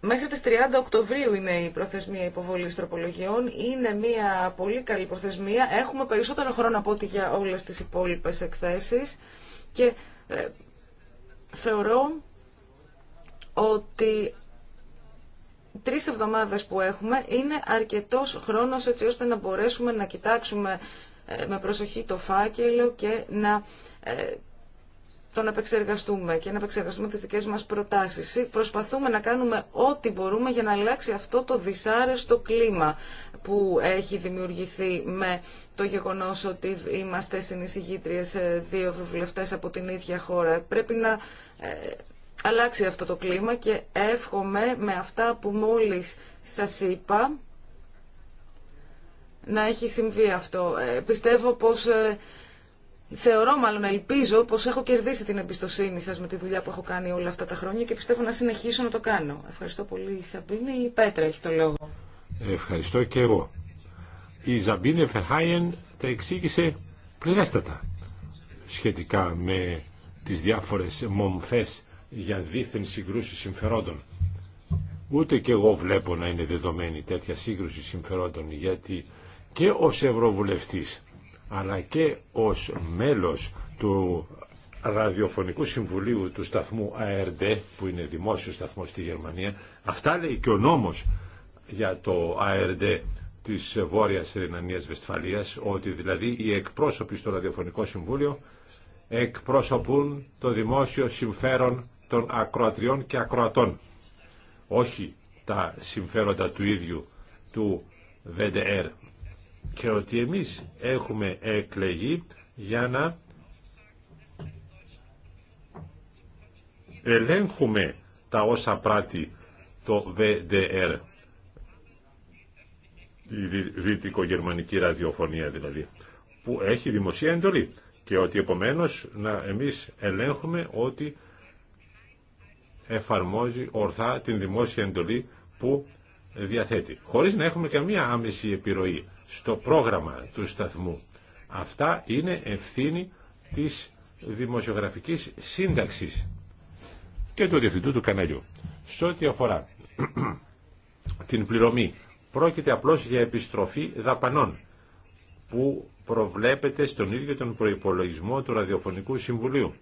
Μέχρι τις 30 Οκτωβρίου είναι η προθεσμία υποβολής τροπολογιών. Είναι μια πολύ καλή προθεσμία. Έχουμε περισσότερο χρόνο από ό,τι για όλες τις υπόλοιπες εκθέσεις. Και ε, θεωρώ ότι τρεις εβδομάδες που έχουμε είναι αρκετός χρόνος έτσι ώστε να μπορέσουμε να κοιτάξουμε ε, με προσοχή το φάκελο και να ε, το να επεξεργαστούμε και να επεξεργαστούμε τις δικές μας προτάσεις. Προσπαθούμε να κάνουμε ό,τι μπορούμε για να αλλάξει αυτό το δυσάρεστο κλίμα που έχει δημιουργηθεί με το γεγονός ότι είμαστε συνεισηγήτριες ε, δύο βουλευτές από την ίδια χώρα. Πρέπει να ε, αλλάξει αυτό το κλίμα και εύχομαι με αυτά που μόλις σας είπα να έχει συμβεί αυτό. Ε, πιστεύω πως Θεωρώ, μάλλον ελπίζω, πως έχω κερδίσει την εμπιστοσύνη σας με τη δουλειά που έχω κάνει όλα αυτά τα χρόνια και πιστεύω να συνεχίσω να το κάνω. Ευχαριστώ πολύ, Σαμπίνη. Η Πέτρα έχει το λόγο. Ευχαριστώ και εγώ. Η Ζαμπίνη Φεχάιεν τα εξήγησε πληρέστατα σχετικά με τις διάφορες μομφές για δίθεν συγκρούσει συμφερόντων. Ούτε και εγώ βλέπω να είναι δεδομένη τέτοια σύγκρουση συμφερόντων, γιατί και ως ευρωβουλευτή αλλά και ως μέλος του ραδιοφωνικού συμβουλίου του σταθμού ARD, που είναι δημόσιο σταθμό στη Γερμανία. Αυτά λέει και ο νόμος για το ARD της Βόρειας Ρινανίας Βεσφαλίας, ότι δηλαδή οι εκπρόσωποι στο ραδιοφωνικό συμβούλιο εκπροσωπούν το δημόσιο συμφέρον των ακροατριών και ακροατών. Όχι τα συμφέροντα του ίδιου του VDR και ότι εμείς έχουμε εκλεγεί για να ελέγχουμε τα όσα πράττει το VDR, η δυτικογερμανική ραδιοφωνία δηλαδή, που έχει δημοσία εντολή και ότι επομένως να εμείς ελέγχουμε ότι εφαρμόζει ορθά την δημόσια εντολή που διαθέτει, χωρίς να έχουμε καμία άμεση επιρροή στο πρόγραμμα του σταθμού. Αυτά είναι ευθύνη της δημοσιογραφικής σύνταξης και του διευθυντού του καναλιού. Σε ό,τι αφορά *clears throat* την πληρωμή, πρόκειται απλώς για επιστροφή δαπανών που προβλέπεται στον ίδιο τον προϋπολογισμό του Ραδιοφωνικού Συμβουλίου.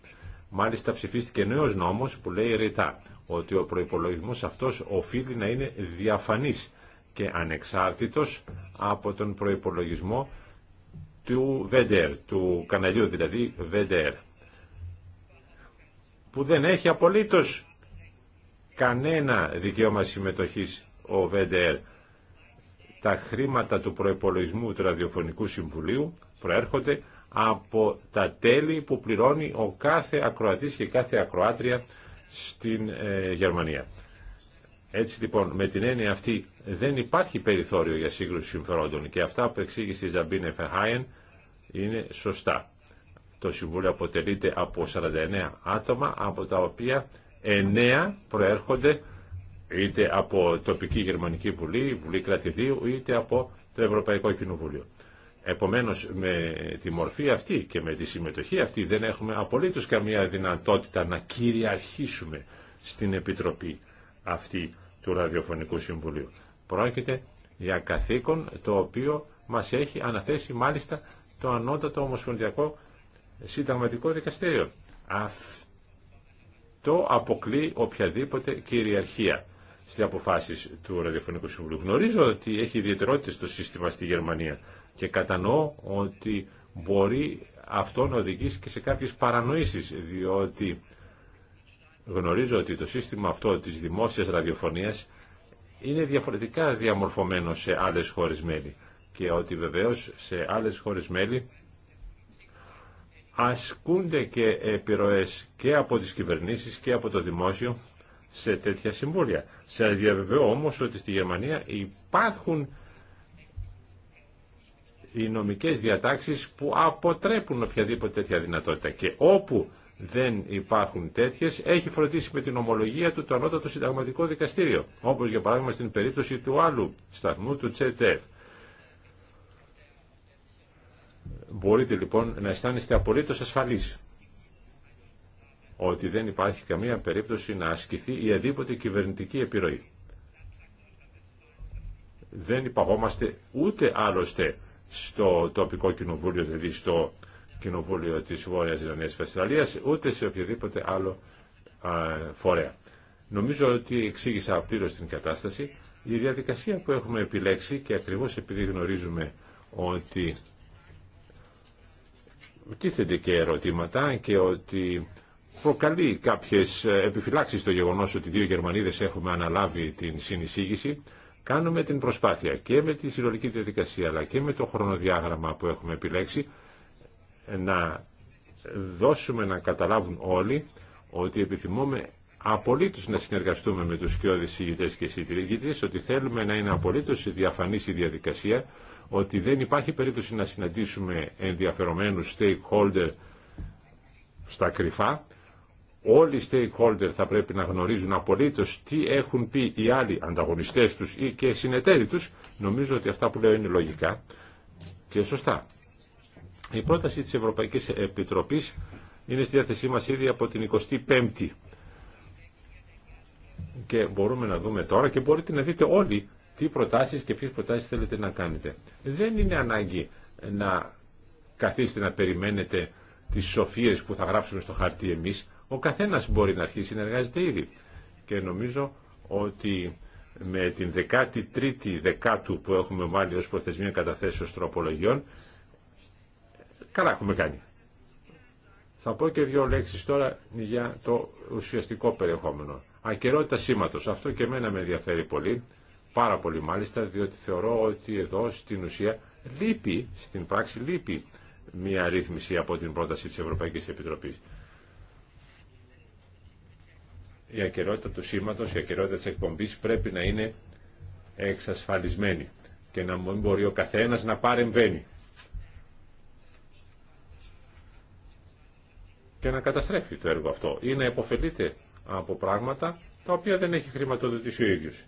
Μάλιστα ψηφίστηκε νέος νόμος που λέει ρητά ότι ο προϋπολογισμός αυτός οφείλει να είναι διαφανής και ανεξάρτητος από τον προϋπολογισμό του ΒΕΝΤΕΡ, του καναλιού δηλαδή ΒΕΝΤΕΡ, που δεν έχει απολύτως κανένα δικαίωμα συμμετοχής ο ΒΕΝΤΕΡ. Τα χρήματα του προϋπολογισμού του Ραδιοφωνικού Συμβουλίου προέρχονται από τα τέλη που πληρώνει ο κάθε ακροατής και κάθε ακροάτρια στην ε, Γερμανία. Έτσι λοιπόν με την έννοια αυτή δεν υπάρχει περιθώριο για σύγκρουση συμφερόντων και αυτά που εξήγησε η Ζαμπίνε Φεχάιεν είναι σωστά. Το Συμβούλιο αποτελείται από 49 άτομα από τα οποία 9 προέρχονται είτε από τοπική Γερμανική Βουλή, Βουλή Κρατηδίου είτε από το Ευρωπαϊκό Κοινοβούλιο. Επομένως με τη μορφή αυτή και με τη συμμετοχή αυτή δεν έχουμε απολύτως καμία δυνατότητα να κυριαρχήσουμε στην Επιτροπή αυτή του Ραδιοφωνικού Συμβουλίου. Πρόκειται για καθήκον το οποίο μας έχει αναθέσει μάλιστα το Ανώτατο Ομοσπονδιακό Συνταγματικό Δικαστήριο. Αυτό αποκλεί οποιαδήποτε κυριαρχία στις αποφάσεις του Ραδιοφωνικού Συμβουλίου. Γνωρίζω ότι έχει ιδιαιτερότητες το σύστημα στη Γερμανία και κατανοώ ότι μπορεί αυτό να οδηγήσει και σε κάποιες παρανοήσεις, διότι γνωρίζω ότι το σύστημα αυτό της δημόσιας ραδιοφωνίας είναι διαφορετικά διαμορφωμένο σε άλλες χώρες μέλη και ότι βεβαίως σε άλλες χώρες μέλη ασκούνται και επιρροές και από τις κυβερνήσεις και από το δημόσιο σε τέτοια συμβούλια. Σας διαβεβαιώ όμως ότι στη Γερμανία υπάρχουν οι νομικές διατάξεις που αποτρέπουν οποιαδήποτε τέτοια δυνατότητα. Και όπου δεν υπάρχουν τέτοιες, έχει φροντίσει με την ομολογία του το ανώτατο συνταγματικό δικαστήριο, όπως για παράδειγμα στην περίπτωση του άλλου σταθμού του ΤΣΕΤΕΦ. Μπορείτε λοιπόν να αισθάνεστε απολύτως ασφαλείς ότι δεν υπάρχει καμία περίπτωση να ασκηθεί η αδίποτε κυβερνητική επιρροή. Δεν υπαγόμαστε ούτε άλλωστε στο τοπικό κοινοβούλιο, δηλαδή στο κοινοβούλιο της Βόρειας της Βεσσαλίας, ούτε σε οποιοδήποτε άλλο φορέα. Νομίζω ότι εξήγησα πλήρως την κατάσταση. Η διαδικασία που έχουμε επιλέξει και ακριβώς επειδή γνωρίζουμε ότι τίθενται και ερωτήματα και ότι προκαλεί κάποιες επιφυλάξεις το γεγονός ότι δύο Γερμανίδες έχουμε αναλάβει την συνεισήγηση Κάνουμε την προσπάθεια και με τη συλλογική διαδικασία αλλά και με το χρονοδιάγραμμα που έχουμε επιλέξει να δώσουμε να καταλάβουν όλοι ότι επιθυμούμε απολύτω να συνεργαστούμε με του κοιόδη ηγητέ και συντηρητέ, ότι θέλουμε να είναι απολύτω διαφανής η διαδικασία, ότι δεν υπάρχει περίπτωση να συναντήσουμε ενδιαφερομένου stakeholder στα κρυφά Όλοι οι stakeholder θα πρέπει να γνωρίζουν απολύτως τι έχουν πει οι άλλοι ανταγωνιστές τους ή και συνεταίροι τους. Νομίζω ότι αυτά που λέω είναι λογικά και σωστά. Η πρόταση της Ευρωπαϊκής Επιτροπής είναι στη διάθεσή μας ήδη από την 25η και μπορούμε να δούμε τώρα και μπορείτε να δείτε όλοι τι προτάσεις και ποιες προτάσεις θέλετε να κάνετε. Δεν είναι ανάγκη να καθίσετε να περιμένετε τις σοφίες που θα γράψουμε στο χαρτί εμείς. Ο καθένας μπορεί να αρχίσει να εργάζεται ήδη. Και νομίζω ότι με την 13η δεκάτου που έχουμε βάλει ως προθεσμία καταθέσεως τροπολογιών, καλά έχουμε κάνει. Θα πω και δύο λέξεις τώρα για το ουσιαστικό περιεχόμενο. Ακερότητα σήματος. Αυτό και εμένα με ενδιαφέρει πολύ, πάρα πολύ μάλιστα, διότι θεωρώ ότι εδώ στην ουσία λείπει, στην πράξη λείπει μια ρύθμιση από την πρόταση της Ευρωπαϊκής Επιτροπής η ακερότητα του σήματος, η ακερότητα της εκπομπής πρέπει να είναι εξασφαλισμένη και να μην μπορεί ο καθένας να παρεμβαίνει και να καταστρέφει το έργο αυτό ή να υποφελείται από πράγματα τα οποία δεν έχει χρηματοδοτήσει ο ίδιος.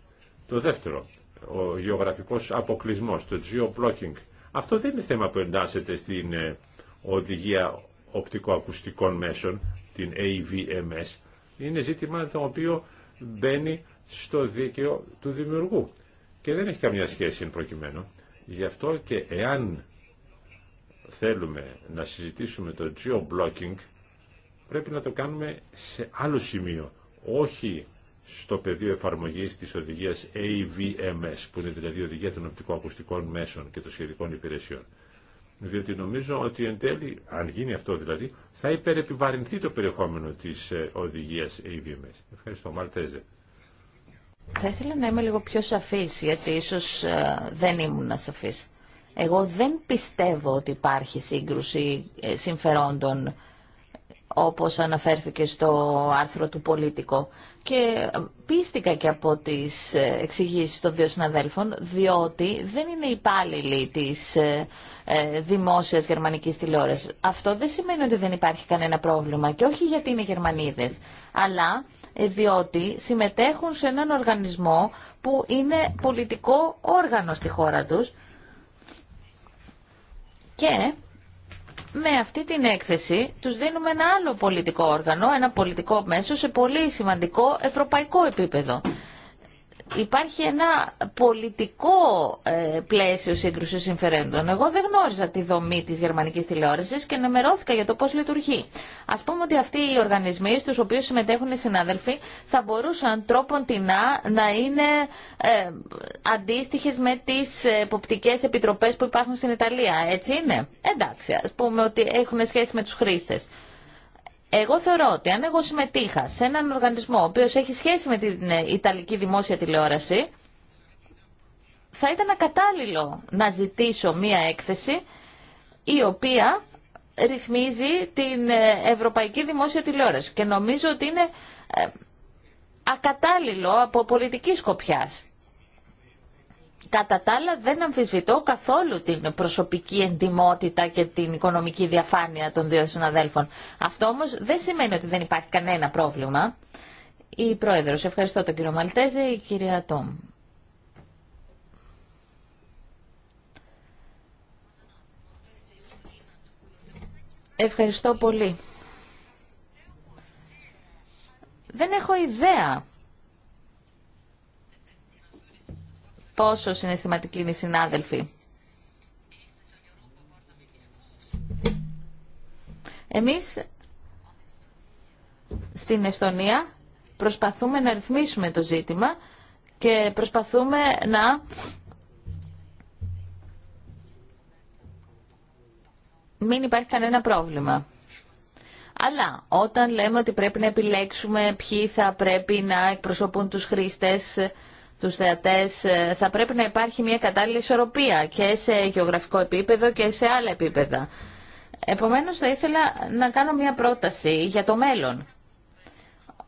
Το δεύτερο, ο γεωγραφικός αποκλεισμός, το geo-blocking, αυτό δεν είναι θέμα που εντάσσεται στην ε, οδηγία οπτικοακουστικών μέσων, την AVMS, είναι ζήτημα το οποίο μπαίνει στο δίκαιο του δημιουργού και δεν έχει καμιά σχέση εν προκειμένου. Γι' αυτό και εάν θέλουμε να συζητήσουμε το geo-blocking πρέπει να το κάνουμε σε άλλο σημείο, όχι στο πεδίο εφαρμογής της οδηγίας AVMS, που είναι δηλαδή η οδηγία των οπτικοακουστικών μέσων και των σχετικών υπηρεσιών διότι νομίζω ότι εν τέλει, αν γίνει αυτό δηλαδή, θα υπερεπιβαρυνθεί το περιεχόμενο της ε, οδηγίας AVMS. Ευχαριστώ, Μαλτέζε. Θα ήθελα να είμαι λίγο πιο σαφής, γιατί ίσως ε, δεν ήμουν σαφής. Εγώ δεν πιστεύω ότι υπάρχει σύγκρουση ε, συμφερόντων όπως αναφέρθηκε στο άρθρο του Πολίτικο. Και πίστηκα και από τις ε, εξηγήσεις των δύο συναδέλφων, διότι δεν είναι υπάλληλοι της ε, ε, δημόσιας γερμανικής τηλεόρασης. Αυτό δεν σημαίνει ότι δεν υπάρχει κανένα πρόβλημα και όχι γιατί είναι Γερμανίδες, αλλά διότι συμμετέχουν σε έναν οργανισμό που είναι πολιτικό όργανο στη χώρα τους και με αυτή την έκθεση τους δίνουμε ένα άλλο πολιτικό όργανο, ένα πολιτικό μέσο σε πολύ σημαντικό ευρωπαϊκό επίπεδο υπάρχει ένα πολιτικό ε, πλαίσιο σύγκρουση συμφερέντων. Εγώ δεν γνώριζα τη δομή της γερμανικής τηλεόρασης και ενημερώθηκα για το πώς λειτουργεί. Ας πούμε ότι αυτοί οι οργανισμοί στους οποίους συμμετέχουν οι συνάδελφοι θα μπορούσαν τρόπον τινά να είναι ε, αντίστοιχες με τις εποπτικές επιτροπές που υπάρχουν στην Ιταλία. Έτσι είναι. Εντάξει, ας πούμε ότι έχουν σχέση με τους χρήστες. Εγώ θεωρώ ότι αν εγώ συμμετείχα σε έναν οργανισμό ο οποίος έχει σχέση με την ε, Ιταλική Δημόσια Τηλεόραση, θα ήταν ακατάλληλο να ζητήσω μία έκθεση η οποία ρυθμίζει την ε, Ευρωπαϊκή Δημόσια Τηλεόραση. Και νομίζω ότι είναι ε, ακατάλληλο από πολιτική σκοπιάς. Κατά τα άλλα δεν αμφισβητώ καθόλου την προσωπική εντιμότητα και την οικονομική διαφάνεια των δύο συναδέλφων. Αυτό όμως δεν σημαίνει ότι δεν υπάρχει κανένα πρόβλημα. Η Πρόεδρος, ευχαριστώ τον κύριο Μαλτέζε, η κυρία Τόμ. Ευχαριστώ πολύ. Δεν έχω ιδέα πόσο συναισθηματικοί είναι οι συνάδελφοι. Εμείς στην Εστονία προσπαθούμε να ρυθμίσουμε το ζήτημα και προσπαθούμε να μην υπάρχει κανένα πρόβλημα. Αλλά όταν λέμε ότι πρέπει να επιλέξουμε ποιοι θα πρέπει να εκπροσωπούν τους χρήστες, τους θεατές ε, θα πρέπει να υπάρχει μια κατάλληλη ισορροπία και σε γεωγραφικό επίπεδο και σε άλλα επίπεδα. Επομένως θα ήθελα να κάνω μια πρόταση για το μέλλον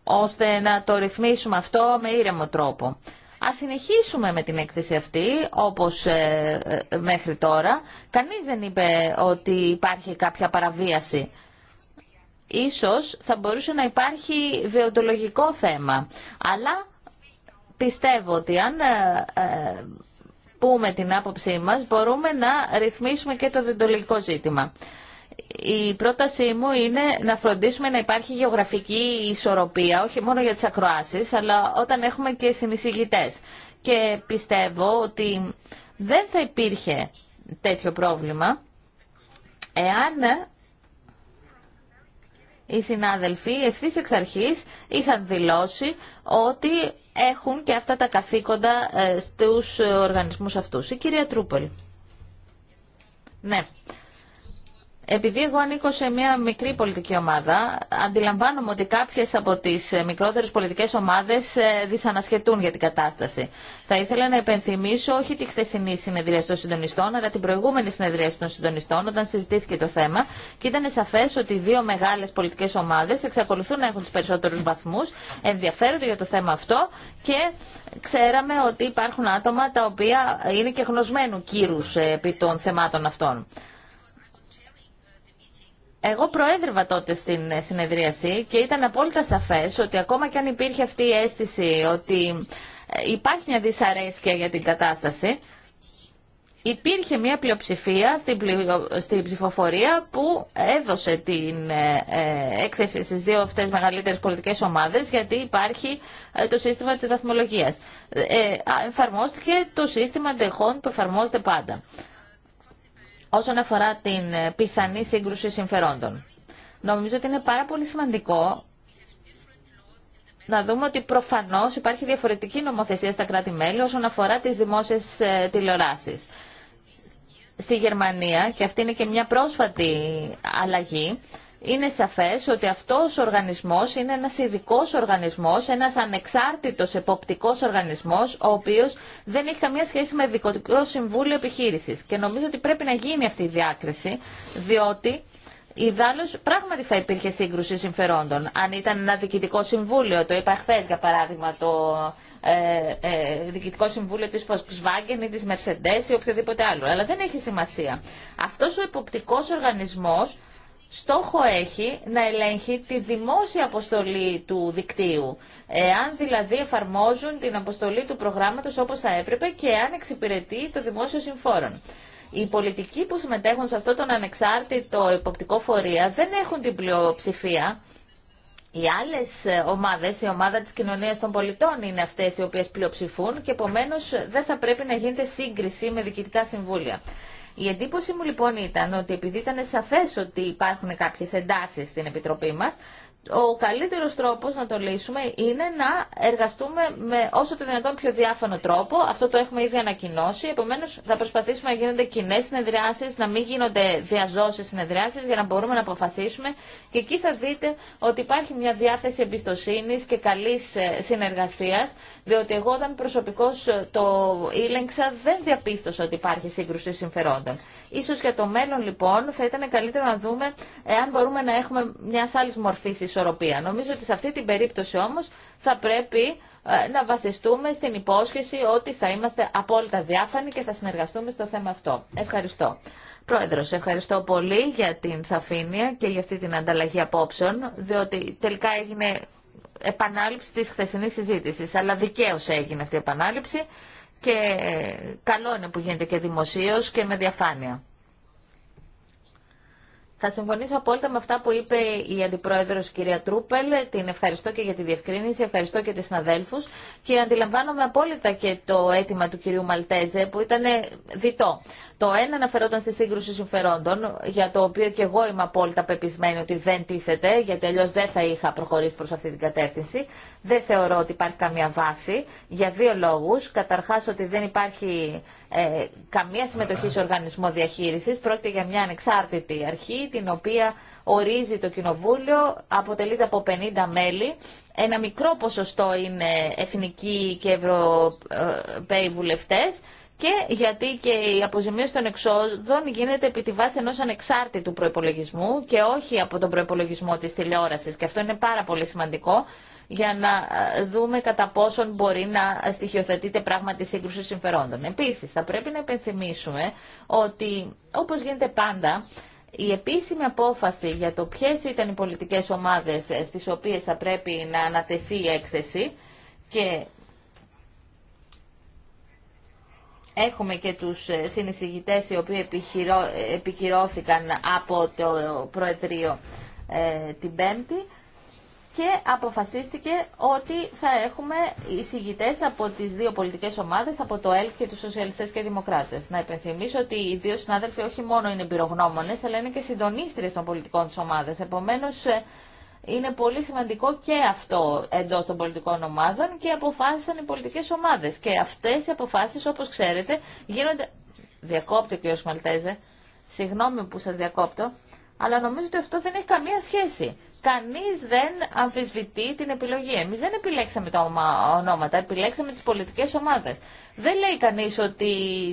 ώστε να το ρυθμίσουμε αυτό με ήρεμο τρόπο. Ας συνεχίσουμε με την έκθεση αυτή, όπως ε, ε, μέχρι τώρα. Κανείς δεν είπε ότι υπάρχει κάποια παραβίαση. Ίσως θα μπορούσε να υπάρχει βιοντολογικό θέμα, αλλά πιστεύω ότι αν ε, ε, πούμε την άποψή μας, μπορούμε να ρυθμίσουμε και το δεντολογικό ζήτημα. Η πρότασή μου είναι να φροντίσουμε να υπάρχει γεωγραφική ισορροπία, όχι μόνο για τις ακροάσεις, αλλά όταν έχουμε και συνεισηγητές. Και πιστεύω ότι δεν θα υπήρχε τέτοιο πρόβλημα εάν οι συνάδελφοι ευθύ εξ αρχής είχαν δηλώσει ότι έχουν και αυτά τα καθήκοντα ε, στους οργανισμούς αυτούς. Η κυρία Τρούπολη. Ναι. Επειδή εγώ ανήκω σε μια μικρή πολιτική ομάδα, αντιλαμβάνομαι ότι κάποιε από τι ε, μικρότερε πολιτικέ ομάδε ε, δυσανασχετούν για την κατάσταση. Θα ήθελα να επενθυμίσω όχι τη χθεσινή συνεδρία των συντονιστών, αλλά την προηγούμενη συνεδρία των συντονιστών, όταν συζητήθηκε το θέμα και ήταν σαφέ ότι οι δύο μεγάλε πολιτικέ ομάδε εξακολουθούν να έχουν του περισσότερου βαθμού, ενδιαφέρονται για το θέμα αυτό και ξέραμε ότι υπάρχουν άτομα τα οποία είναι και γνωσμένου κύρου ε, επί των θεμάτων αυτών. Εγώ προέδρευα τότε στην ε, συνεδρίαση και ήταν απόλυτα σαφές ότι ακόμα και αν υπήρχε αυτή η αίσθηση ότι ε, υπάρχει μια δυσαρέσκεια για την κατάσταση, υπήρχε μια πλειοψηφία στην ψηφοφορία που έδωσε την ε, έκθεση στις δύο αυτές μεγαλύτερες πολιτικές ομάδες γιατί υπάρχει το σύστημα της βαθμολογίας. Εφαρμόστηκε το σύστημα αντεχών που εφαρμόζεται πάντα όσον αφορά την ε, πιθανή σύγκρουση συμφερόντων. Νομίζω ότι είναι πάρα πολύ σημαντικό να δούμε ότι προφανώς υπάρχει διαφορετική νομοθεσία στα κράτη-μέλη όσον αφορά τις δημόσιες ε, τηλεοράσεις. Στη Γερμανία, και αυτή είναι και μια πρόσφατη αλλαγή, είναι σαφές ότι αυτός ο οργανισμός είναι ένας ειδικό οργανισμός, ένας ανεξάρτητος εποπτικός οργανισμός, ο οποίος δεν έχει καμία σχέση με Δικοτικό Συμβούλιο Επιχείρησης. Και νομίζω ότι πρέπει να γίνει αυτή η διάκριση, διότι Ιδάλω, πράγματι θα υπήρχε σύγκρουση συμφερόντων. Αν ήταν ένα διοικητικό συμβούλιο, το είπα χθε για παράδειγμα, το ε, ε διοικητικό συμβούλιο τη Volkswagen ή τη Mercedes ή οποιοδήποτε άλλο. Αλλά δεν έχει σημασία. αυτό ο εποπτικό οργανισμό στόχο έχει να ελέγχει τη δημόσια αποστολή του δικτύου. Εάν δηλαδή εφαρμόζουν την αποστολή του προγράμματος όπως θα έπρεπε και αν εξυπηρετεί το δημόσιο συμφόρον. Οι πολιτικοί που συμμετέχουν σε αυτό τον ανεξάρτητο υποπτικό φορεία δεν έχουν την πλειοψηφία. Οι άλλε ομάδε, η ομάδα τη κοινωνία των πολιτών είναι αυτέ οι οποίε πλειοψηφούν και επομένω δεν θα πρέπει να γίνεται σύγκριση με διοικητικά συμβούλια. Η εντύπωση μου λοιπόν ήταν ότι επειδή ήταν σαφές ότι υπάρχουν κάποιες εντάσεις στην Επιτροπή μας, ο καλύτερος τρόπος να το λύσουμε είναι να εργαστούμε με όσο το δυνατόν πιο διάφανο τρόπο. Αυτό το έχουμε ήδη ανακοινώσει. Επομένως θα προσπαθήσουμε να γίνονται κοινέ συνεδριάσεις, να μην γίνονται διαζώσεις συνεδριάσεις για να μπορούμε να αποφασίσουμε. Και εκεί θα δείτε ότι υπάρχει μια διάθεση εμπιστοσύνη και καλή ε, συνεργασία, διότι εγώ όταν προσωπικώς ε, το ήλεγξα δεν διαπίστωσα ότι υπάρχει σύγκρουση συμφερόντων. Ίσως για το μέλλον λοιπόν θα ήταν καλύτερο να δούμε εάν μπορούμε να έχουμε μια άλλη μορφή ισορροπία. Νομίζω ότι σε αυτή την περίπτωση όμως θα πρέπει ε, να βασιστούμε στην υπόσχεση ότι θα είμαστε απόλυτα διάφανοι και θα συνεργαστούμε στο θέμα αυτό. Ευχαριστώ. Πρόεδρο, ευχαριστώ πολύ για την σαφήνεια και για αυτή την ανταλλαγή απόψεων, διότι τελικά έγινε επανάληψη της χθεσινής συζήτησης, αλλά δικαίως έγινε αυτή η επανάληψη και καλό είναι που γίνεται και δημοσίως και με διαφάνεια. Θα συμφωνήσω απόλυτα με αυτά που είπε η Αντιπρόεδρος κυρία Τρούπελ. Την ευχαριστώ και για τη διευκρίνηση, ευχαριστώ και τις συναδέλφους και αντιλαμβάνομαι απόλυτα και το αίτημα του κυρίου Μαλτέζε που ήταν διτό. Το ένα αναφερόταν στη σύγκρουση συμφερόντων, για το οποίο και εγώ είμαι απόλυτα πεπισμένη ότι δεν τίθεται, γιατί αλλιώ δεν θα είχα προχωρήσει προ αυτή την κατεύθυνση. Δεν θεωρώ ότι υπάρχει καμία βάση, για δύο λόγου. Καταρχά, ότι δεν υπάρχει ε, καμία συμμετοχή σε οργανισμό διαχείριση. Πρόκειται για μια ανεξάρτητη αρχή, την οποία ορίζει το Κοινοβούλιο, αποτελείται από 50 μέλη. Ένα μικρό ποσοστό είναι εθνικοί και ευρωπαίοι βουλευτές και γιατί και η αποζημίωση των εξόδων γίνεται επί τη βάση ενό ανεξάρτητου προπολογισμού και όχι από τον προπολογισμό τη τηλεόραση. και αυτό είναι πάρα πολύ σημαντικό για να ε, δούμε κατά πόσον μπορεί να στοιχειοθετείται πράγματι σύγκρουση συμφερόντων. Επίση, θα πρέπει να υπενθυμίσουμε ότι, όπω γίνεται πάντα, η επίσημη απόφαση για το ποιες ήταν οι πολιτικές ομάδες ε, στις οποίες θα πρέπει να ανατεθεί η έκθεση και Έχουμε και τους ε, συνεισηγητές οι οποίοι επικυρώθηκαν από το Προεδρείο ε, την Πέμπτη και αποφασίστηκε ότι θα έχουμε εισηγητές από τις δύο πολιτικές ομάδες, από το ΕΛΚ και τους Σοσιαλιστές και Δημοκράτες. Να υπενθυμίσω ότι οι δύο συνάδελφοι όχι μόνο είναι εμπειρογνώμονες, αλλά είναι και συντονίστριες των πολιτικών της Επομένως, ε, είναι πολύ σημαντικό και αυτό εντός των πολιτικών ομάδων και αποφάσισαν οι πολιτικές ομάδες. Και αυτές οι αποφάσεις, όπως ξέρετε, γίνονται... Διακόπτε, κύριο Μαλτέζε. Συγγνώμη που σας διακόπτω, αλλά νομίζω ότι αυτό δεν έχει καμία σχέση. Κανείς δεν αμφισβητεί την επιλογή. Εμείς δεν επιλέξαμε τα ονόματα, επιλέξαμε τις πολιτικές ομάδες. Δεν λέει κανείς ότι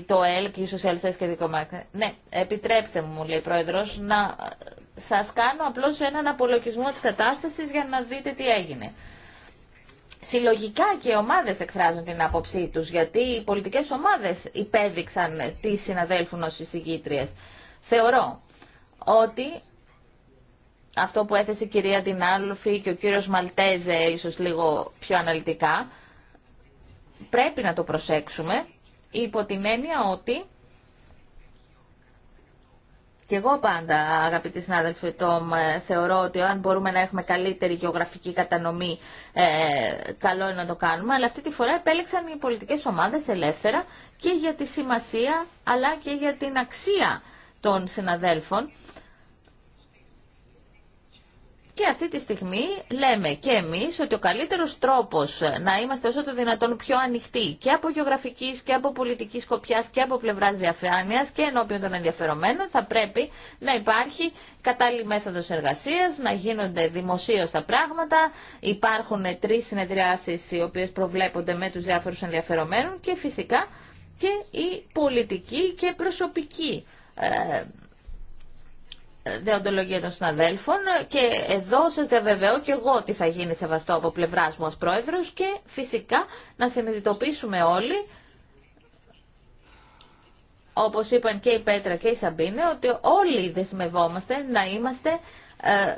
το και οι σοσιαλιστές και οι δικομάτια. Ναι, επιτρέψτε μου, λέει ο Πρόεδρος, να σας κάνω απλώς έναν απολογισμό της κατάστασης για να δείτε τι έγινε. Συλλογικά και οι ομάδες εκφράζουν την άποψή τους, γιατί οι πολιτικές ομάδες υπέδειξαν τι συναδέλφουν ως εισηγήτριες. Θεωρώ ότι αυτό που έθεσε η κυρία Τινάλφη και ο κύριος Μαλτέζε ίσως λίγο πιο αναλυτικά. Πρέπει να το προσέξουμε υπό την έννοια ότι και εγώ πάντα, αγαπητοί συνάδελφοι Τόμ, ε, θεωρώ ότι αν μπορούμε να έχουμε καλύτερη γεωγραφική κατανομή, ε, καλό είναι να το κάνουμε. Αλλά αυτή τη φορά επέλεξαν οι πολιτικές ομάδες ελεύθερα και για τη σημασία αλλά και για την αξία των συναδέλφων. Και αυτή τη στιγμή λέμε και εμείς ότι ο καλύτερος τρόπος να είμαστε όσο το δυνατόν πιο ανοιχτοί και από γεωγραφική και από πολιτική σκοπιά και από πλευράς διαφάνειας και ενώπιον των ενδιαφερομένων θα πρέπει να υπάρχει κατάλληλη μέθοδος εργασίας, να γίνονται δημοσίως τα πράγματα, υπάρχουν τρεις συνεδριάσεις οι οποίες προβλέπονται με τους διάφορους ενδιαφερομένους και φυσικά και η πολιτική και προσωπική ε, δεοντολογία των συναδέλφων και εδώ σα διαβεβαιώ και εγώ ότι θα γίνει σεβαστό από πλευρά μου ως πρόεδρος και φυσικά να συνειδητοποιήσουμε όλοι όπως είπαν και η Πέτρα και η Σαμπίνε, ότι όλοι δεσμευόμαστε να είμαστε ε,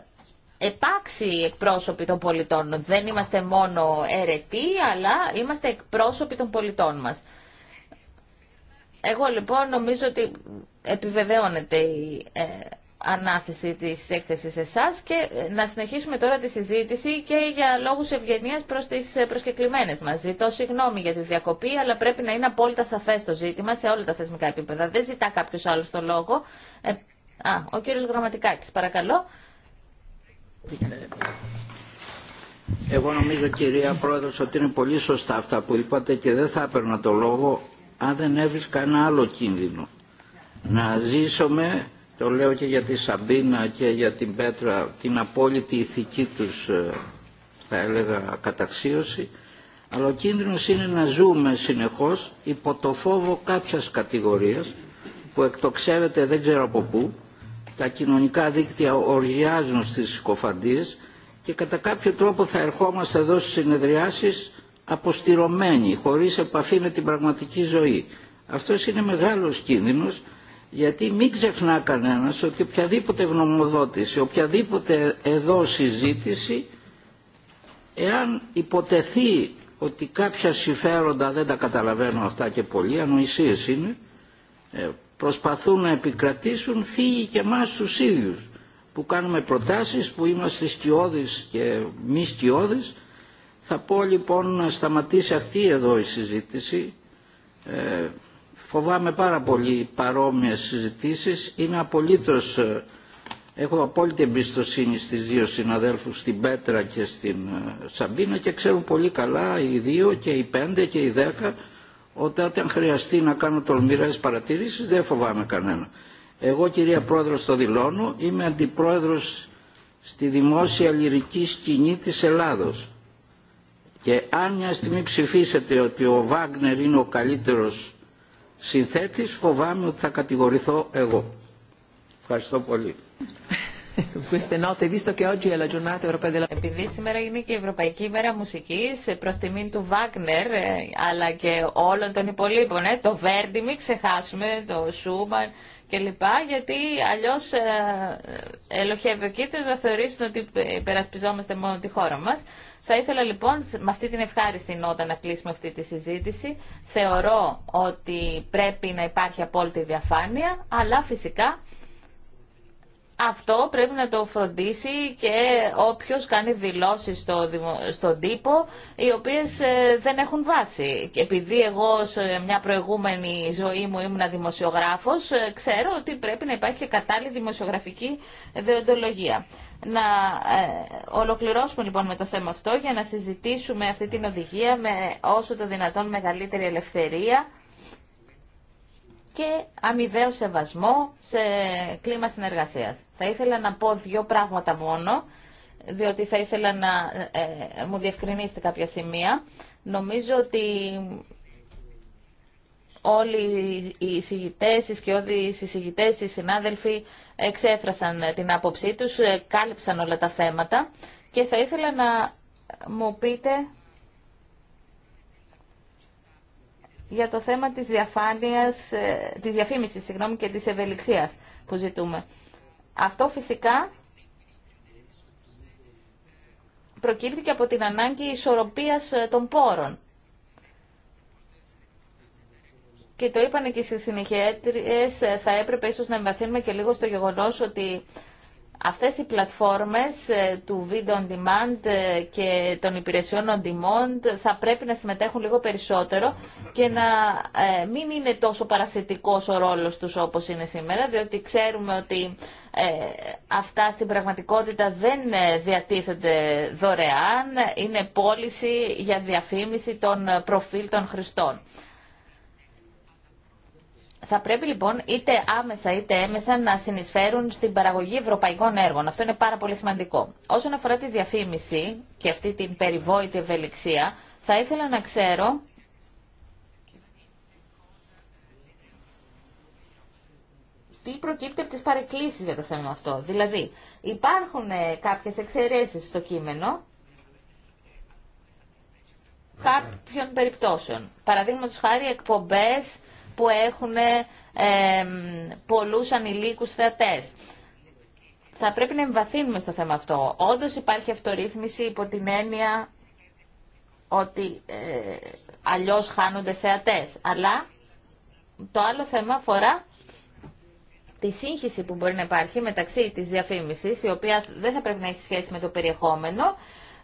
επάξιοι εκπρόσωποι των πολιτών. Δεν είμαστε μόνο αιρετοί, αλλά είμαστε εκπρόσωποι των πολιτών μας. Εγώ λοιπόν νομίζω ότι επιβεβαιώνεται η ε, ανάθεση της έκθεσης εσάς και ε, να συνεχίσουμε τώρα τη συζήτηση και για λόγους ευγενίας προς τις ε, προσκεκλημένες μας. Ζητώ συγγνώμη για τη διακοπή, αλλά πρέπει να είναι απόλυτα σαφές το ζήτημα σε όλα τα θεσμικά επίπεδα. Δεν ζητά κάποιος άλλος το λόγο. Ε, α, ο κύριος Γραμματικάκης, παρακαλώ. Εγώ νομίζω κυρία Πρόεδρος ότι είναι πολύ σωστά αυτά που είπατε και δεν θα έπαιρνα το λόγο αν δεν έβρισκα ένα άλλο κίνδυνο. Να ζήσουμε το λέω και για τη Σαμπίνα και για την Πέτρα, την απόλυτη ηθική τους, ε, θα έλεγα, καταξίωση. Αλλά ο κίνδυνος είναι να ζούμε συνεχώς υπό το φόβο κάποιας κατηγορίας που εκτοξεύεται δεν ξέρω από πού. Τα κοινωνικά δίκτυα οργιάζουν στις συκοφαντίες και κατά κάποιο τρόπο θα ερχόμαστε εδώ στις συνεδριάσεις αποστηρωμένοι, χωρίς επαφή με την πραγματική ζωή. Αυτός είναι μεγάλος κίνδυνος γιατί μην ξεχνά κανένας ότι οποιαδήποτε γνωμοδότηση, οποιαδήποτε εδώ συζήτηση, εάν υποτεθεί ότι κάποια συμφέροντα δεν τα καταλαβαίνω αυτά και πολλοί, ανοησίες είναι, ε, προσπαθούν να επικρατήσουν, φύγει και εμάς τους ίδιους που κάνουμε προτάσεις, που είμαστε στιώδεις και μη στιώδεις. Θα πω λοιπόν να σταματήσει αυτή εδώ η συζήτηση. Ε, Φοβάμαι πάρα πολύ παρόμοιες συζητήσεις. Είμαι απολύτως, ε, έχω απόλυτη εμπιστοσύνη στις δύο συναδέλφους, στην Πέτρα και στην ε, Σαμπίνα και ξέρουν πολύ καλά οι δύο και οι πέντε και οι δέκα ότι όταν χρειαστεί να κάνω τολμηρές παρατηρήσεις δεν φοβάμαι κανένα. Εγώ κυρία Πρόεδρος το δηλώνω, είμαι αντιπρόεδρος στη δημόσια λυρική σκηνή της Ελλάδος. Και αν μια στιγμή ψηφίσετε ότι ο Βάγνερ είναι ο καλύτερος συνθέτης φοβάμαι ότι θα κατηγορηθώ εγώ. Ευχαριστώ πολύ. Επειδή σήμερα είναι και η Ευρωπαϊκή ημέρα μουσικής ε, προς τιμήν του Βάγνερ ε, αλλά και όλων των υπολείπων, ε, το Βέρντι μην ξεχάσουμε, το Σούμαν κλπ. Γιατί αλλιώ ε, ε, ελοχεύει ο κήτος να θεωρήσουν ότι υπερασπιζόμαστε μόνο τη χώρα μα. Θα ήθελα λοιπόν με αυτή την ευχάριστη νότα να κλείσουμε αυτή τη συζήτηση. Θεωρώ ότι πρέπει να υπάρχει απόλυτη διαφάνεια, αλλά φυσικά αυτό πρέπει να το φροντίσει και όποιος κάνει δηλώσεις στο, στον τύπο οι οποίες ε, δεν έχουν βάση. επειδή εγώ σε μια προηγούμενη ζωή μου ήμουν δημοσιογράφος, ε, ξέρω ότι πρέπει να υπάρχει και κατάλληλη δημοσιογραφική δεοντολογία. Να ε, ολοκληρώσουμε λοιπόν με το θέμα αυτό για να συζητήσουμε αυτή την οδηγία με όσο το δυνατόν μεγαλύτερη ελευθερία και αμοιβαίο σεβασμό σε κλίμα συνεργασίας. Θα ήθελα να πω δύο πράγματα μόνο, διότι θα ήθελα να ε, ε, μου διευκρινίσετε κάποια σημεία. Νομίζω ότι όλοι οι συγητές, και όλοι οι συγητές, οι συνάδελφοι εξέφρασαν την άποψή τους, ε, κάλυψαν όλα τα θέματα και θα ήθελα να μου πείτε για το θέμα της διαφάνειας, ε, της διαφήμισης συγγνώμη, και της ευελιξίας που ζητούμε. Αυτό φυσικά προκύπτει από την ανάγκη ισορροπίας ε, των πόρων. Και το είπαν και οι συνεχέτριες, ε, θα έπρεπε ίσως να εμβαθύνουμε και λίγο στο γεγονός ότι Αυτές οι πλατφόρμες ε, του video on demand ε, και των υπηρεσιών on demand θα πρέπει να συμμετέχουν λίγο περισσότερο και να ε, μην είναι τόσο παρασιτικός ο ρόλος τους όπως είναι σήμερα, διότι ξέρουμε ότι αυτά στην πραγματικότητα δεν διατίθενται δωρεάν, είναι πώληση για διαφήμιση των προφίλ των χρηστών. Θα πρέπει λοιπόν είτε άμεσα είτε έμεσα να συνεισφέρουν στην παραγωγή ευρωπαϊκών έργων. Αυτό είναι πάρα πολύ σημαντικό. Όσον αφορά τη διαφήμιση και αυτή την περιβόητη ευελιξία, θα ήθελα να ξέρω τι προκύπτει από τις παρεκκλήσεις για το θέμα αυτό. Δηλαδή, υπάρχουν ε, κάποιες εξαιρέσεις στο κείμενο ναι, ναι. κάποιων περιπτώσεων. Παραδείγματος χάρη εκπομπές που έχουν ε, πολλούς ανηλίκους θεατές. Θα πρέπει να εμβαθύνουμε στο θέμα αυτό. Όντως υπάρχει αυτορύθμιση υπό την έννοια ότι ε, αλλιώς χάνονται θεατές. Αλλά το άλλο θέμα αφορά τη σύγχυση που μπορεί να υπάρχει μεταξύ της διαφήμισης, η οποία δεν θα πρέπει να έχει σχέση με το περιεχόμενο,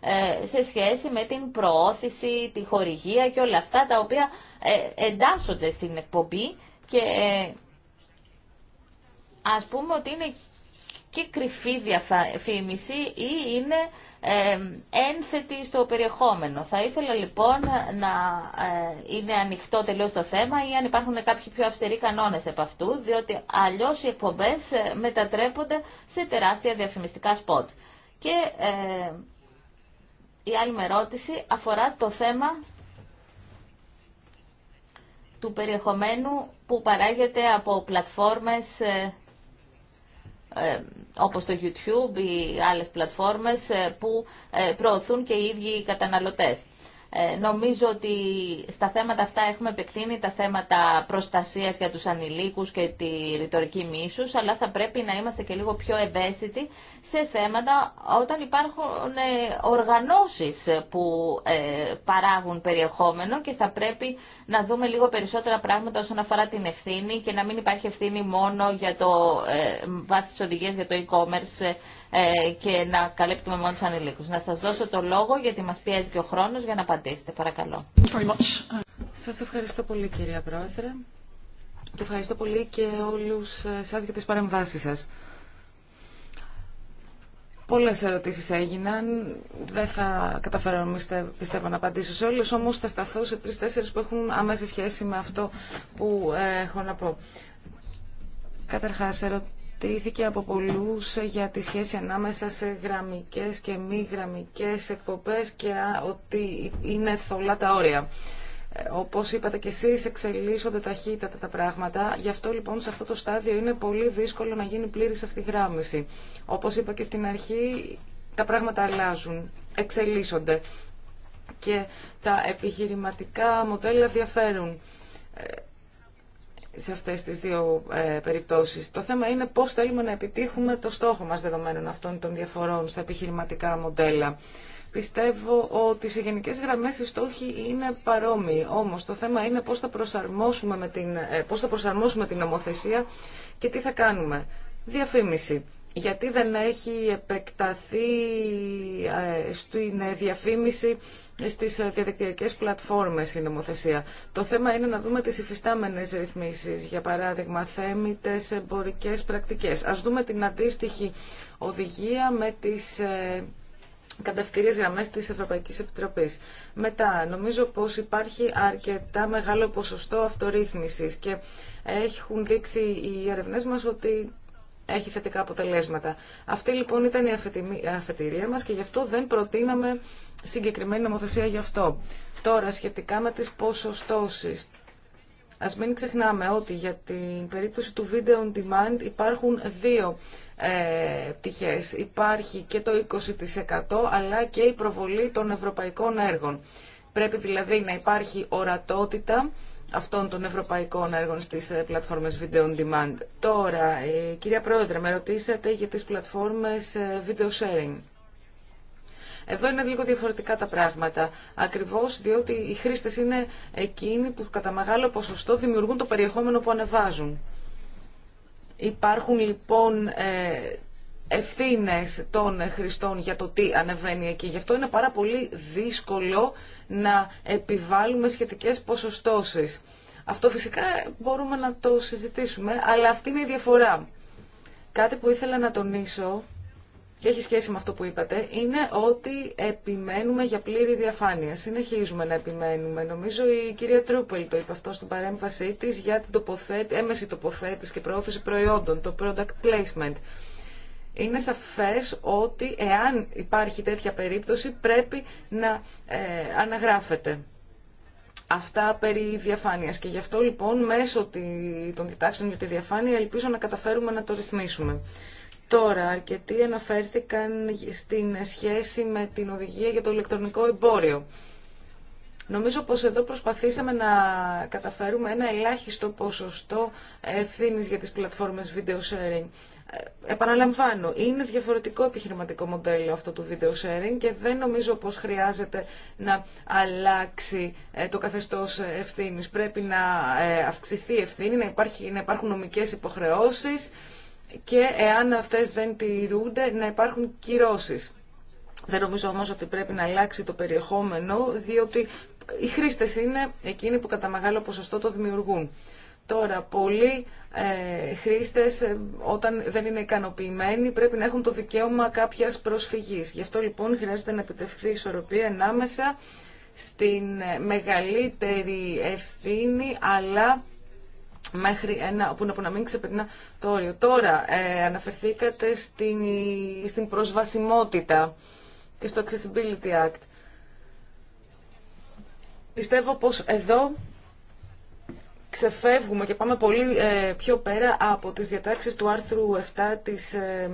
ε, σε σχέση με την προώθηση, τη χορηγία και όλα αυτά τα οποία ε, εντάσσονται στην εκπομπή και ε, ας πούμε ότι είναι και κρυφή διαφήμιση ή είναι ε, ένθετη στο περιεχόμενο. Θα ήθελα λοιπόν να είναι ανοιχτό τελείως το θέμα ή αν υπάρχουν κάποιοι πιο αυστηροί κανόνες από αυτού, διότι αλλιώς οι εκπομπές μετατρέπονται σε τεράστια διαφημιστικά σποτ. Και η άλλη ερώτηση αφορά το θέμα του περιεχομένου που παράγεται από πλατφόρμες ε, ε, όπως το YouTube ή άλλες πλατφόρμες ε, που προωθούν και οι ίδιοι οι καταναλωτές. Ε, νομίζω ότι στα θέματα αυτά έχουμε επεκτείνει τα θέματα προστασίας για τους ανηλίκους και τη ρητορική μίσους, αλλά θα πρέπει να είμαστε και λίγο πιο ευαίσθητοι σε θέματα όταν υπάρχουν ε, οργανώσεις που ε, παράγουν περιεχόμενο και θα πρέπει να δούμε λίγο περισσότερα πράγματα όσον αφορά την ευθύνη και να μην υπάρχει ευθύνη μόνο για το ε, για το e-commerce ε, και να καλύπτουμε μόνο του ανηλίκου. Να σα δώσω το λόγο γιατί μα πιέζει και ο χρόνο για να απαντήσετε. Παρακαλώ. Σα ευχαριστώ πολύ κυρία Πρόεδρε και ευχαριστώ πολύ και όλου εσά για τι παρεμβάσει σα. Πολλέ ερωτήσεις έγιναν. Δεν θα καταφέρω πιστεύω να απαντήσω σε όλες, όμως θα σταθώ σε τρει-τέσσερι που έχουν άμεση σχέση με αυτό που ε, έχω να πω. Καταρχάς, ερωτήθηκε από πολλούς για τη σχέση ανάμεσα σε γραμμικές και μη γραμμικές εκπομπές και ότι είναι θολά τα όρια. Ε, όπως είπατε και εσείς, εξελίσσονται ταχύτατα τα πράγματα. Γι' αυτό λοιπόν σε αυτό το στάδιο είναι πολύ δύσκολο να γίνει πλήρης γράμμιση. Όπως είπα και στην αρχή, τα πράγματα αλλάζουν, εξελίσσονται και τα επιχειρηματικά μοντέλα διαφέρουν. Ε, σε αυτές τις δύο ε, περιπτώσεις. Το θέμα είναι πώς θέλουμε να επιτύχουμε το στόχο μας δεδομένων αυτών των διαφορών στα επιχειρηματικά μοντέλα. Πιστεύω ότι σε γενικές γραμμές οι στόχοι είναι παρόμοιοι, όμως το θέμα είναι πώς θα προσαρμόσουμε, με την, ε, πώς θα προσαρμόσουμε την νομοθεσία και τι θα κάνουμε. Διαφήμιση γιατί δεν έχει επεκταθεί ε, στην ε, διαφήμιση στις ε, διαδικτυακές πλατφόρμες η νομοθεσία. Το θέμα είναι να δούμε τις υφιστάμενες ρυθμίσεις, για παράδειγμα θέμητες εμπορικές πρακτικές. Ας δούμε την αντίστοιχη οδηγία με τις κατευθυντήριες γραμμές της Ευρωπαϊκής Επιτροπής. Μετά, νομίζω πως υπάρχει αρκετά μεγάλο ποσοστό αυτορύθμισης και έχουν δείξει οι ερευνές μας ότι έχει θετικά αποτελέσματα. Αυτή λοιπόν ήταν η αφετηρία μας και γι' αυτό δεν προτείναμε συγκεκριμένη νομοθεσία γι' αυτό. Τώρα σχετικά με τις ποσοστώσεις. Ας μην ξεχνάμε ότι για την περίπτωση του video on demand υπάρχουν δύο ε, πτυχές. Υπάρχει και το 20% αλλά και η προβολή των ευρωπαϊκών έργων. Πρέπει δηλαδή να υπάρχει ορατότητα αυτών των ευρωπαϊκών έργων στις ε, πλατφόρμες Video On Demand. Τώρα, ε, κυρία Πρόεδρε, με ρωτήσατε για τις πλατφόρμες ε, Video Sharing. Εδώ είναι λίγο διαφορετικά τα πράγματα. Ακριβώς διότι οι χρήστες είναι εκείνοι που κατά μεγάλο ποσοστό δημιουργούν το περιεχόμενο που ανεβάζουν. Υπάρχουν λοιπόν ευθύνες των χρηστών για το τι ανεβαίνει εκεί. Γι' αυτό είναι πάρα πολύ δύσκολο να επιβάλλουμε σχετικέ ποσοστώσεις. Αυτό φυσικά μπορούμε να το συζητήσουμε, αλλά αυτή είναι η διαφορά. Κάτι που ήθελα να τονίσω και έχει σχέση με αυτό που είπατε, είναι ότι επιμένουμε για πλήρη διαφάνεια. Συνεχίζουμε να επιμένουμε. Νομίζω η κυρία Τρούπελ το είπε αυτό στην παρέμβασή της για την έμεση τοποθέτηση και προώθηση προϊόντων, το product placement είναι σαφές ότι εάν υπάρχει τέτοια περίπτωση πρέπει να ε, αναγράφεται. Αυτά περί διαφάνειας και γι' αυτό λοιπόν μέσω των διτάξεων για τη διαφάνεια ελπίζω να καταφέρουμε να το ρυθμίσουμε. Τώρα, αρκετοί αναφέρθηκαν στην σχέση με την οδηγία για το ηλεκτρονικό εμπόριο. Νομίζω πως εδώ προσπαθήσαμε να καταφέρουμε ένα ελάχιστο ποσοστό ευθύνη για τις πλατφόρμες video sharing. Επαναλαμβάνω, είναι διαφορετικό επιχειρηματικό μοντέλο αυτό του video sharing και δεν νομίζω πως χρειάζεται να αλλάξει ε, το καθεστώς ε, ευθύνης. Πρέπει να ε, αυξηθεί η ευθύνη, να, υπάρχει, να υπάρχουν νομικές υποχρεώσεις και εάν αυτές δεν τηρούνται να υπάρχουν κυρώσεις. Δεν νομίζω όμως ότι πρέπει να αλλάξει το περιεχόμενο, διότι οι χρήστες είναι εκείνοι που κατά μεγάλο ποσοστό το δημιουργούν. Τώρα, πολλοί ε, χρήστες ε, όταν δεν είναι ικανοποιημένοι πρέπει να έχουν το δικαίωμα κάποιας προσφυγής. Γι' αυτό λοιπόν χρειάζεται να επιτευχθεί ισορροπία ανάμεσα στην ε, μεγαλύτερη ευθύνη αλλά μέχρι ένα, που, να, να μην ξεπερνά το όριο. Τώρα, ε, αναφερθήκατε στην, στην προσβασιμότητα και στο Accessibility Act. Πιστεύω πως εδώ ξεφεύγουμε και πάμε πολύ ε, πιο πέρα από τις διατάξεις του άρθρου 7 της, ε,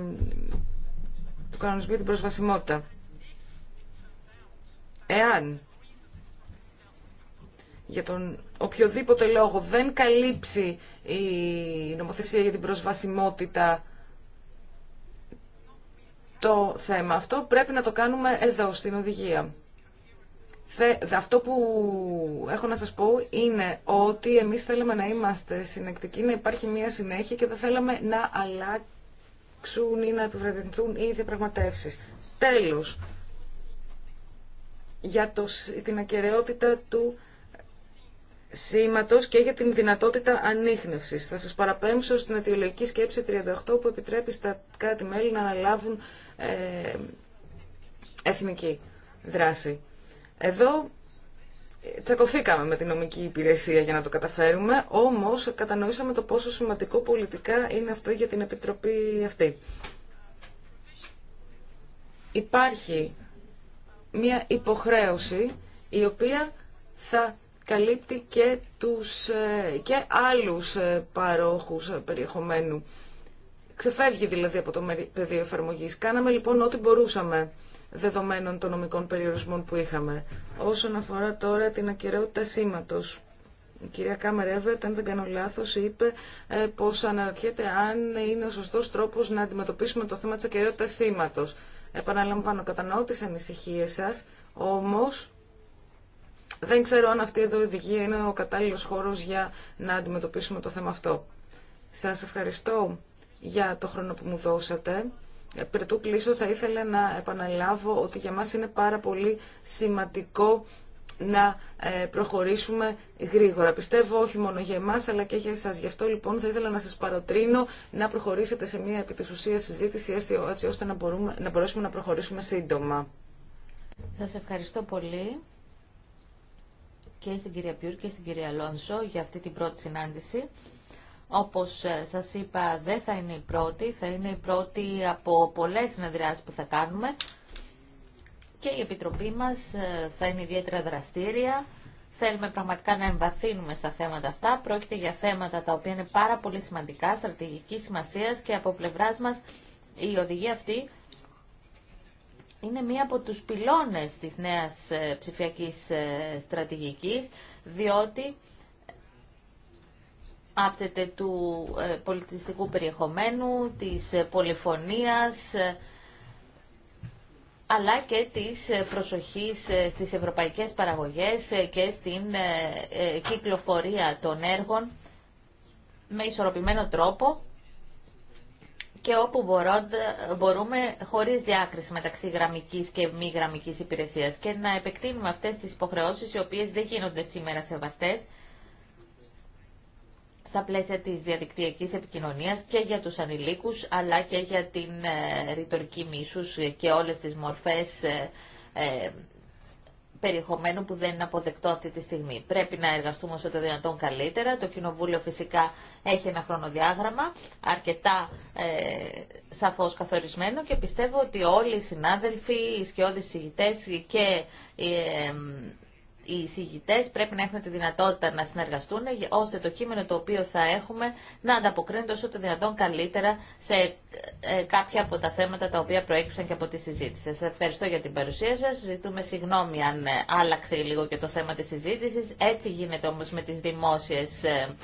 του κανονισμού για την προσβασιμότητα. Εάν για τον οποιοδήποτε λόγο δεν καλύψει η νομοθεσία για την προσβασιμότητα το θέμα αυτό, πρέπει να το κάνουμε εδώ, στην οδηγία. Αυτό που έχω να σας πω είναι ότι εμείς θέλαμε να είμαστε συνεκτικοί, να υπάρχει μία συνέχεια και δεν θέλαμε να αλλάξουν ή να επιβραδυνθούν οι διαπραγματεύσεις. Τέλος, για το, την ακαιρεότητα του σήματος και για την δυνατότητα ανείχνευσης. Θα σας παραπέμψω στην αιτιολογική σκέψη 38 που επιτρέπει στα κράτη-μέλη να αναλάβουν ε, εθνική δράση. Εδώ τσακωθήκαμε με την νομική υπηρεσία για να το καταφέρουμε, όμως κατανοήσαμε το πόσο σημαντικό πολιτικά είναι αυτό για την Επιτροπή αυτή. Υπάρχει μια υποχρέωση η οποία θα καλύπτει και, τους, ε, και άλλους ε, παρόχους ε, περιεχομένου. Ξεφεύγει δηλαδή από το πεδίο εφαρμογή. Κάναμε λοιπόν ό,τι μπορούσαμε δεδομένων των νομικών περιορισμών που είχαμε. Όσον αφορά τώρα την ακαιρεότητα σήματος, η κυρία Κάμερ Εύερτ, αν δεν κάνω λάθος, είπε ε, πως αναρωτιέται αν είναι ο σωστός τρόπος να αντιμετωπίσουμε το θέμα της ακαιρεότητας σήματος. Επαναλαμβάνω, κατανοώ τις ανησυχίες σας, όμως δεν ξέρω αν αυτή εδώ η οδηγία είναι ο κατάλληλος χώρος για να αντιμετωπίσουμε το θέμα αυτό. Σας ευχαριστώ για το χρόνο που μου δώσατε το κλείσω θα ήθελα να επαναλάβω ότι για μας είναι πάρα πολύ σημαντικό να ε, προχωρήσουμε γρήγορα. Πιστεύω όχι μόνο για εμάς αλλά και για εσάς. Γι' αυτό λοιπόν θα ήθελα να σας παροτρύνω να προχωρήσετε σε μια επί της ουσίας συζήτηση έτσι ώστε να, μπορούμε, να μπορέσουμε να προχωρήσουμε σύντομα. Σας ευχαριστώ πολύ και στην κυρία Πιούρ και στην κυρία Λόνσο για αυτή την πρώτη συνάντηση. Όπως ε, σας είπα, δεν θα είναι η πρώτη, θα είναι η πρώτη από πολλές συνεδριάσεις που θα κάνουμε και η Επιτροπή μας ε, θα είναι ιδιαίτερα δραστήρια. Θέλουμε πραγματικά να εμβαθύνουμε στα θέματα αυτά. Πρόκειται για θέματα τα οποία είναι πάρα πολύ σημαντικά, στρατηγική σημασία και από πλευρά μα η οδηγία αυτή είναι μία από τους πυλώνες της νέας ε, ψηφιακής στρατηγικής, διότι άπτεται του ε, πολιτιστικού περιεχομένου, της ε, πολυφωνίας, ε, αλλά και της προσοχής στις ευρωπαϊκές παραγωγές και στην κυκλοφορία των έργων με ισορροπημένο τρόπο και όπου μπορούμε χωρίς διάκριση μεταξύ γραμμικής και μη γραμμικής υπηρεσίας και να επεκτείνουμε αυτές τις υποχρεώσεις οι οποίες δεν γίνονται σήμερα σεβαστές στα πλαίσια της διαδικτυακής επικοινωνίας και για τους ανηλίκους αλλά και για την ε, ρητορική μίσους και όλες τις μορφές ε, ε, περιεχομένου που δεν είναι αποδεκτό αυτή τη στιγμή. Πρέπει να εργαστούμε όσο το δυνατόν καλύτερα. Το Κοινοβούλιο φυσικά έχει ένα χρονοδιάγραμμα αρκετά ε, σαφώς καθορισμένο και πιστεύω ότι όλοι οι συνάδελφοι, οι σκιώδεις συγητές και οι συγητέ πρέπει να έχουν τη δυνατότητα να συνεργαστούν ώστε το κείμενο το οποίο θα έχουμε να ανταποκρίνεται όσο το δυνατόν καλύτερα σε ε, κάποια από τα θέματα τα οποία προέκυψαν και από τη συζήτηση. Σα ευχαριστώ για την παρουσία σα. Ζητούμε συγγνώμη αν ε, άλλαξε λίγο και το θέμα τη συζήτηση. Έτσι γίνεται όμω με τις δημόσιες ε,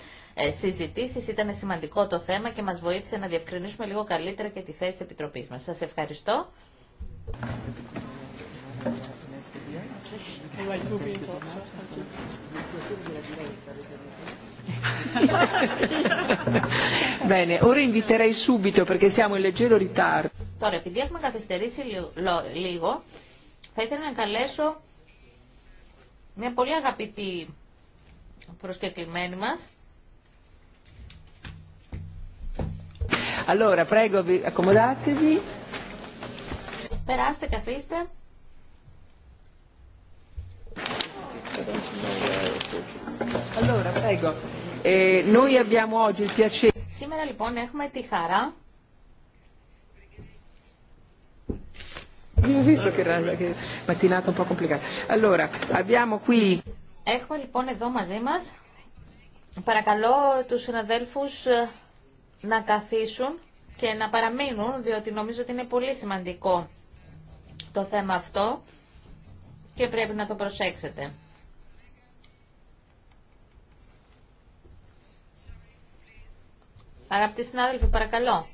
συζητήσει. Ήταν σημαντικό το θέμα και μα βοήθησε να διευκρινίσουμε λίγο καλύτερα και τη θέση τη Επιτροπή μα. Σα ευχαριστώ be in touch. Bene, ora inviterei subito perché siamo in leggero ritardo. Τώρα, επειδή έχουμε καθυστερήσει λίγο, θα ήθελα να καλέσω μια πολύ αγαπητή προσκεκλημένη μας. Allora, prego, accomodatevi. Περάστε, καθίστε. Eh, Σήμερα λοιπόν έχουμε τη χαρά Έχουμε λοιπόν εδώ μαζί μα. παρακαλώ του συναδέλφου ε, να καθίσουν και να παραμείνουν διότι νομίζω ότι είναι πολύ σημαντικό το θέμα αυτό και πρέπει να το προσέξετε. Αγαπητοί συνάδελφοι, παρακαλώ.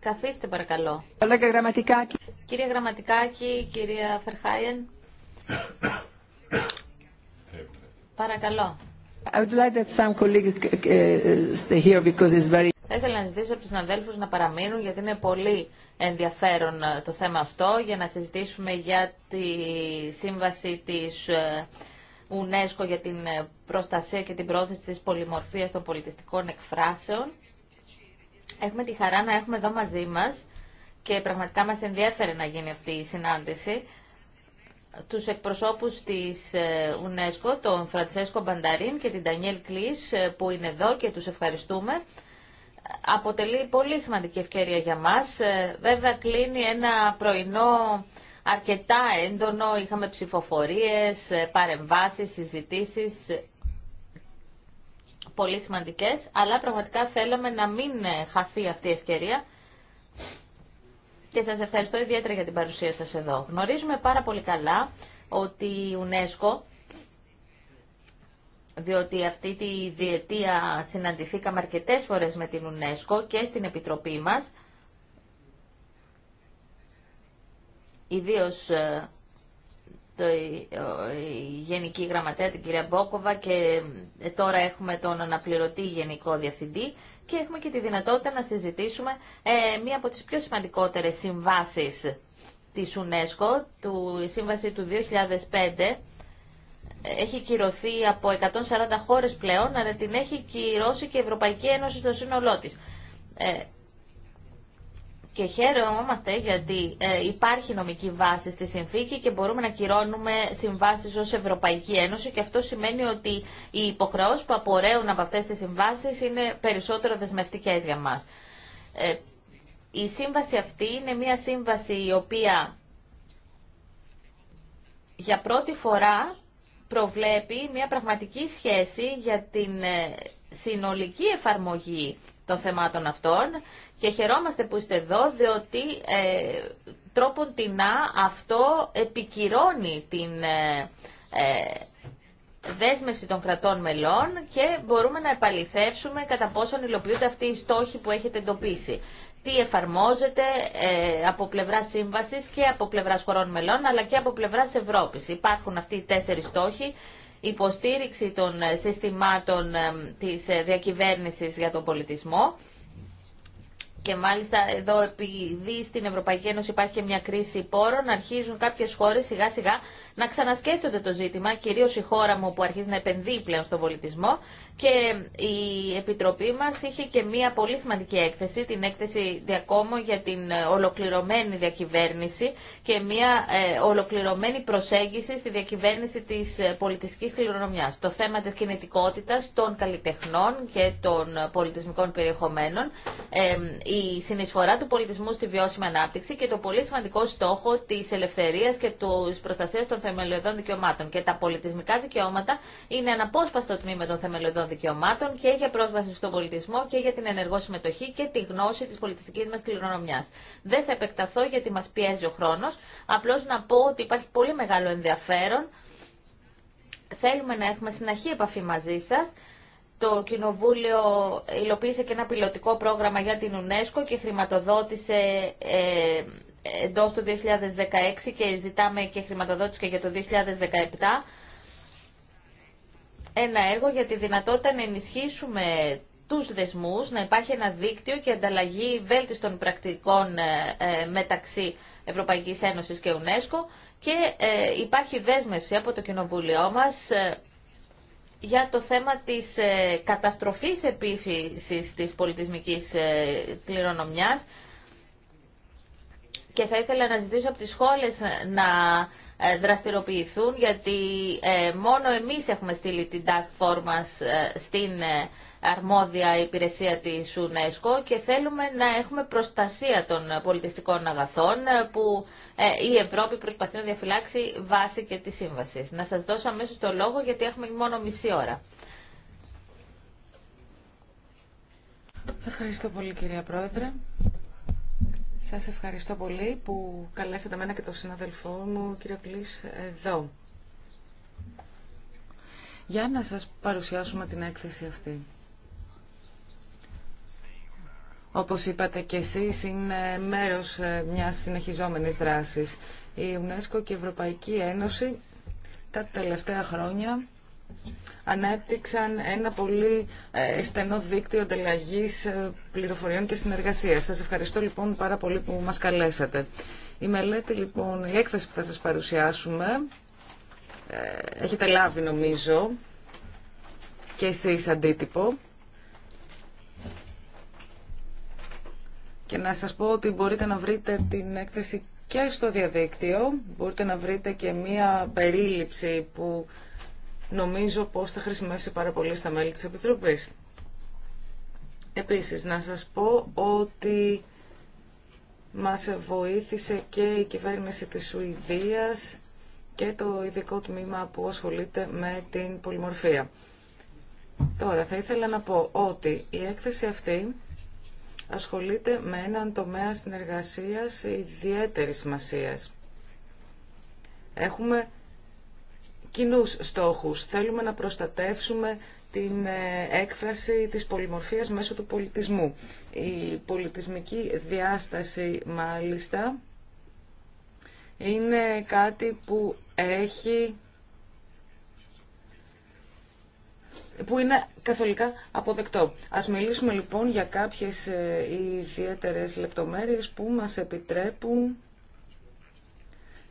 Καθίστε παρακαλώ. Γραμματικάκη. Κυρία Γραμματικάκη, κυρία Φερχάιεν. παρακαλώ. I would like that some colleagues uh, uh, stay here because it's very... Θα ήθελα να ζητήσω από τους συναδέλφους να παραμείνουν γιατί είναι πολύ ενδιαφέρον ε, το θέμα αυτό για να συζητήσουμε για τη σύμβαση της ε, UNESCO για την ε, προστασία και την πρόθεση της πολυμορφίας των πολιτιστικών εκφράσεων. Έχουμε τη χαρά να έχουμε εδώ μαζί μας και πραγματικά μας ενδιαφέρει να γίνει αυτή η συνάντηση τους εκπροσώπους της ε, UNESCO, τον Φραντσέσκο Μπανταρίν και την Τανιέλ Κλής ε, που είναι εδώ και τους ευχαριστούμε. Αποτελεί πολύ σημαντική ευκαιρία για μας. Ε, βέβαια κλείνει ένα πρωινό αρκετά έντονο, είχαμε ψηφοφορίε παρεμβάσεις, συζητήσεις πολύ σημαντικέ, αλλά πραγματικά θέλαμε να μην ε, χαθεί αυτή η ευκαιρία και σα ευχαριστώ ιδιαίτερα για την παρουσία σας εδώ. Γνωρίζουμε πάρα πολύ καλά ότι η UNESCO, διότι αυτή τη διετία συναντηθήκαμε αρκετές φορές με την UNESCO και στην Επιτροπή μας, ιδίως ε, η Γενική Γραμματέα, την κυρία Μπόκοβα και ε, τώρα έχουμε τον αναπληρωτή Γενικό Διευθυντή και έχουμε και τη δυνατότητα να συζητήσουμε ε, μία από τις πιο σημαντικότερες συμβάσεις της UNESCO, του, η σύμβαση του 2005, έχει κυρωθεί από 140 χώρες πλέον, αλλά την έχει κυρώσει και η Ευρωπαϊκή Ένωση στο σύνολό της. Ε, και χαίρομαστε γιατί ε, υπάρχει νομική βάση στη συνθήκη και μπορούμε να κυρώνουμε συμβάσεις ως Ευρωπαϊκή Ένωση και αυτό σημαίνει ότι οι υποχρεώσεις που απορρέουν από αυτές τις συμβάσεις είναι περισσότερο δεσμευτικές για μας. Ε, η σύμβαση αυτή είναι μια σύμβαση η οποία για πρώτη φορά προβλέπει μια πραγματική σχέση για την ε, συνολική εφαρμογή των θεμάτων αυτών και χαιρόμαστε που είστε εδώ διότι ε, τρόπον τεινά αυτό επικυρώνει την ε, ε, δέσμευση των κρατών μελών και μπορούμε να επαληθεύσουμε κατά πόσον υλοποιούνται αυτοί οι στόχοι που έχετε εντοπίσει. Τι εφαρμόζεται ε, από πλευρά σύμβαση και από πλευρά χωρών μελών αλλά και από πλευρά Ευρώπη. Υπάρχουν αυτοί οι τέσσερι στόχοι υποστήριξη των ε, συστημάτων ε, της ε, διακυβέρνησης για τον πολιτισμό. Και μάλιστα εδώ επειδή στην Ευρωπαϊκή Ένωση υπάρχει και μια κρίση πόρων, αρχίζουν κάποιες χώρες σιγά σιγά να ξανασκέφτονται το ζήτημα, κυρίως η χώρα μου που αρχίζει να επενδύει πλέον στον πολιτισμό και η Επιτροπή μας είχε και μία πολύ σημαντική έκθεση, την έκθεση Διακόμο για την ε, ολοκληρωμένη διακυβέρνηση και μία ε, ολοκληρωμένη προσέγγιση στη διακυβέρνηση της ε, πολιτιστικής κληρονομιάς. Το θέμα της κινητικότητας των καλλιτεχνών και των πολιτισμικών περιεχομένων, η συνεισφορά του πολιτισμού στη βιώσιμη ανάπτυξη και το πολύ σημαντικό στόχο της ελευθερίας και της προστασίας των θεμελιωδών δικαιωμάτων. Και τα πολιτισμικά δικαιώματα είναι αναπόσπαστο τμήμα των θεμελιωδών των και για πρόσβαση στον πολιτισμό και για την ενεργό συμμετοχή και τη γνώση τη πολιτιστική μα κληρονομιά. Δεν θα επεκταθώ γιατί μα πιέζει ο χρόνο. Απλώ να πω ότι υπάρχει πολύ μεγάλο ενδιαφέρον. Θέλουμε να έχουμε συναχή επαφή μαζί σα. Το Κοινοβούλιο υλοποίησε και ένα πιλωτικό πρόγραμμα για την UNESCO και χρηματοδότησε ε, εντός του 2016 και ζητάμε και χρηματοδότηση και για το 2017 ένα έργο για τη δυνατότητα να ενισχύσουμε τους δεσμούς, να υπάρχει ένα δίκτυο και ανταλλαγή βέλτιστων πρακτικών ε, ε, μεταξύ Ευρωπαϊκής Ένωσης και UNESCO και ε, υπάρχει δέσμευση από το Κοινοβούλιο μας για το θέμα της καταστροφής επίφυσης της πολιτισμικής κληρονομιάς και θα ήθελα να ζητήσω από τις σχόλες να ε, δραστηριοποιηθούν γιατί ε, μόνο εμείς έχουμε στείλει την task force ε, στην αρμόδια υπηρεσία της UNESCO και θέλουμε να έχουμε προστασία των πολιτιστικών αγαθών που η Ευρώπη προσπαθεί να διαφυλάξει βάση και τη σύμβαση. Να σας δώσω αμέσω το λόγο γιατί έχουμε μόνο μισή ώρα. Ευχαριστώ πολύ κυρία Πρόεδρε. Σας ευχαριστώ πολύ που καλέσατε μένα και τον συναδελφό μου, κύριο Κλής, εδώ. Για να σας παρουσιάσουμε την έκθεση αυτή. Όπως είπατε και εσείς, είναι μέρος ε, μιας συνεχιζόμενης δράσης. Η UNESCO και η Ευρωπαϊκή Ένωση τα τελευταία χρόνια ανέπτυξαν ένα πολύ ε, στενό δίκτυο ανταλλαγή ε, πληροφοριών και συνεργασίας. Σας ευχαριστώ λοιπόν πάρα πολύ που μας καλέσατε. Η μελέτη λοιπόν, η έκθεση που θα σας παρουσιάσουμε, ε, έχετε λάβει νομίζω και εσείς αντίτυπο. Και να σας πω ότι μπορείτε να βρείτε την έκθεση και στο διαδίκτυο. Μπορείτε να βρείτε και μία περίληψη που νομίζω πως θα χρησιμεύσει πάρα πολύ στα μέλη της Επιτροπής. Επίσης, να σας πω ότι μας βοήθησε και η κυβέρνηση της Σουηδίας και το ειδικό τμήμα που ασχολείται με την πολυμορφία. Τώρα, θα ήθελα να πω ότι η έκθεση αυτή ασχολείται με έναν τομέα συνεργασίας ιδιαίτερης σημασίας. Έχουμε κοινού στόχους. Θέλουμε να προστατεύσουμε την ε, έκφραση της πολυμορφίας μέσω του πολιτισμού. Η πολιτισμική διάσταση, μάλιστα, είναι κάτι που έχει που είναι καθολικά αποδεκτό. Ας μιλήσουμε λοιπόν για κάποιες ε, ιδιαίτερες λεπτομέρειες που μας επιτρέπουν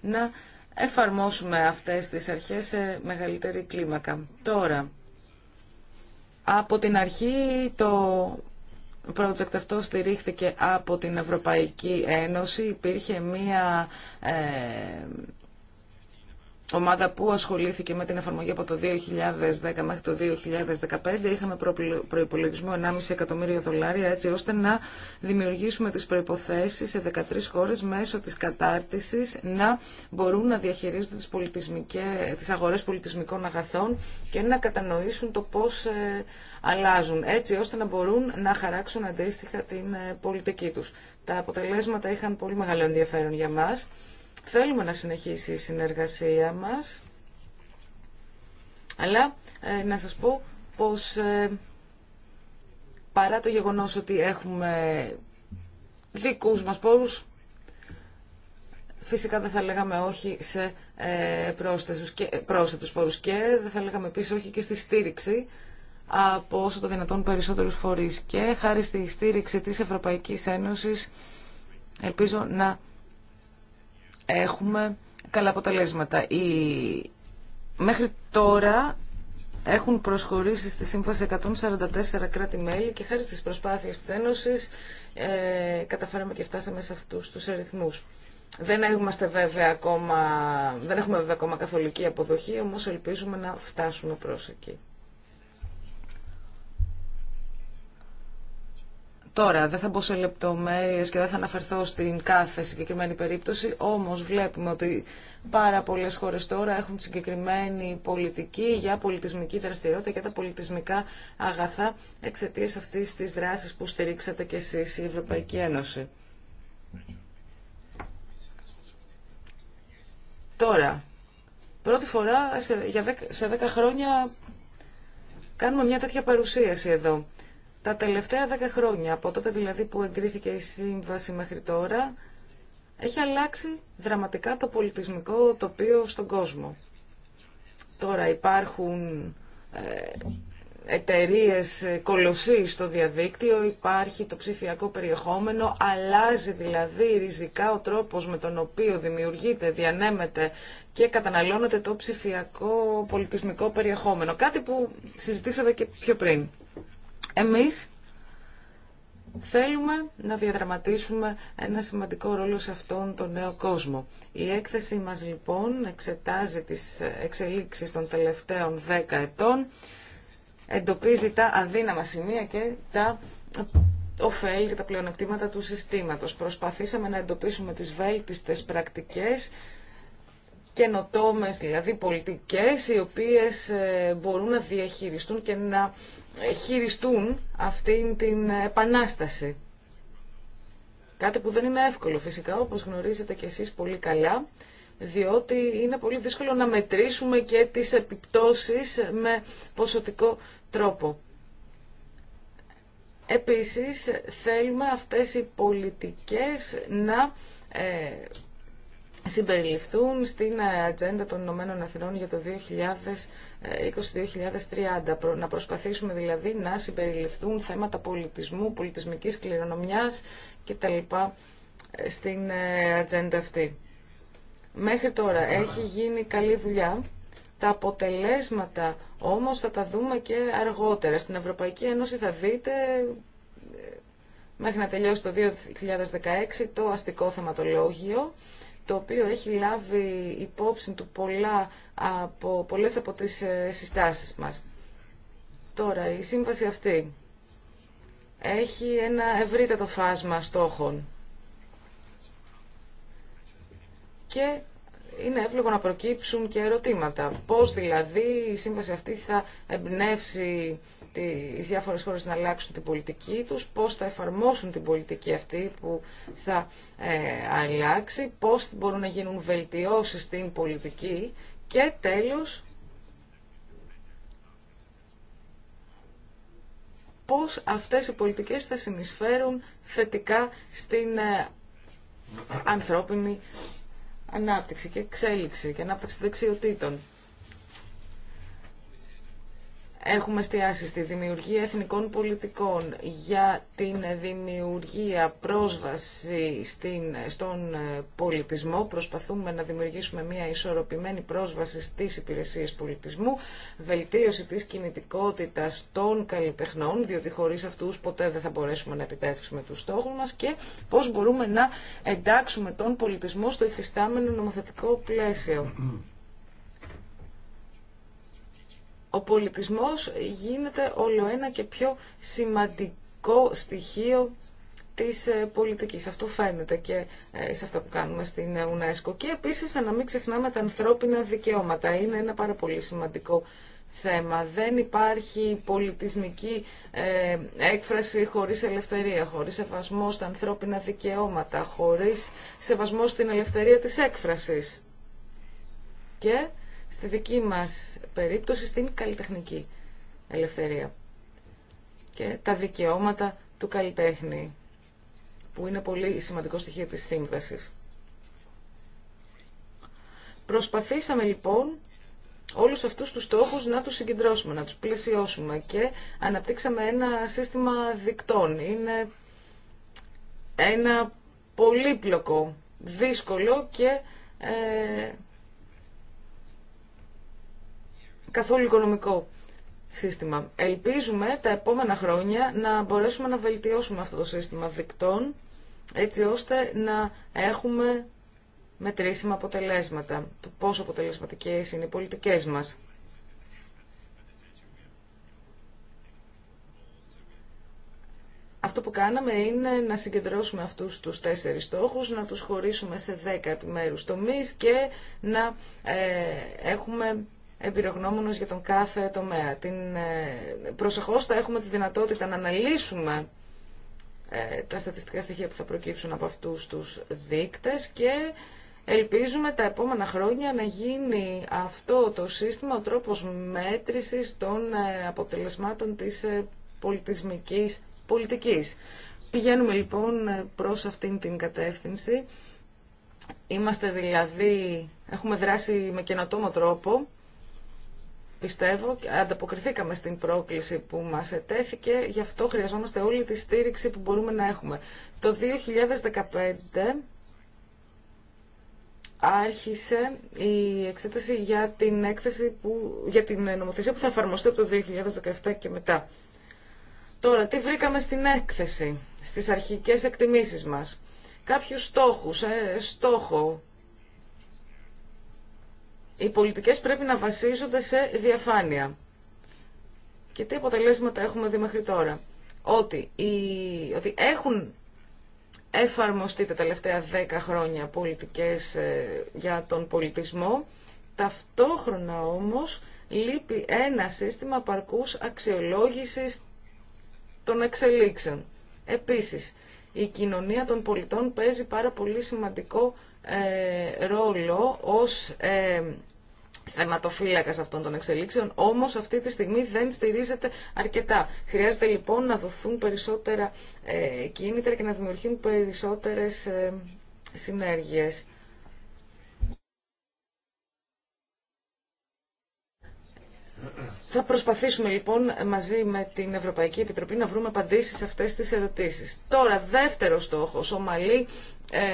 να εφαρμόσουμε αυτές τις αρχές σε μεγαλύτερη κλίμακα. Τώρα, από την αρχή το project αυτό στηρίχθηκε από την Ευρωπαϊκή Ένωση. Υπήρχε μία ε, ομάδα που ασχολήθηκε με την εφαρμογή από το 2010 μέχρι το 2015 είχαμε προϋπολογισμό 1,5 εκατομμύριο δολάρια έτσι ώστε να δημιουργήσουμε τις προϋποθέσεις σε 13 χώρες μέσω της κατάρτισης να μπορούν να διαχειρίζονται τις, τις αγορές πολιτισμικών αγαθών και να κατανοήσουν το πώς ε, αλλάζουν έτσι ώστε να μπορούν να χαράξουν αντίστοιχα την ε, πολιτική τους. Τα αποτελέσματα είχαν πολύ μεγάλο ενδιαφέρον για μας. Θέλουμε να συνεχίσει η συνεργασία μας, αλλά ε, να σας πω πως ε, παρά το γεγονός ότι έχουμε δικούς μας πόρους, φυσικά δεν θα λέγαμε όχι σε ε, πρόσθετους, και, πρόσθετους πόρους και δεν θα λέγαμε επίσης όχι και στη στήριξη από όσο το δυνατόν περισσότερους φορείς. Και χάρη στη στήριξη της Ευρωπαϊκής Ένωσης ελπίζω να έχουμε καλά αποτελέσματα. Μέχρι τώρα έχουν προσχωρήσει στη Σύμφωση 144 κράτη-μέλη και χάρη στις προσπάθειες της Ένωσης ε, καταφέραμε και φτάσαμε σε αυτούς τους αριθμούς. Δεν έχουμε, βέβαια ακόμα, δεν έχουμε βέβαια ακόμα καθολική αποδοχή, όμως ελπίζουμε να φτάσουμε προς εκεί. Τώρα, δεν θα μπω σε λεπτομέρειες και δεν θα αναφερθώ στην κάθε συγκεκριμένη περίπτωση, όμως βλέπουμε ότι πάρα πολλέ χώρε τώρα έχουν συγκεκριμένη πολιτική για πολιτισμική δραστηριότητα και τα πολιτισμικά αγαθά εξαιτία αυτής της δράσης που στηρίξατε και εσεί η Ευρωπαϊκή Ένωση. Τώρα, πρώτη φορά σε 10 χρόνια κάνουμε μια τέτοια παρουσίαση εδώ. Τα τελευταία δέκα χρόνια, από τότε δηλαδή που εγκρίθηκε η σύμβαση μέχρι τώρα, έχει αλλάξει δραματικά το πολιτισμικό τοπίο στον κόσμο. Τώρα υπάρχουν ε, εταιρείε ε, κολοσσή στο διαδίκτυο, υπάρχει το ψηφιακό περιεχόμενο, αλλάζει δηλαδή ριζικά ο τρόπος με τον οποίο δημιουργείται, διανέμεται και καταναλώνεται το ψηφιακό πολιτισμικό περιεχόμενο. Κάτι που συζητήσατε και πιο πριν. Εμείς θέλουμε να διαδραματίσουμε ένα σημαντικό ρόλο σε αυτόν τον νέο κόσμο. Η έκθεση μας λοιπόν εξετάζει τις εξελίξεις των τελευταίων δέκα ετών, εντοπίζει τα αδύναμα σημεία και τα ωφέλη και τα πλεονεκτήματα του συστήματος. Προσπαθήσαμε να εντοπίσουμε τις βέλτιστες πρακτικές καινοτόμε δηλαδή πολιτικές οι οποίες ε, μπορούν να διαχειριστούν και να χειριστούν αυτή την επανάσταση. Κάτι που δεν είναι εύκολο φυσικά, όπως γνωρίζετε κι εσείς πολύ καλά, διότι είναι πολύ δύσκολο να μετρήσουμε και τις επιπτώσεις με ποσοτικό τρόπο. Επίσης, θέλουμε αυτές οι πολιτικές να ε, συμπεριληφθούν στην ε, ατζέντα των Ηνωμένων Αθηνών για το 2020-2030. Να προσπαθήσουμε δηλαδή να συμπεριληφθούν θέματα πολιτισμού, πολιτισμικής κληρονομιάς κτλ. Ε, στην ε, ατζέντα αυτή. Μέχρι τώρα έχει γίνει καλή δουλειά. Τα αποτελέσματα όμως θα τα δούμε και αργότερα. Στην Ευρωπαϊκή Ένωση θα δείτε μέχρι να τελειώσει το 2016 το αστικό θεματολόγιο το οποίο έχει λάβει υπόψη του πολλά από, πολλές από τις ε, συστάσεις μας. Τώρα, η σύμβαση αυτή έχει ένα ευρύτατο φάσμα στόχων και είναι εύλογο να προκύψουν και ερωτήματα. Πώς δηλαδή η σύμβαση αυτή θα εμπνεύσει οι διάφορες χώρες να αλλάξουν την πολιτική τους, πώς θα εφαρμόσουν την πολιτική αυτή που θα ε, αλλάξει, πώς μπορούν να γίνουν βελτιώσεις στην πολιτική και τέλος πώς αυτές οι πολιτικές θα συνεισφέρουν θετικά στην ε, ανθρώπινη ανάπτυξη και εξέλιξη και ανάπτυξη δεξιοτήτων έχουμε εστιάσει στη δημιουργία εθνικών πολιτικών για την δημιουργία πρόσβαση στην, στον ε, πολιτισμό. Προσπαθούμε να δημιουργήσουμε μια ισορροπημένη πρόσβαση στις υπηρεσίες πολιτισμού, βελτίωση της κινητικότητας των καλλιτεχνών, διότι χωρίς αυτούς ποτέ δεν θα μπορέσουμε να επιτεύξουμε τους στόχους μας και πώς μπορούμε να εντάξουμε τον πολιτισμό στο υφιστάμενο νομοθετικό πλαίσιο ο πολιτισμός γίνεται όλο ένα και πιο σημαντικό στοιχείο της ε, πολιτικής. Αυτό φαίνεται και ε, σε αυτά που κάνουμε στην ε, UNESCO. Και επίσης να μην ξεχνάμε τα ανθρώπινα δικαιώματα. Είναι ένα πάρα πολύ σημαντικό θέμα. Δεν υπάρχει πολιτισμική έκφραση χωρίς ελευθερία, χωρίς σεβασμό στα ανθρώπινα δικαιώματα, χωρίς σεβασμό στην ελευθερία της έκφρασης. Και στη δική μας περίπτωση στην καλλιτεχνική ελευθερία και τα δικαιώματα του καλλιτέχνη που είναι πολύ σημαντικό στοιχείο της σύμβασης. Προσπαθήσαμε λοιπόν όλους αυτούς τους στόχους να τους συγκεντρώσουμε, να τους πλαισιώσουμε και αναπτύξαμε ένα σύστημα δικτών. Είναι ένα πολύπλοκο, δύσκολο και ε, καθόλου οικονομικό σύστημα. Ελπίζουμε τα επόμενα χρόνια να μπορέσουμε να βελτιώσουμε αυτό το σύστημα δικτών, έτσι ώστε να έχουμε μετρήσιμα αποτελέσματα, το πόσο αποτελεσματικές είναι οι πολιτικές μας. Αυτό που κάναμε είναι να συγκεντρώσουμε αυτούς τους τέσσερις στόχους, να τους χωρίσουμε σε δέκα επιμέρους τομείς και να ε, έχουμε εμπειρογνώμονες για τον κάθε τομέα. Την, ε, προσεχώς θα έχουμε τη δυνατότητα να αναλύσουμε ε, τα στατιστικά στοιχεία που θα προκύψουν από αυτούς τους δείκτες και ελπίζουμε τα επόμενα χρόνια να γίνει αυτό το σύστημα ο τρόπος μέτρησης των ε, αποτελεσμάτων της πολιτισμικής πολιτικής. Πηγαίνουμε λοιπόν προς αυτήν την κατεύθυνση. Είμαστε δηλαδή, έχουμε δράσει με καινοτόμο τρόπο Πιστεύω, ανταποκριθήκαμε στην πρόκληση που μας ετέθηκε, γι' αυτό χρειαζόμαστε όλη τη στήριξη που μπορούμε να έχουμε. Το 2015 άρχισε η εξέταση για την, έκθεση που, για την νομοθεσία που θα εφαρμοστεί από το 2017 και μετά. Τώρα, τι βρήκαμε στην έκθεση, στις αρχικές εκτιμήσεις μας. Κάποιους στόχους, ε, στόχο οι πολιτικές πρέπει να βασίζονται σε διαφάνεια. Και τι αποτελέσματα έχουμε δει μέχρι τώρα. Ότι, οι, ότι έχουν εφαρμοστεί τα τελευταία 10 χρόνια πολιτικές ε, για τον πολιτισμό, ταυτόχρονα όμως λείπει ένα σύστημα παρκούς αξιολόγησης των εξελίξεων. Επίσης, η κοινωνία των πολιτών παίζει πάρα πολύ σημαντικό ε, ρόλο ως ε, θεματοφύλακας αυτών των εξελίξεων, όμως αυτή τη στιγμή δεν στηρίζεται αρκετά. Χρειάζεται λοιπόν να δοθούν περισσότερα ε, κίνητρα και να δημιουργηθούν περισσότερες ε, συνέργειες. Θα προσπαθήσουμε λοιπόν μαζί με την Ευρωπαϊκή Επιτροπή να βρούμε απαντήσει σε αυτές τι ερωτήσεις. Τώρα, δεύτερο στόχο, ομαλή ε,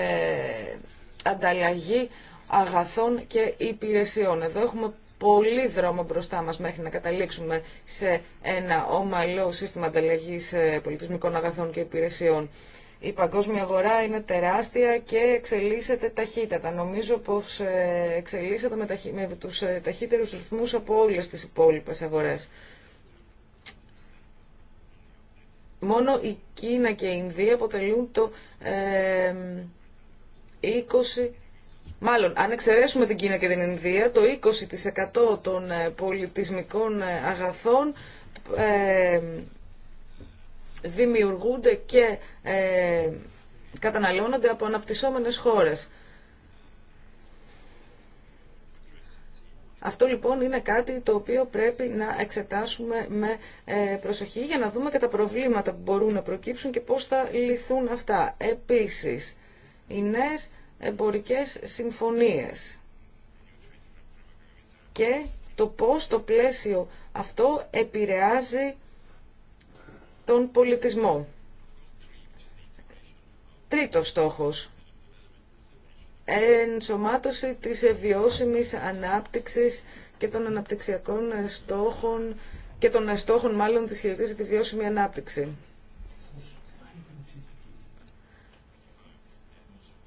ανταλλαγή αγαθών και υπηρεσιών. Εδώ έχουμε πολύ δρόμο μπροστά μας μέχρι να καταλήξουμε σε ένα ομαλό σύστημα ανταλλαγής ε, πολιτισμικών αγαθών και υπηρεσιών η παγκόσμια αγορά είναι τεράστια και εξελίσσεται ταχύτατα. Νομίζω πως ε, εξελίσσεται με, ταχύ, με τους ε, ταχύτερους ρυθμούς από όλες τις υπόλοιπες αγορές. Μόνο η Κίνα και η Ινδία αποτελούν το 20%. Μάλλον, αν εξαιρέσουμε την Κίνα και την Ινδία, το 20% των ε, πολιτισμικών αγαθών δημιουργούνται και ε, καταναλώνονται από αναπτυσσόμενες χώρες. Αυτό λοιπόν είναι κάτι το οποίο πρέπει να εξετάσουμε με ε, προσοχή για να δούμε και τα προβλήματα που μπορούν να προκύψουν και πώς θα λυθούν αυτά. Επίσης, οι νέες εμπορικές συμφωνίες και το πώς το πλαίσιο αυτό επηρεάζει τον πολιτισμό. Τρίτος στόχος. Ενσωμάτωση της βιώσιμης ανάπτυξης και των αναπτυξιακών στόχων και των στόχων μάλλον της χειριτής τη βιώσιμη ανάπτυξη.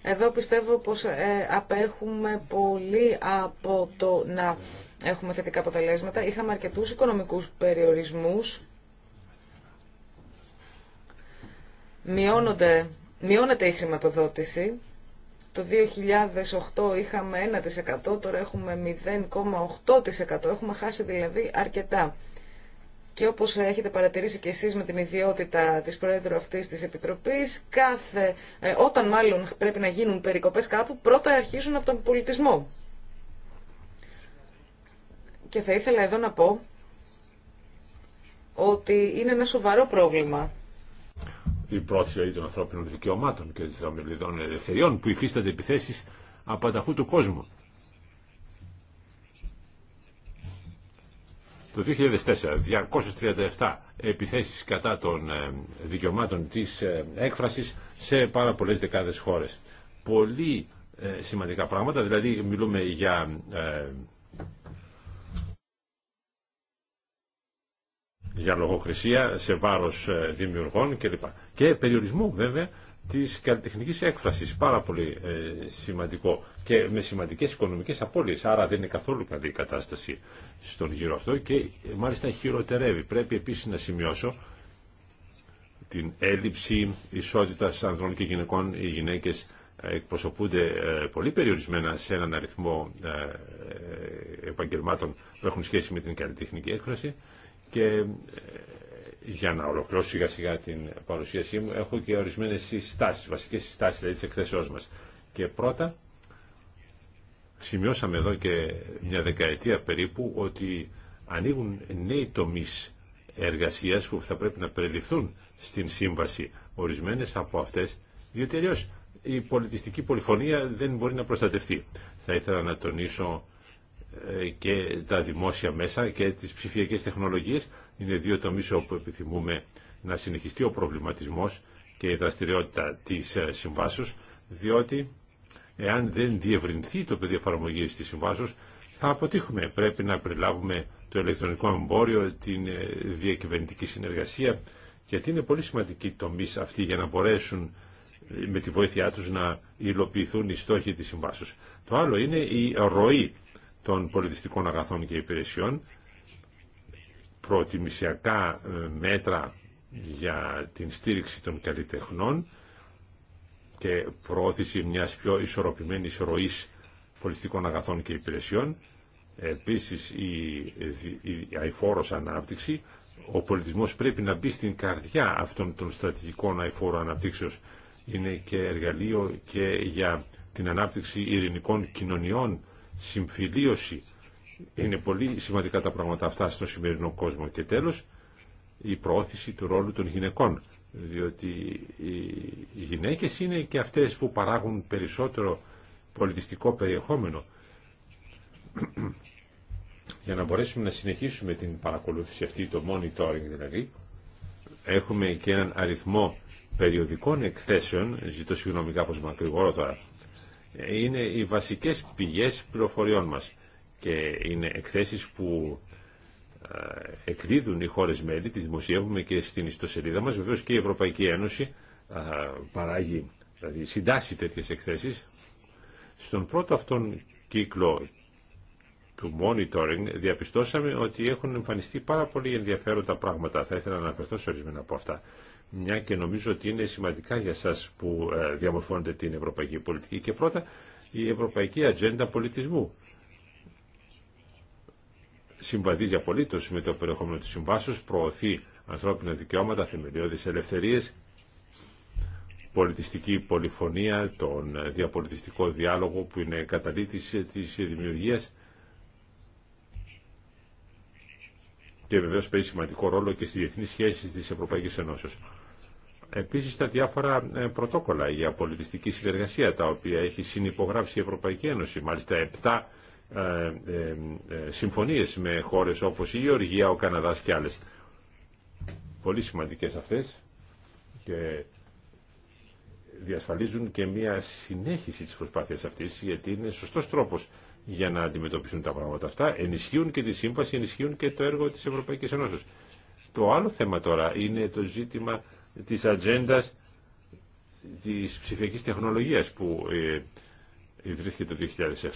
Εδώ πιστεύω πως ε, απέχουμε πολύ από το να έχουμε θετικά αποτελέσματα. Είχαμε αρκετούς οικονομικούς περιορισμούς Μειώνονται, μειώνεται η χρηματοδότηση. Το 2008 είχαμε 1%, τώρα έχουμε 0,8%. Έχουμε χάσει δηλαδή αρκετά. Και όπως έχετε παρατηρήσει και εσείς με την ιδιότητα της Πρόεδρου αυτής της Επιτροπής, κάθε, ε, όταν μάλλον πρέπει να γίνουν περικοπές κάπου, πρώτα αρχίζουν από τον πολιτισμό. Και θα ήθελα εδώ να πω ότι είναι ένα σοβαρό πρόβλημα η πρόθεση δηλαδή, των ανθρώπινων δικαιωμάτων και των ελευθεριών που υφίστανται επιθέσεις απανταχού του κόσμου. Το 2004, 237 επιθέσεις κατά των ε, δικαιωμάτων της ε, έκφρασης σε πάρα πολλές δεκάδες χώρες. Πολύ ε, σημαντικά πράγματα, δηλαδή μιλούμε για για λογοκρισία σε βάρος ε, δημιουργών κλπ. Και περιορισμό βέβαια της καλλιτεχνικής έκφρασης, πάρα πολύ ε, σημαντικό και με σημαντικές οικονομικές απώλειες, άρα δεν είναι καθόλου καλή η κατάσταση στον γύρο αυτό και ε, μάλιστα χειροτερεύει. Πρέπει επίσης να σημειώσω την έλλειψη ισότητας ανδρών και γυναικών. Οι γυναίκες εκπροσωπούνται πολύ περιορισμένα σε έναν αριθμό επαγγελμάτων που έχουν σχέση με την καλλιτεχνική έκφραση και ε, για να ολοκληρώσω σιγά σιγά την παρουσίασή μου, έχω και ορισμένες συστάσεις, βασικές συστάσεις δηλαδή της εκθέσεώς μας. Και πρώτα, σημειώσαμε εδώ και μια δεκαετία περίπου ότι ανοίγουν νέοι τομείς εργασίας που θα πρέπει να περιληφθούν στην σύμβαση ορισμένες από αυτές, διότι αλλιώ η πολιτιστική πολυφωνία δεν μπορεί να προστατευτεί. Θα ήθελα να τονίσω ε, και τα δημόσια μέσα και τις ψηφιακές τεχνολογίες είναι δύο τομείς όπου επιθυμούμε να συνεχιστεί ο προβληματισμός και η δραστηριότητα της ε, συμβάσεως διότι εάν δεν διευρυνθεί το πεδίο εφαρμογή της συμβάσεως θα αποτύχουμε. Πρέπει να περιλάβουμε το ηλεκτρονικό εμπόριο, την ε, διακυβερνητική συνεργασία γιατί είναι πολύ σημαντική τομή αυτή για να μπορέσουν με τη βοήθειά τους να υλοποιηθούν οι στόχοι της συμβάσεως. Το άλλο είναι η ροή των πολιτιστικών αγαθών και υπηρεσιών, προτιμησιακά ε, μέτρα για την στήριξη των καλλιτεχνών και προώθηση μιας πιο ισορροπημένης ροής πολιτιστικών αγαθών και υπηρεσιών, επίσης η αηφόρος ανάπτυξη, ο πολιτισμός πρέπει να μπει στην καρδιά αυτών των στρατηγικών αηφόρων αναπτύξεως. Είναι και εργαλείο και για την ανάπτυξη ειρηνικών κοινωνιών συμφιλίωση. Είναι πολύ σημαντικά τα πράγματα αυτά στο σημερινό κόσμο. Και τέλος, η προώθηση του ρόλου των γυναικών. Διότι οι γυναίκες είναι και αυτές που παράγουν περισσότερο πολιτιστικό περιεχόμενο. Για να μπορέσουμε να συνεχίσουμε την παρακολούθηση αυτή, το monitoring δηλαδή, έχουμε και έναν αριθμό περιοδικών εκθέσεων, ζητώ συγγνώμη κάπως μακριγόρο τώρα, είναι οι βασικές πηγές πληροφοριών μας και είναι εκθέσεις που ε, εκδίδουν οι χώρες μέλη, τις δημοσιεύουμε και στην ιστοσελίδα μας. Βεβαίως και η Ευρωπαϊκή Ένωση ε, παράγει, δηλαδή συντάσσει τέτοιες εκθέσεις. Στον πρώτο αυτόν κύκλο του monitoring διαπιστώσαμε ότι έχουν εμφανιστεί πάρα πολύ ενδιαφέροντα πράγματα. Θα ήθελα να αναφερθώ σε ορισμένα από αυτά. Μια και νομίζω ότι είναι σημαντικά για σας που ε, διαμορφώνετε την ευρωπαϊκή πολιτική. Και πρώτα η ευρωπαϊκή ατζέντα πολιτισμού. Συμβαδίζει απολύτω με το περιεχόμενο τη συμβάσεω, προωθεί ανθρώπινα δικαιώματα, θεμελιώδει ελευθερίε, πολιτιστική πολυφωνία, τον διαπολιτιστικό διάλογο που είναι καταλήτη τη δημιουργία. και βεβαίω παίζει σημαντικό ρόλο και στι διεθνεί σχέσει τη Ευρωπαϊκή Ενώσεω. Επίση τα διάφορα ε, πρωτόκολλα για πολιτιστική συνεργασία τα οποία έχει συνυπογράψει η Ευρωπαϊκή Ένωση. Μάλιστα, 7 ε, ε, ε, συμφωνίες με χώρε όπω η Γεωργία, ο Καναδά και άλλε. Πολύ σημαντικέ αυτέ και διασφαλίζουν και μια συνέχιση τη προσπάθεια αυτή, γιατί είναι σωστό τρόπο για να αντιμετωπίσουν τα πράγματα αυτά, ενισχύουν και τη σύμβαση, ενισχύουν και το έργο της Ευρωπαϊκής Ενώσεως. Το άλλο θέμα τώρα είναι το ζήτημα της ατζέντα της ψηφιακής τεχνολογίας που ε, ιδρύθηκε το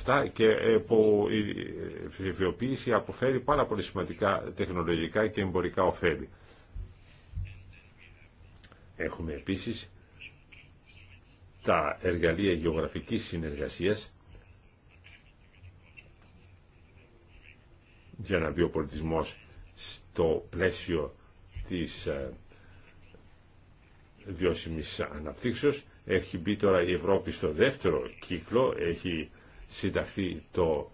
2007 και ε, που η ε, ψηφιοποίηση αποφέρει πάρα πολύ σημαντικά τεχνολογικά και εμπορικά ωφέλη. Έχουμε επίσης τα εργαλεία γεωγραφικής συνεργασίας για να μπει ο πολιτισμός στο πλαίσιο της ε, βιώσιμης αναπτύξεως. Έχει μπει τώρα η Ευρώπη στο δεύτερο κύκλο, έχει συνταχθεί το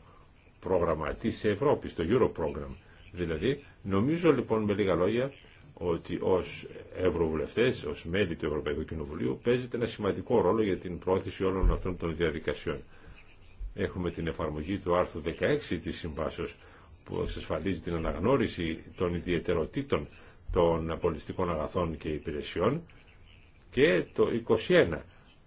πρόγραμμα της Ευρώπης, το Euro Program. Δηλαδή, νομίζω λοιπόν με λίγα λόγια ότι ως ευρωβουλευτές, ως μέλη του Ευρωπαϊκού Κοινοβουλίου παίζεται ένα σημαντικό ρόλο για την πρόθεση όλων αυτών των διαδικασιών. Έχουμε την εφαρμογή του άρθρου 16 της συμβάσεως που εξασφαλίζει την αναγνώριση των ιδιαιτεροτήτων των πολιτιστικών αγαθών και υπηρεσιών και το 21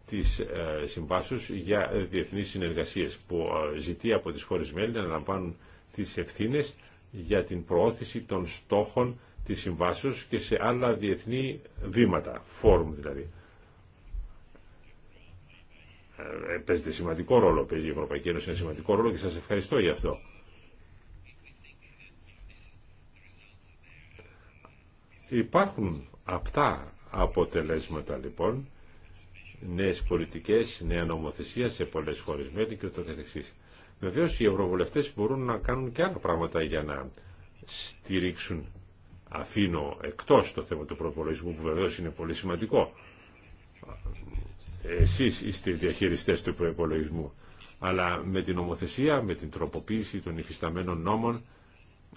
της ε, Συμβάσεως για Διεθνείς Συνεργασίες που ε, ζητεί από τις χώρες μέλη να αναλαμβάνουν τις ευθύνες για την προώθηση των στόχων της Συμβάσεως και σε άλλα διεθνή βήματα, φόρουμ δηλαδή. Ε, παίζεται σημαντικό ρόλο, παίζει η Ευρωπαϊκή Ένωση ένα σημαντικό ρόλο και σας ευχαριστώ για αυτό. Υπάρχουν αυτά αποτελέσματα λοιπόν, νέες πολιτικές, νέα νομοθεσία σε πολλές χώρες μέλη και ούτω Βεβαίως οι ευρωβουλευτές μπορούν να κάνουν και άλλα πράγματα για να στηρίξουν αφήνω εκτός το θέμα του προπολογισμού που βεβαίως είναι πολύ σημαντικό. Εσείς είστε οι διαχειριστές του προπολογισμού αλλά με την νομοθεσία, με την τροποποίηση των υφισταμένων νόμων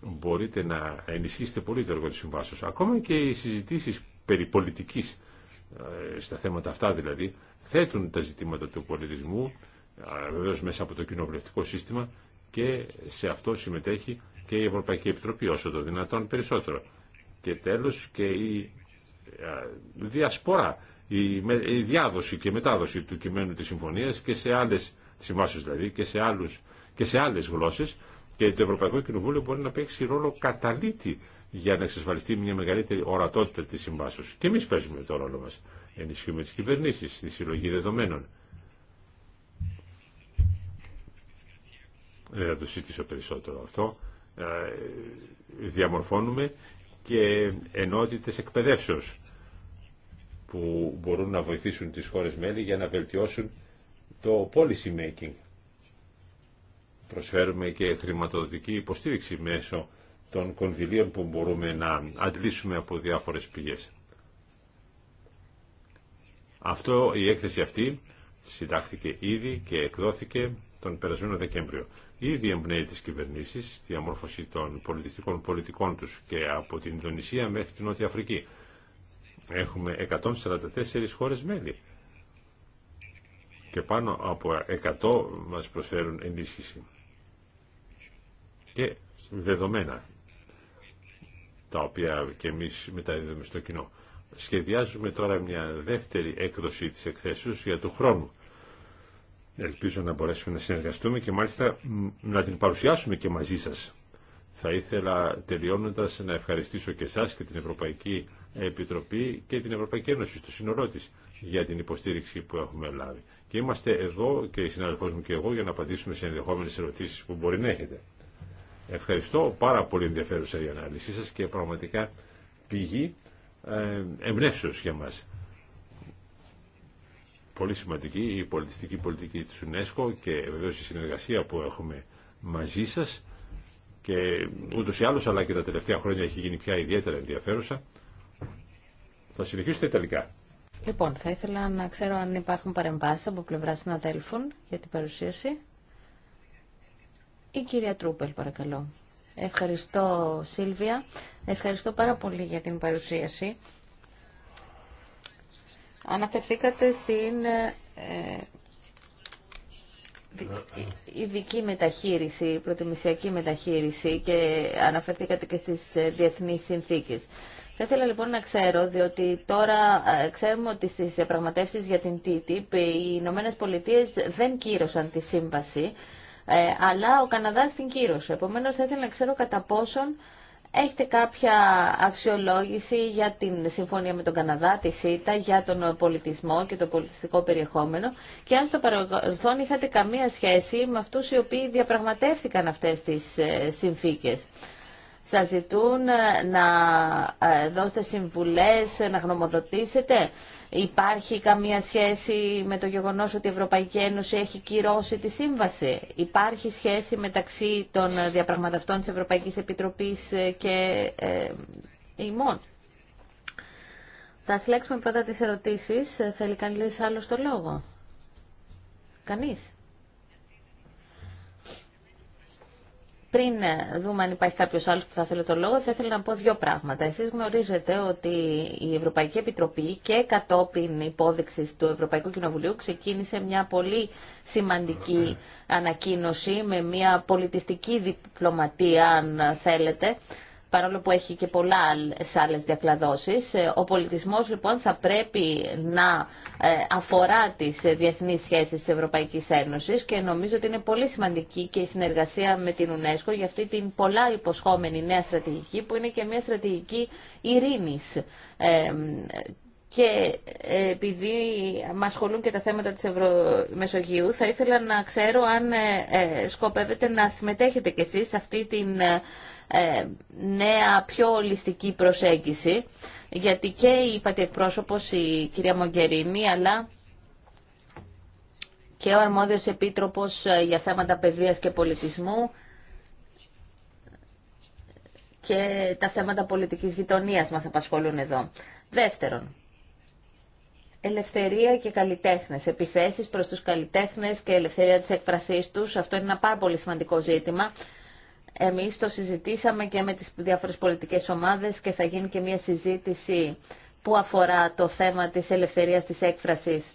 μπορείτε να ενισχύσετε πολύ το έργο της συμβάσεως. Ακόμα και οι συζητήσεις περί πολιτικής, ε, στα θέματα αυτά δηλαδή, θέτουν τα ζητήματα του πολιτισμού, ε, βεβαίως μέσα από το κοινοβουλευτικό σύστημα και σε αυτό συμμετέχει και η Ευρωπαϊκή Επιτροπή όσο το δυνατόν περισσότερο. Και τέλος και η ε, διασπορά, η διάδοση και μετάδοση του κειμένου της συμφωνίας και σε άλλες συμβάσεις δηλαδή και σε, άλλους, και σε άλλες γλώσσες και το Ευρωπαϊκό Κοινοβούλιο μπορεί να παίξει ρόλο καταλήτη για να εξασφαλιστεί μια μεγαλύτερη ορατότητα τη συμβάσεως. Και εμεί παίζουμε το ρόλο μας. Ενισχύουμε τι κυβερνήσει, στη συλλογή δεδομένων. Δεν θα το συζητήσω περισσότερο αυτό. Ε, διαμορφώνουμε και ενότητες εκπαιδεύσεως που μπορούν να βοηθήσουν τις χώρες μέλη για να βελτιώσουν το policy making προσφέρουμε και χρηματοδοτική υποστήριξη μέσω των κονδυλίων που μπορούμε να αντλήσουμε από διάφορες πηγές. Αυτό, η έκθεση αυτή συντάχθηκε ήδη και εκδόθηκε τον περασμένο Δεκέμβριο. Ήδη εμπνέει τις κυβερνήσεις τη διαμόρφωση των πολιτιστικών πολιτικών τους και από την Ινδονησία μέχρι την Νότια Αφρική. Έχουμε 144 χώρες μέλη και πάνω από 100 μας προσφέρουν ενίσχυση και δεδομένα τα οποία και εμείς μεταδίδουμε στο κοινό. Σχεδιάζουμε τώρα μια δεύτερη έκδοση της εκθέσεως για του χρόνου. Ελπίζω να μπορέσουμε να συνεργαστούμε και μάλιστα να την παρουσιάσουμε και μαζί σας. Θα ήθελα τελειώνοντας να ευχαριστήσω και εσάς και την Ευρωπαϊκή Επιτροπή και την Ευρωπαϊκή Ένωση στο σύνολό της για την υποστήριξη που έχουμε λάβει. Και είμαστε εδώ και η μου και εγώ για να απαντήσουμε σε ενδεχόμενες ερωτήσεις που μπορεί να έχετε. Ευχαριστώ πάρα πολύ ενδιαφέρουσα η ανάλυση σας και πραγματικά πηγή ε, εμπνεύσεως για μας. Πολύ σημαντική η πολιτιστική πολιτική της UNESCO και βεβαίως η συνεργασία που έχουμε μαζί σας και ούτως ή άλλως αλλά και τα τελευταία χρόνια έχει γίνει πια ιδιαίτερα ενδιαφέρουσα. Θα συνεχίσετε τελικά. Λοιπόν, θα ήθελα να ξέρω αν υπάρχουν παρεμβάσεις από πλευρά συναδέλφων για την παρουσίαση. Η κυρία Τρούπελ, παρακαλώ. Ευχαριστώ, Σίλβια. Ευχαριστώ πάρα πολύ για την παρουσίαση. Αναφερθήκατε στην ε, ε ειδική μεταχείριση, προτιμησιακή μεταχείριση και αναφερθήκατε και στις ε, διεθνείς συνθήκες. Θα ήθελα λοιπόν να ξέρω, διότι τώρα ε, ξέρουμε ότι στις διαπραγματεύσεις για την TTIP οι Ηνωμένε Πολιτείε δεν κύρωσαν τη σύμβαση ε, αλλά ο Καναδάς την κύρωσε. Επομένως θα ήθελα να ξέρω κατά πόσον έχετε κάποια αξιολόγηση για την συμφωνία με τον Καναδά, τη ΣΥΤΑ, για τον πολιτισμό και το πολιτιστικό περιεχόμενο και αν στο παρελθόν είχατε καμία σχέση με αυτούς οι οποίοι διαπραγματεύτηκαν αυτές τις ε, συνθήκες. Σας ζητούν ε, να δώσετε συμβουλές, να γνωμοδοτήσετε. Υπάρχει καμία σχέση με το γεγονός ότι η Ευρωπαϊκή Ένωση έχει κυρώσει τη σύμβαση. Υπάρχει σχέση μεταξύ των διαπραγματευτών της Ευρωπαϊκής Επιτροπής ε, και ε, ημών. Θα συλλέξουμε πρώτα τις ερωτήσεις. Ε, θέλει κανείς άλλο το λόγο. Κανείς. Πριν ε, δούμε αν υπάρχει κάποιο άλλο που θα θέλει το λόγο, θα ήθελα να πω δύο πράγματα. Εσεί γνωρίζετε ότι η Ευρωπαϊκή Επιτροπή και κατόπιν υπόδειξη του Ευρωπαϊκού Κοινοβουλίου ξεκίνησε μια πολύ σημαντική ανακοίνωση με μια πολιτιστική διπλωματία, αν θέλετε, παρόλο που έχει και πολλά άλλε διακλαδώσει. Ε, ο πολιτισμό, λοιπόν θα πρέπει να ε, αφορά τι ε, διεθνεί σχέσει τη ευρωπαϊκή Ένωση. και νομίζω ότι είναι πολύ σημαντική και η συνεργασία με την UNESCO για αυτή την πολλά υποσχόμενη νέα στρατηγική που είναι και μια στρατηγική ειρήνη. και επειδή μα ασχολούν και τα θέματα της Ευρωμεσογείου, θα ήθελα να ξέρω αν σκοπεύετε να συμμετέχετε κι εσείς σε αυτή την ε, νέα πιο ολιστική προσέγγιση, γιατί και η υπατή η κυρία Μογκερίνη, αλλά και ο αρμόδιος επίτροπος ε, για θέματα παιδείας και πολιτισμού και τα θέματα πολιτικής γειτονίας μας απασχολούν εδώ. Δεύτερον, ελευθερία και καλλιτέχνες, επιθέσεις προς τους καλλιτέχνες και ελευθερία της εκφρασής τους. Αυτό είναι ένα πάρα πολύ σημαντικό ζήτημα εμείς το συζητήσαμε και με τις διάφορες πολιτικές ομάδες και θα γίνει και μια συζήτηση που αφορά το θέμα της ελευθερίας της έκφρασης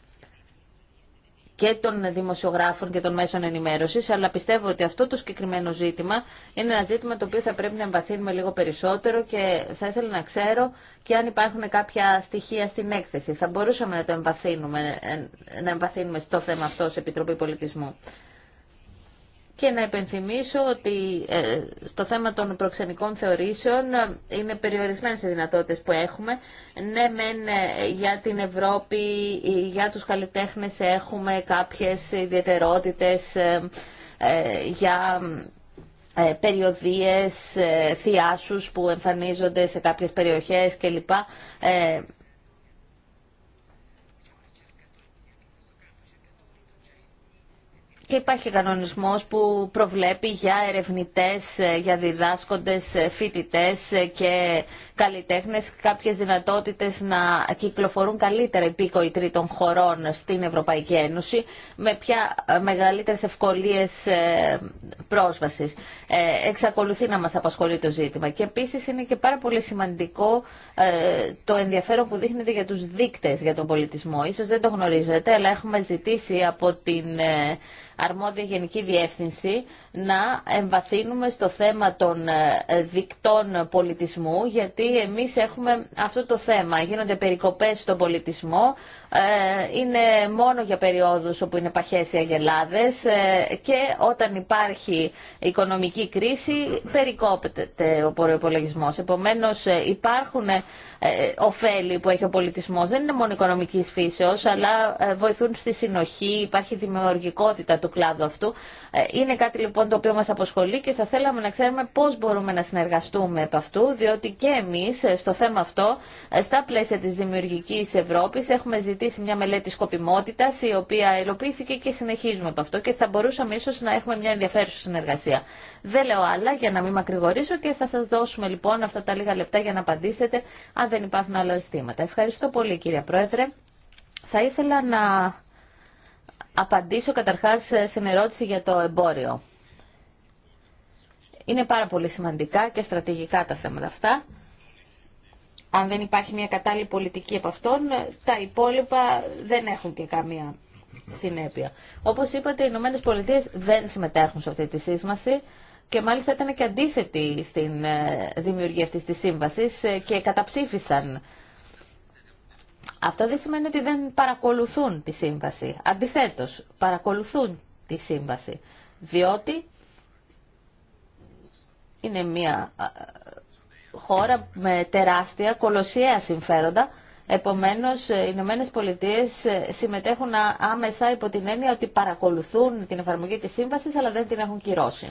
και των δημοσιογράφων και των μέσων ενημέρωσης, αλλά πιστεύω ότι αυτό το συγκεκριμένο ζήτημα είναι ένα ζήτημα το οποίο θα πρέπει να εμβαθύνουμε λίγο περισσότερο και θα ήθελα να ξέρω και αν υπάρχουν κάποια στοιχεία στην έκθεση. Θα μπορούσαμε να το ε, να στο θέμα αυτό σε Επιτροπή Πολιτισμού και να υπενθυμίσω ότι ε, στο θέμα των προξενικών θεωρήσεων ε, είναι περιορισμένες οι δυνατότητες που έχουμε. Ναι, μεν ε, για την Ευρώπη, για τους καλλιτέχνες έχουμε κάποιες ιδιαιτερότητες για περιοδίες, θειάσους που εμφανίζονται σε κάποιες περιοχές κλπ. Και υπάρχει κανονισμό που προβλέπει για ερευνητές, ε, για διδάσκοντες, ε, φοιτητές ε, και καλλιτέχνες κάποιες δυνατότητες να κυκλοφορούν καλύτερα υπήκοοι τρίτων χωρών στην Ευρωπαϊκή Ένωση με πια μεγαλύτερε ευκολίες πρόσβασης. Εξακολουθεί να μας απασχολεί το ζήτημα. Και επίση είναι και πάρα πολύ σημαντικό το ενδιαφέρον που δείχνεται για του δείκτε για τον πολιτισμό. Σω δεν το γνωρίζετε, αλλά έχουμε ζητήσει από την αρμόδια γενική διεύθυνση να εμβαθύνουμε στο θέμα των ε, δικτών πολιτισμού, γιατί εμείς έχουμε αυτό το θέμα. Γίνονται περικοπές στον πολιτισμό, ε, είναι μόνο για περιόδους όπου είναι παχές οι αγελάδες ε, και όταν υπάρχει οικονομική κρίση περικόπεται ο προπολογισμό. Επομένως υπάρχουν ωφέλη που έχει ο πολιτισμός, δεν είναι μόνο οικονομικής φύσεως, αλλά βοηθούν στη συνοχή, υπάρχει δημιουργικότητα του κλάδου αυτού. Είναι κάτι λοιπόν το οποίο μας αποσχολεί και θα θέλαμε να ξέρουμε πώς μπορούμε να συνεργαστούμε επ' αυτού, διότι και εμείς ε, στο θέμα αυτό, ε, στα πλαίσια της Δημιουργικής Ευρώπης, έχουμε ζητήσει μια μελέτη σκοπιμότητας, η οποία υλοποιήθηκε και συνεχίζουμε από αυτό και θα μπορούσαμε ίσως να έχουμε μια ενδιαφέρουσα συνεργασία. Δεν λέω άλλα για να μην μακρηγορήσω και θα σας δώσουμε λοιπόν αυτά τα λίγα λεπτά για να απαντήσετε αν δεν υπάρχουν άλλα ζητήματα. Ευχαριστώ πολύ κύριε Πρόεδρε. Θα ήθελα να απαντήσω καταρχάς στην ερώτηση για το εμπόριο. Είναι πάρα πολύ σημαντικά και στρατηγικά τα θέματα αυτά. Αν δεν υπάρχει μια κατάλληλη πολιτική από αυτόν, τα υπόλοιπα δεν έχουν και καμία συνέπεια. Όπως είπατε, οι Ηνωμένε Πολιτείε δεν συμμετέχουν σε αυτή τη σύσμαση και μάλιστα ήταν και αντίθετοι στην ε, δημιουργία αυτή της σύμβαση ε, και καταψήφισαν. Αυτό δεν σημαίνει ότι δεν παρακολουθούν τη σύμβαση. Αντιθέτω, παρακολουθούν τη σύμβαση. Διότι είναι μια χώρα με τεράστια κολοσιαία συμφέροντα. Επομένως, ε, οι Ηνωμένε Πολιτείε ε, συμμετέχουν άμεσα υπό την έννοια ότι παρακολουθούν την εφαρμογή της σύμβασης, αλλά δεν την έχουν κυρώσει.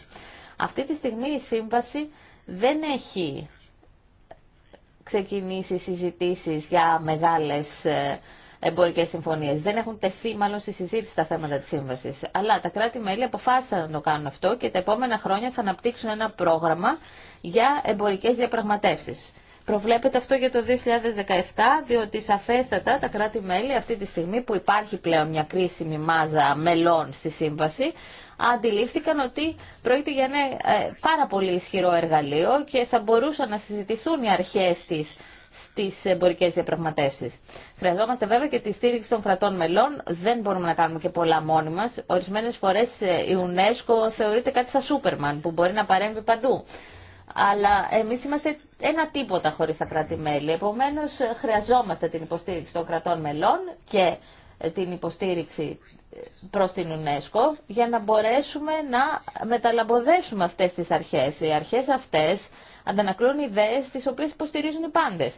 Αυτή τη στιγμή η σύμβαση δεν έχει ξεκινήσει συζητήσεις για μεγάλες ε, εμπορικέ συμφωνίε. Δεν έχουν τεθεί μάλλον στη συζήτηση τα θέματα τη σύμβαση. Αλλά τα κράτη-μέλη αποφάσισαν να το κάνουν αυτό και τα επόμενα χρόνια θα αναπτύξουν ένα πρόγραμμα για εμπορικέ διαπραγματεύσει. Προβλέπεται αυτό για το 2017, διότι σαφέστατα τα κράτη-μέλη αυτή τη στιγμή που υπάρχει πλέον μια κρίσιμη μάζα μελών στη σύμβαση, αντιλήφθηκαν ότι πρόκειται για ένα ε, πάρα πολύ ισχυρό εργαλείο και θα μπορούσαν να συζητηθούν οι αρχές της στις εμπορικές διαπραγματεύσεις. Χρειαζόμαστε βέβαια και τη στήριξη των κρατών μελών. Δεν μπορούμε να κάνουμε και πολλά μόνοι μας. Ορισμένες φορές ε, η UNESCO θεωρείται κάτι σαν Σούπερμαν που μπορεί να παρέμβει παντού. Αλλά εμείς είμαστε ένα τίποτα χωρίς τα κράτη-μέλη. Επομένως, ε, χρειαζόμαστε την υποστήριξη των κρατών μελών και την υποστήριξη προς την UNESCO για να μπορέσουμε να μεταλαμποδέσουμε αυτές τις αρχές. Οι αρχές αυτές αντανακλούν ιδέες τις οποίες υποστηρίζουν οι πάντες.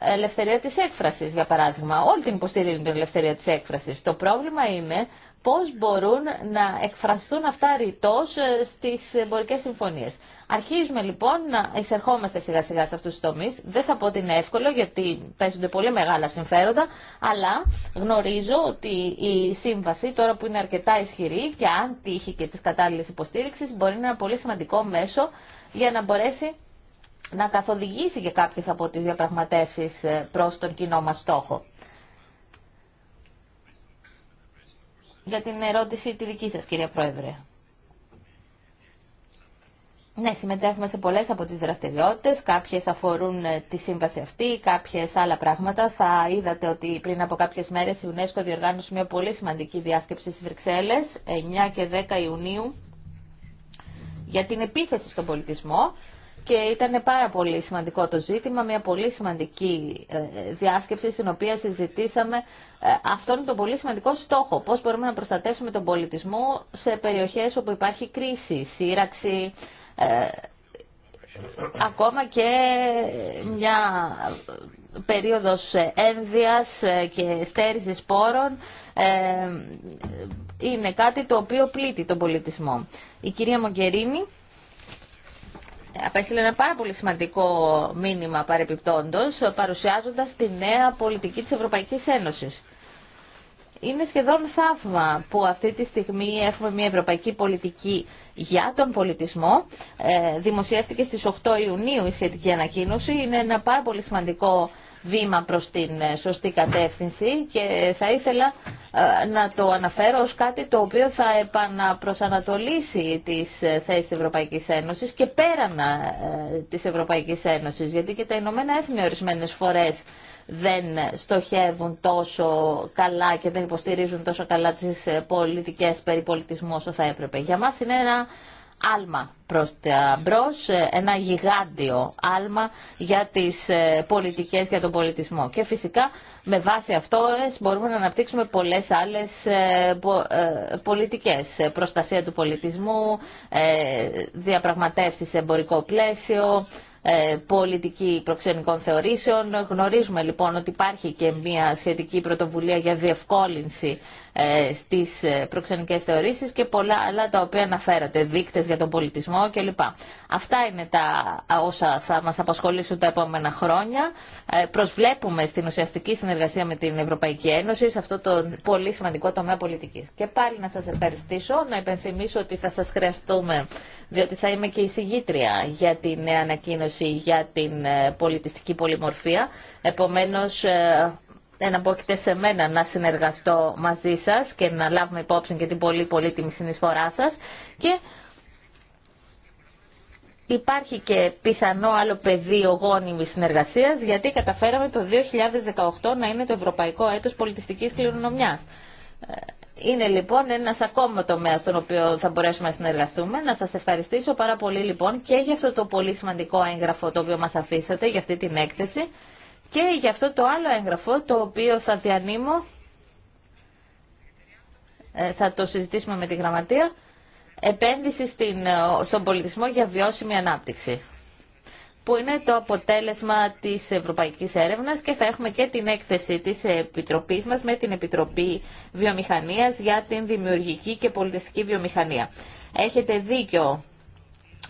Ελευθερία της έκφρασης, για παράδειγμα. Όλοι την υποστηρίζουν την ελευθερία της έκφρασης. Το πρόβλημα είναι πώς μπορούν να εκφραστούν αυτά ρητός ε, στις εμπορικές συμφωνίες. Αρχίζουμε λοιπόν να εισερχόμαστε σιγά σιγά σε αυτούς τους τομείς. Δεν θα πω ότι είναι εύκολο γιατί παίζονται πολύ μεγάλα συμφέροντα, αλλά γνωρίζω ότι η σύμβαση τώρα που είναι αρκετά ισχυρή και αν τύχει και τις κατάλληλε υποστήριξης μπορεί να είναι ένα πολύ σημαντικό μέσο για να μπορέσει να καθοδηγήσει και κάποιες από τις διαπραγματεύσεις ε, προς τον κοινό μας στόχο. για την ερώτηση τη δική σας, κυρία Πρόεδρε. Ναι, συμμετέχουμε σε πολλές από τις δραστηριότητες, κάποιες αφορούν ε, τη σύμβαση αυτή, κάποιες άλλα πράγματα. Θα είδατε ότι πριν από κάποιες μέρες η UNESCO διοργάνωσε μια πολύ σημαντική διάσκεψη στις Βρυξέλλες, 9 και 10 Ιουνίου, για την επίθεση στον πολιτισμό και ήταν πάρα πολύ σημαντικό το ζήτημα, μια πολύ σημαντική ε, διάσκεψη στην οποία συζητήσαμε ε, αυτόν τον πολύ σημαντικό στόχο, πώς μπορούμε να προστατεύσουμε τον πολιτισμό σε περιοχές όπου υπάρχει κρίση, σύραξη, ε, ακόμα και μια περίοδος ένδυας και στέρησης πόρων είναι κάτι το οποίο πλήττει τον πολιτισμό. Η κυρία Μογκερίνη απέστειλε ένα πάρα πολύ σημαντικό μήνυμα παρεπιπτόντω, παρουσιάζοντα τη νέα πολιτική τη Ευρωπαϊκή Ένωσης. Είναι σχεδόν θαύμα που αυτή τη στιγμή έχουμε μια ευρωπαϊκή πολιτική για τον πολιτισμό. Ε, δημοσιεύτηκε στις 8 Ιουνίου η σχετική ανακοίνωση. Είναι ένα πάρα πολύ σημαντικό βήμα προς την ε, σωστή κατεύθυνση και θα ήθελα ε, να το αναφέρω ως κάτι το οποίο θα επαναπροσανατολίσει τις ε, θέσεις της Ευρωπαϊκής Ένωσης και πέραν της Ευρωπαϊκής Ένωσης, γιατί και τα Ηνωμένα Έθνη ορισμένες φορές δεν στοχεύουν τόσο καλά και δεν υποστηρίζουν τόσο καλά τις πολιτικές περιπολιτισμού όσο θα έπρεπε. Για μας είναι ένα άλμα προς τα μπρος, ε, ένα γιγάντιο άλμα για τις ε, πολιτικές για τον πολιτισμό. Και φυσικά με βάση αυτό ε, μπορούμε να αναπτύξουμε πολλές άλλες πολιτικές. Προστασία του πολιτισμού, διαπραγματεύσεις σε εμπορικό πλαίσιο, πολιτική προξενικών θεωρήσεων. Γνωρίζουμε λοιπόν ότι υπάρχει και μια σχετική πρωτοβουλία για διευκόλυνση ε, στις ε, προξενικές θεωρήσεις και πολλά άλλα τα οποία αναφέρατε, δείκτες για τον πολιτισμό κλπ. Αυτά είναι τα όσα θα μας απασχολήσουν τα επόμενα χρόνια. Ε, προσβλέπουμε στην ουσιαστική συνεργασία με την Ευρωπαϊκή Ένωση σε αυτό το πολύ σημαντικό τομέα πολιτικής. Και πάλι να σας ευχαριστήσω, να υπενθυμίσω ότι θα σας χρειαστούμε διότι θα είμαι και εισηγήτρια για την νέα ανακοίνωση για την πολιτιστική πολυμορφία. Επομένως, εναπόκειται σε μένα να συνεργαστώ μαζί σας και να λάβουμε υπόψη και την πολύ πολύτιμη συνεισφορά σας και Υπάρχει και πιθανό άλλο πεδίο γόνιμη συνεργασίας γιατί καταφέραμε το 2018 να είναι το Ευρωπαϊκό Έτος Πολιτιστικής Κληρονομιάς. Ε, είναι λοιπόν ένα ακόμα τομέα στον οποίο θα μπορέσουμε να συνεργαστούμε. Να σα ευχαριστήσω πάρα πολύ λοιπόν και για αυτό το πολύ σημαντικό έγγραφο το οποίο μα αφήσατε, για αυτή την έκθεση και για αυτό το άλλο έγγραφο το οποίο θα διανύμω, ε, θα το συζητήσουμε με τη Γραμματεία, επένδυση στην, ε, στον πολιτισμό για βιώσιμη ανάπτυξη που είναι το αποτέλεσμα της ευρωπαϊκής έρευνας και θα έχουμε και την έκθεση της Επιτροπής μας με την Επιτροπή Βιομηχανίας για την Δημιουργική και Πολιτιστική Βιομηχανία. Έχετε δίκιο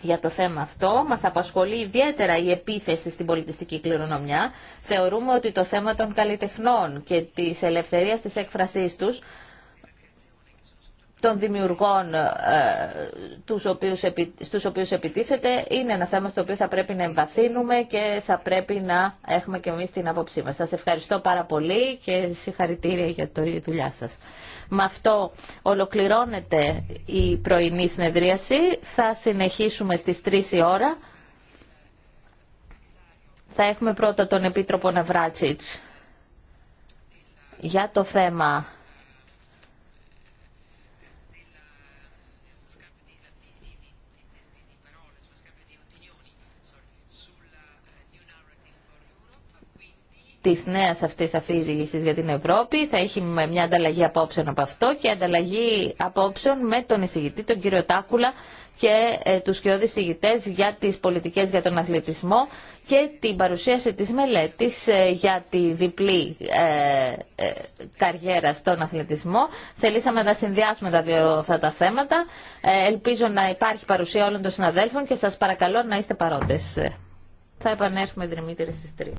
για το θέμα αυτό. Μας απασχολεί ιδιαίτερα η επίθεση στην πολιτιστική κληρονομιά. Θεωρούμε ότι το θέμα των καλλιτεχνών και της ελευθερίας της έκφρασής τους των δημιουργών ε, τους οποίους, στους οποίους επιτίθεται είναι ένα θέμα στο οποίο θα πρέπει να εμβαθύνουμε και θα πρέπει να έχουμε και εμείς την άποψή μας. Σας ευχαριστώ πάρα πολύ και συγχαρητήρια για τη δουλειά σας. Με αυτό ολοκληρώνεται η πρωινή συνεδρίαση. Θα συνεχίσουμε στις 3 η ώρα. Θα έχουμε πρώτα τον Επίτροπο Νευράτσιτς για το θέμα Τη νέα αυτή αφήγηση για την Ευρώπη. Θα έχει μια ανταλλαγή απόψεων από αυτό και ανταλλαγή απόψεων με τον εισηγητή, τον κύριο Τάκουλα και ε, τους κοιόδης για τι πολιτικέ για τον αθλητισμό και την παρουσίαση τη μελέτη ε, για τη διπλή ε, ε, καριέρα στον αθλητισμό. Θελήσαμε να συνδυάσουμε τα δύο αυτά τα θέματα. Ελπίζω να υπάρχει παρουσία όλων των συναδέλφων και σα παρακαλώ να είστε παρόντες. Θα επανέλθουμε δρυμύτερη στις 3.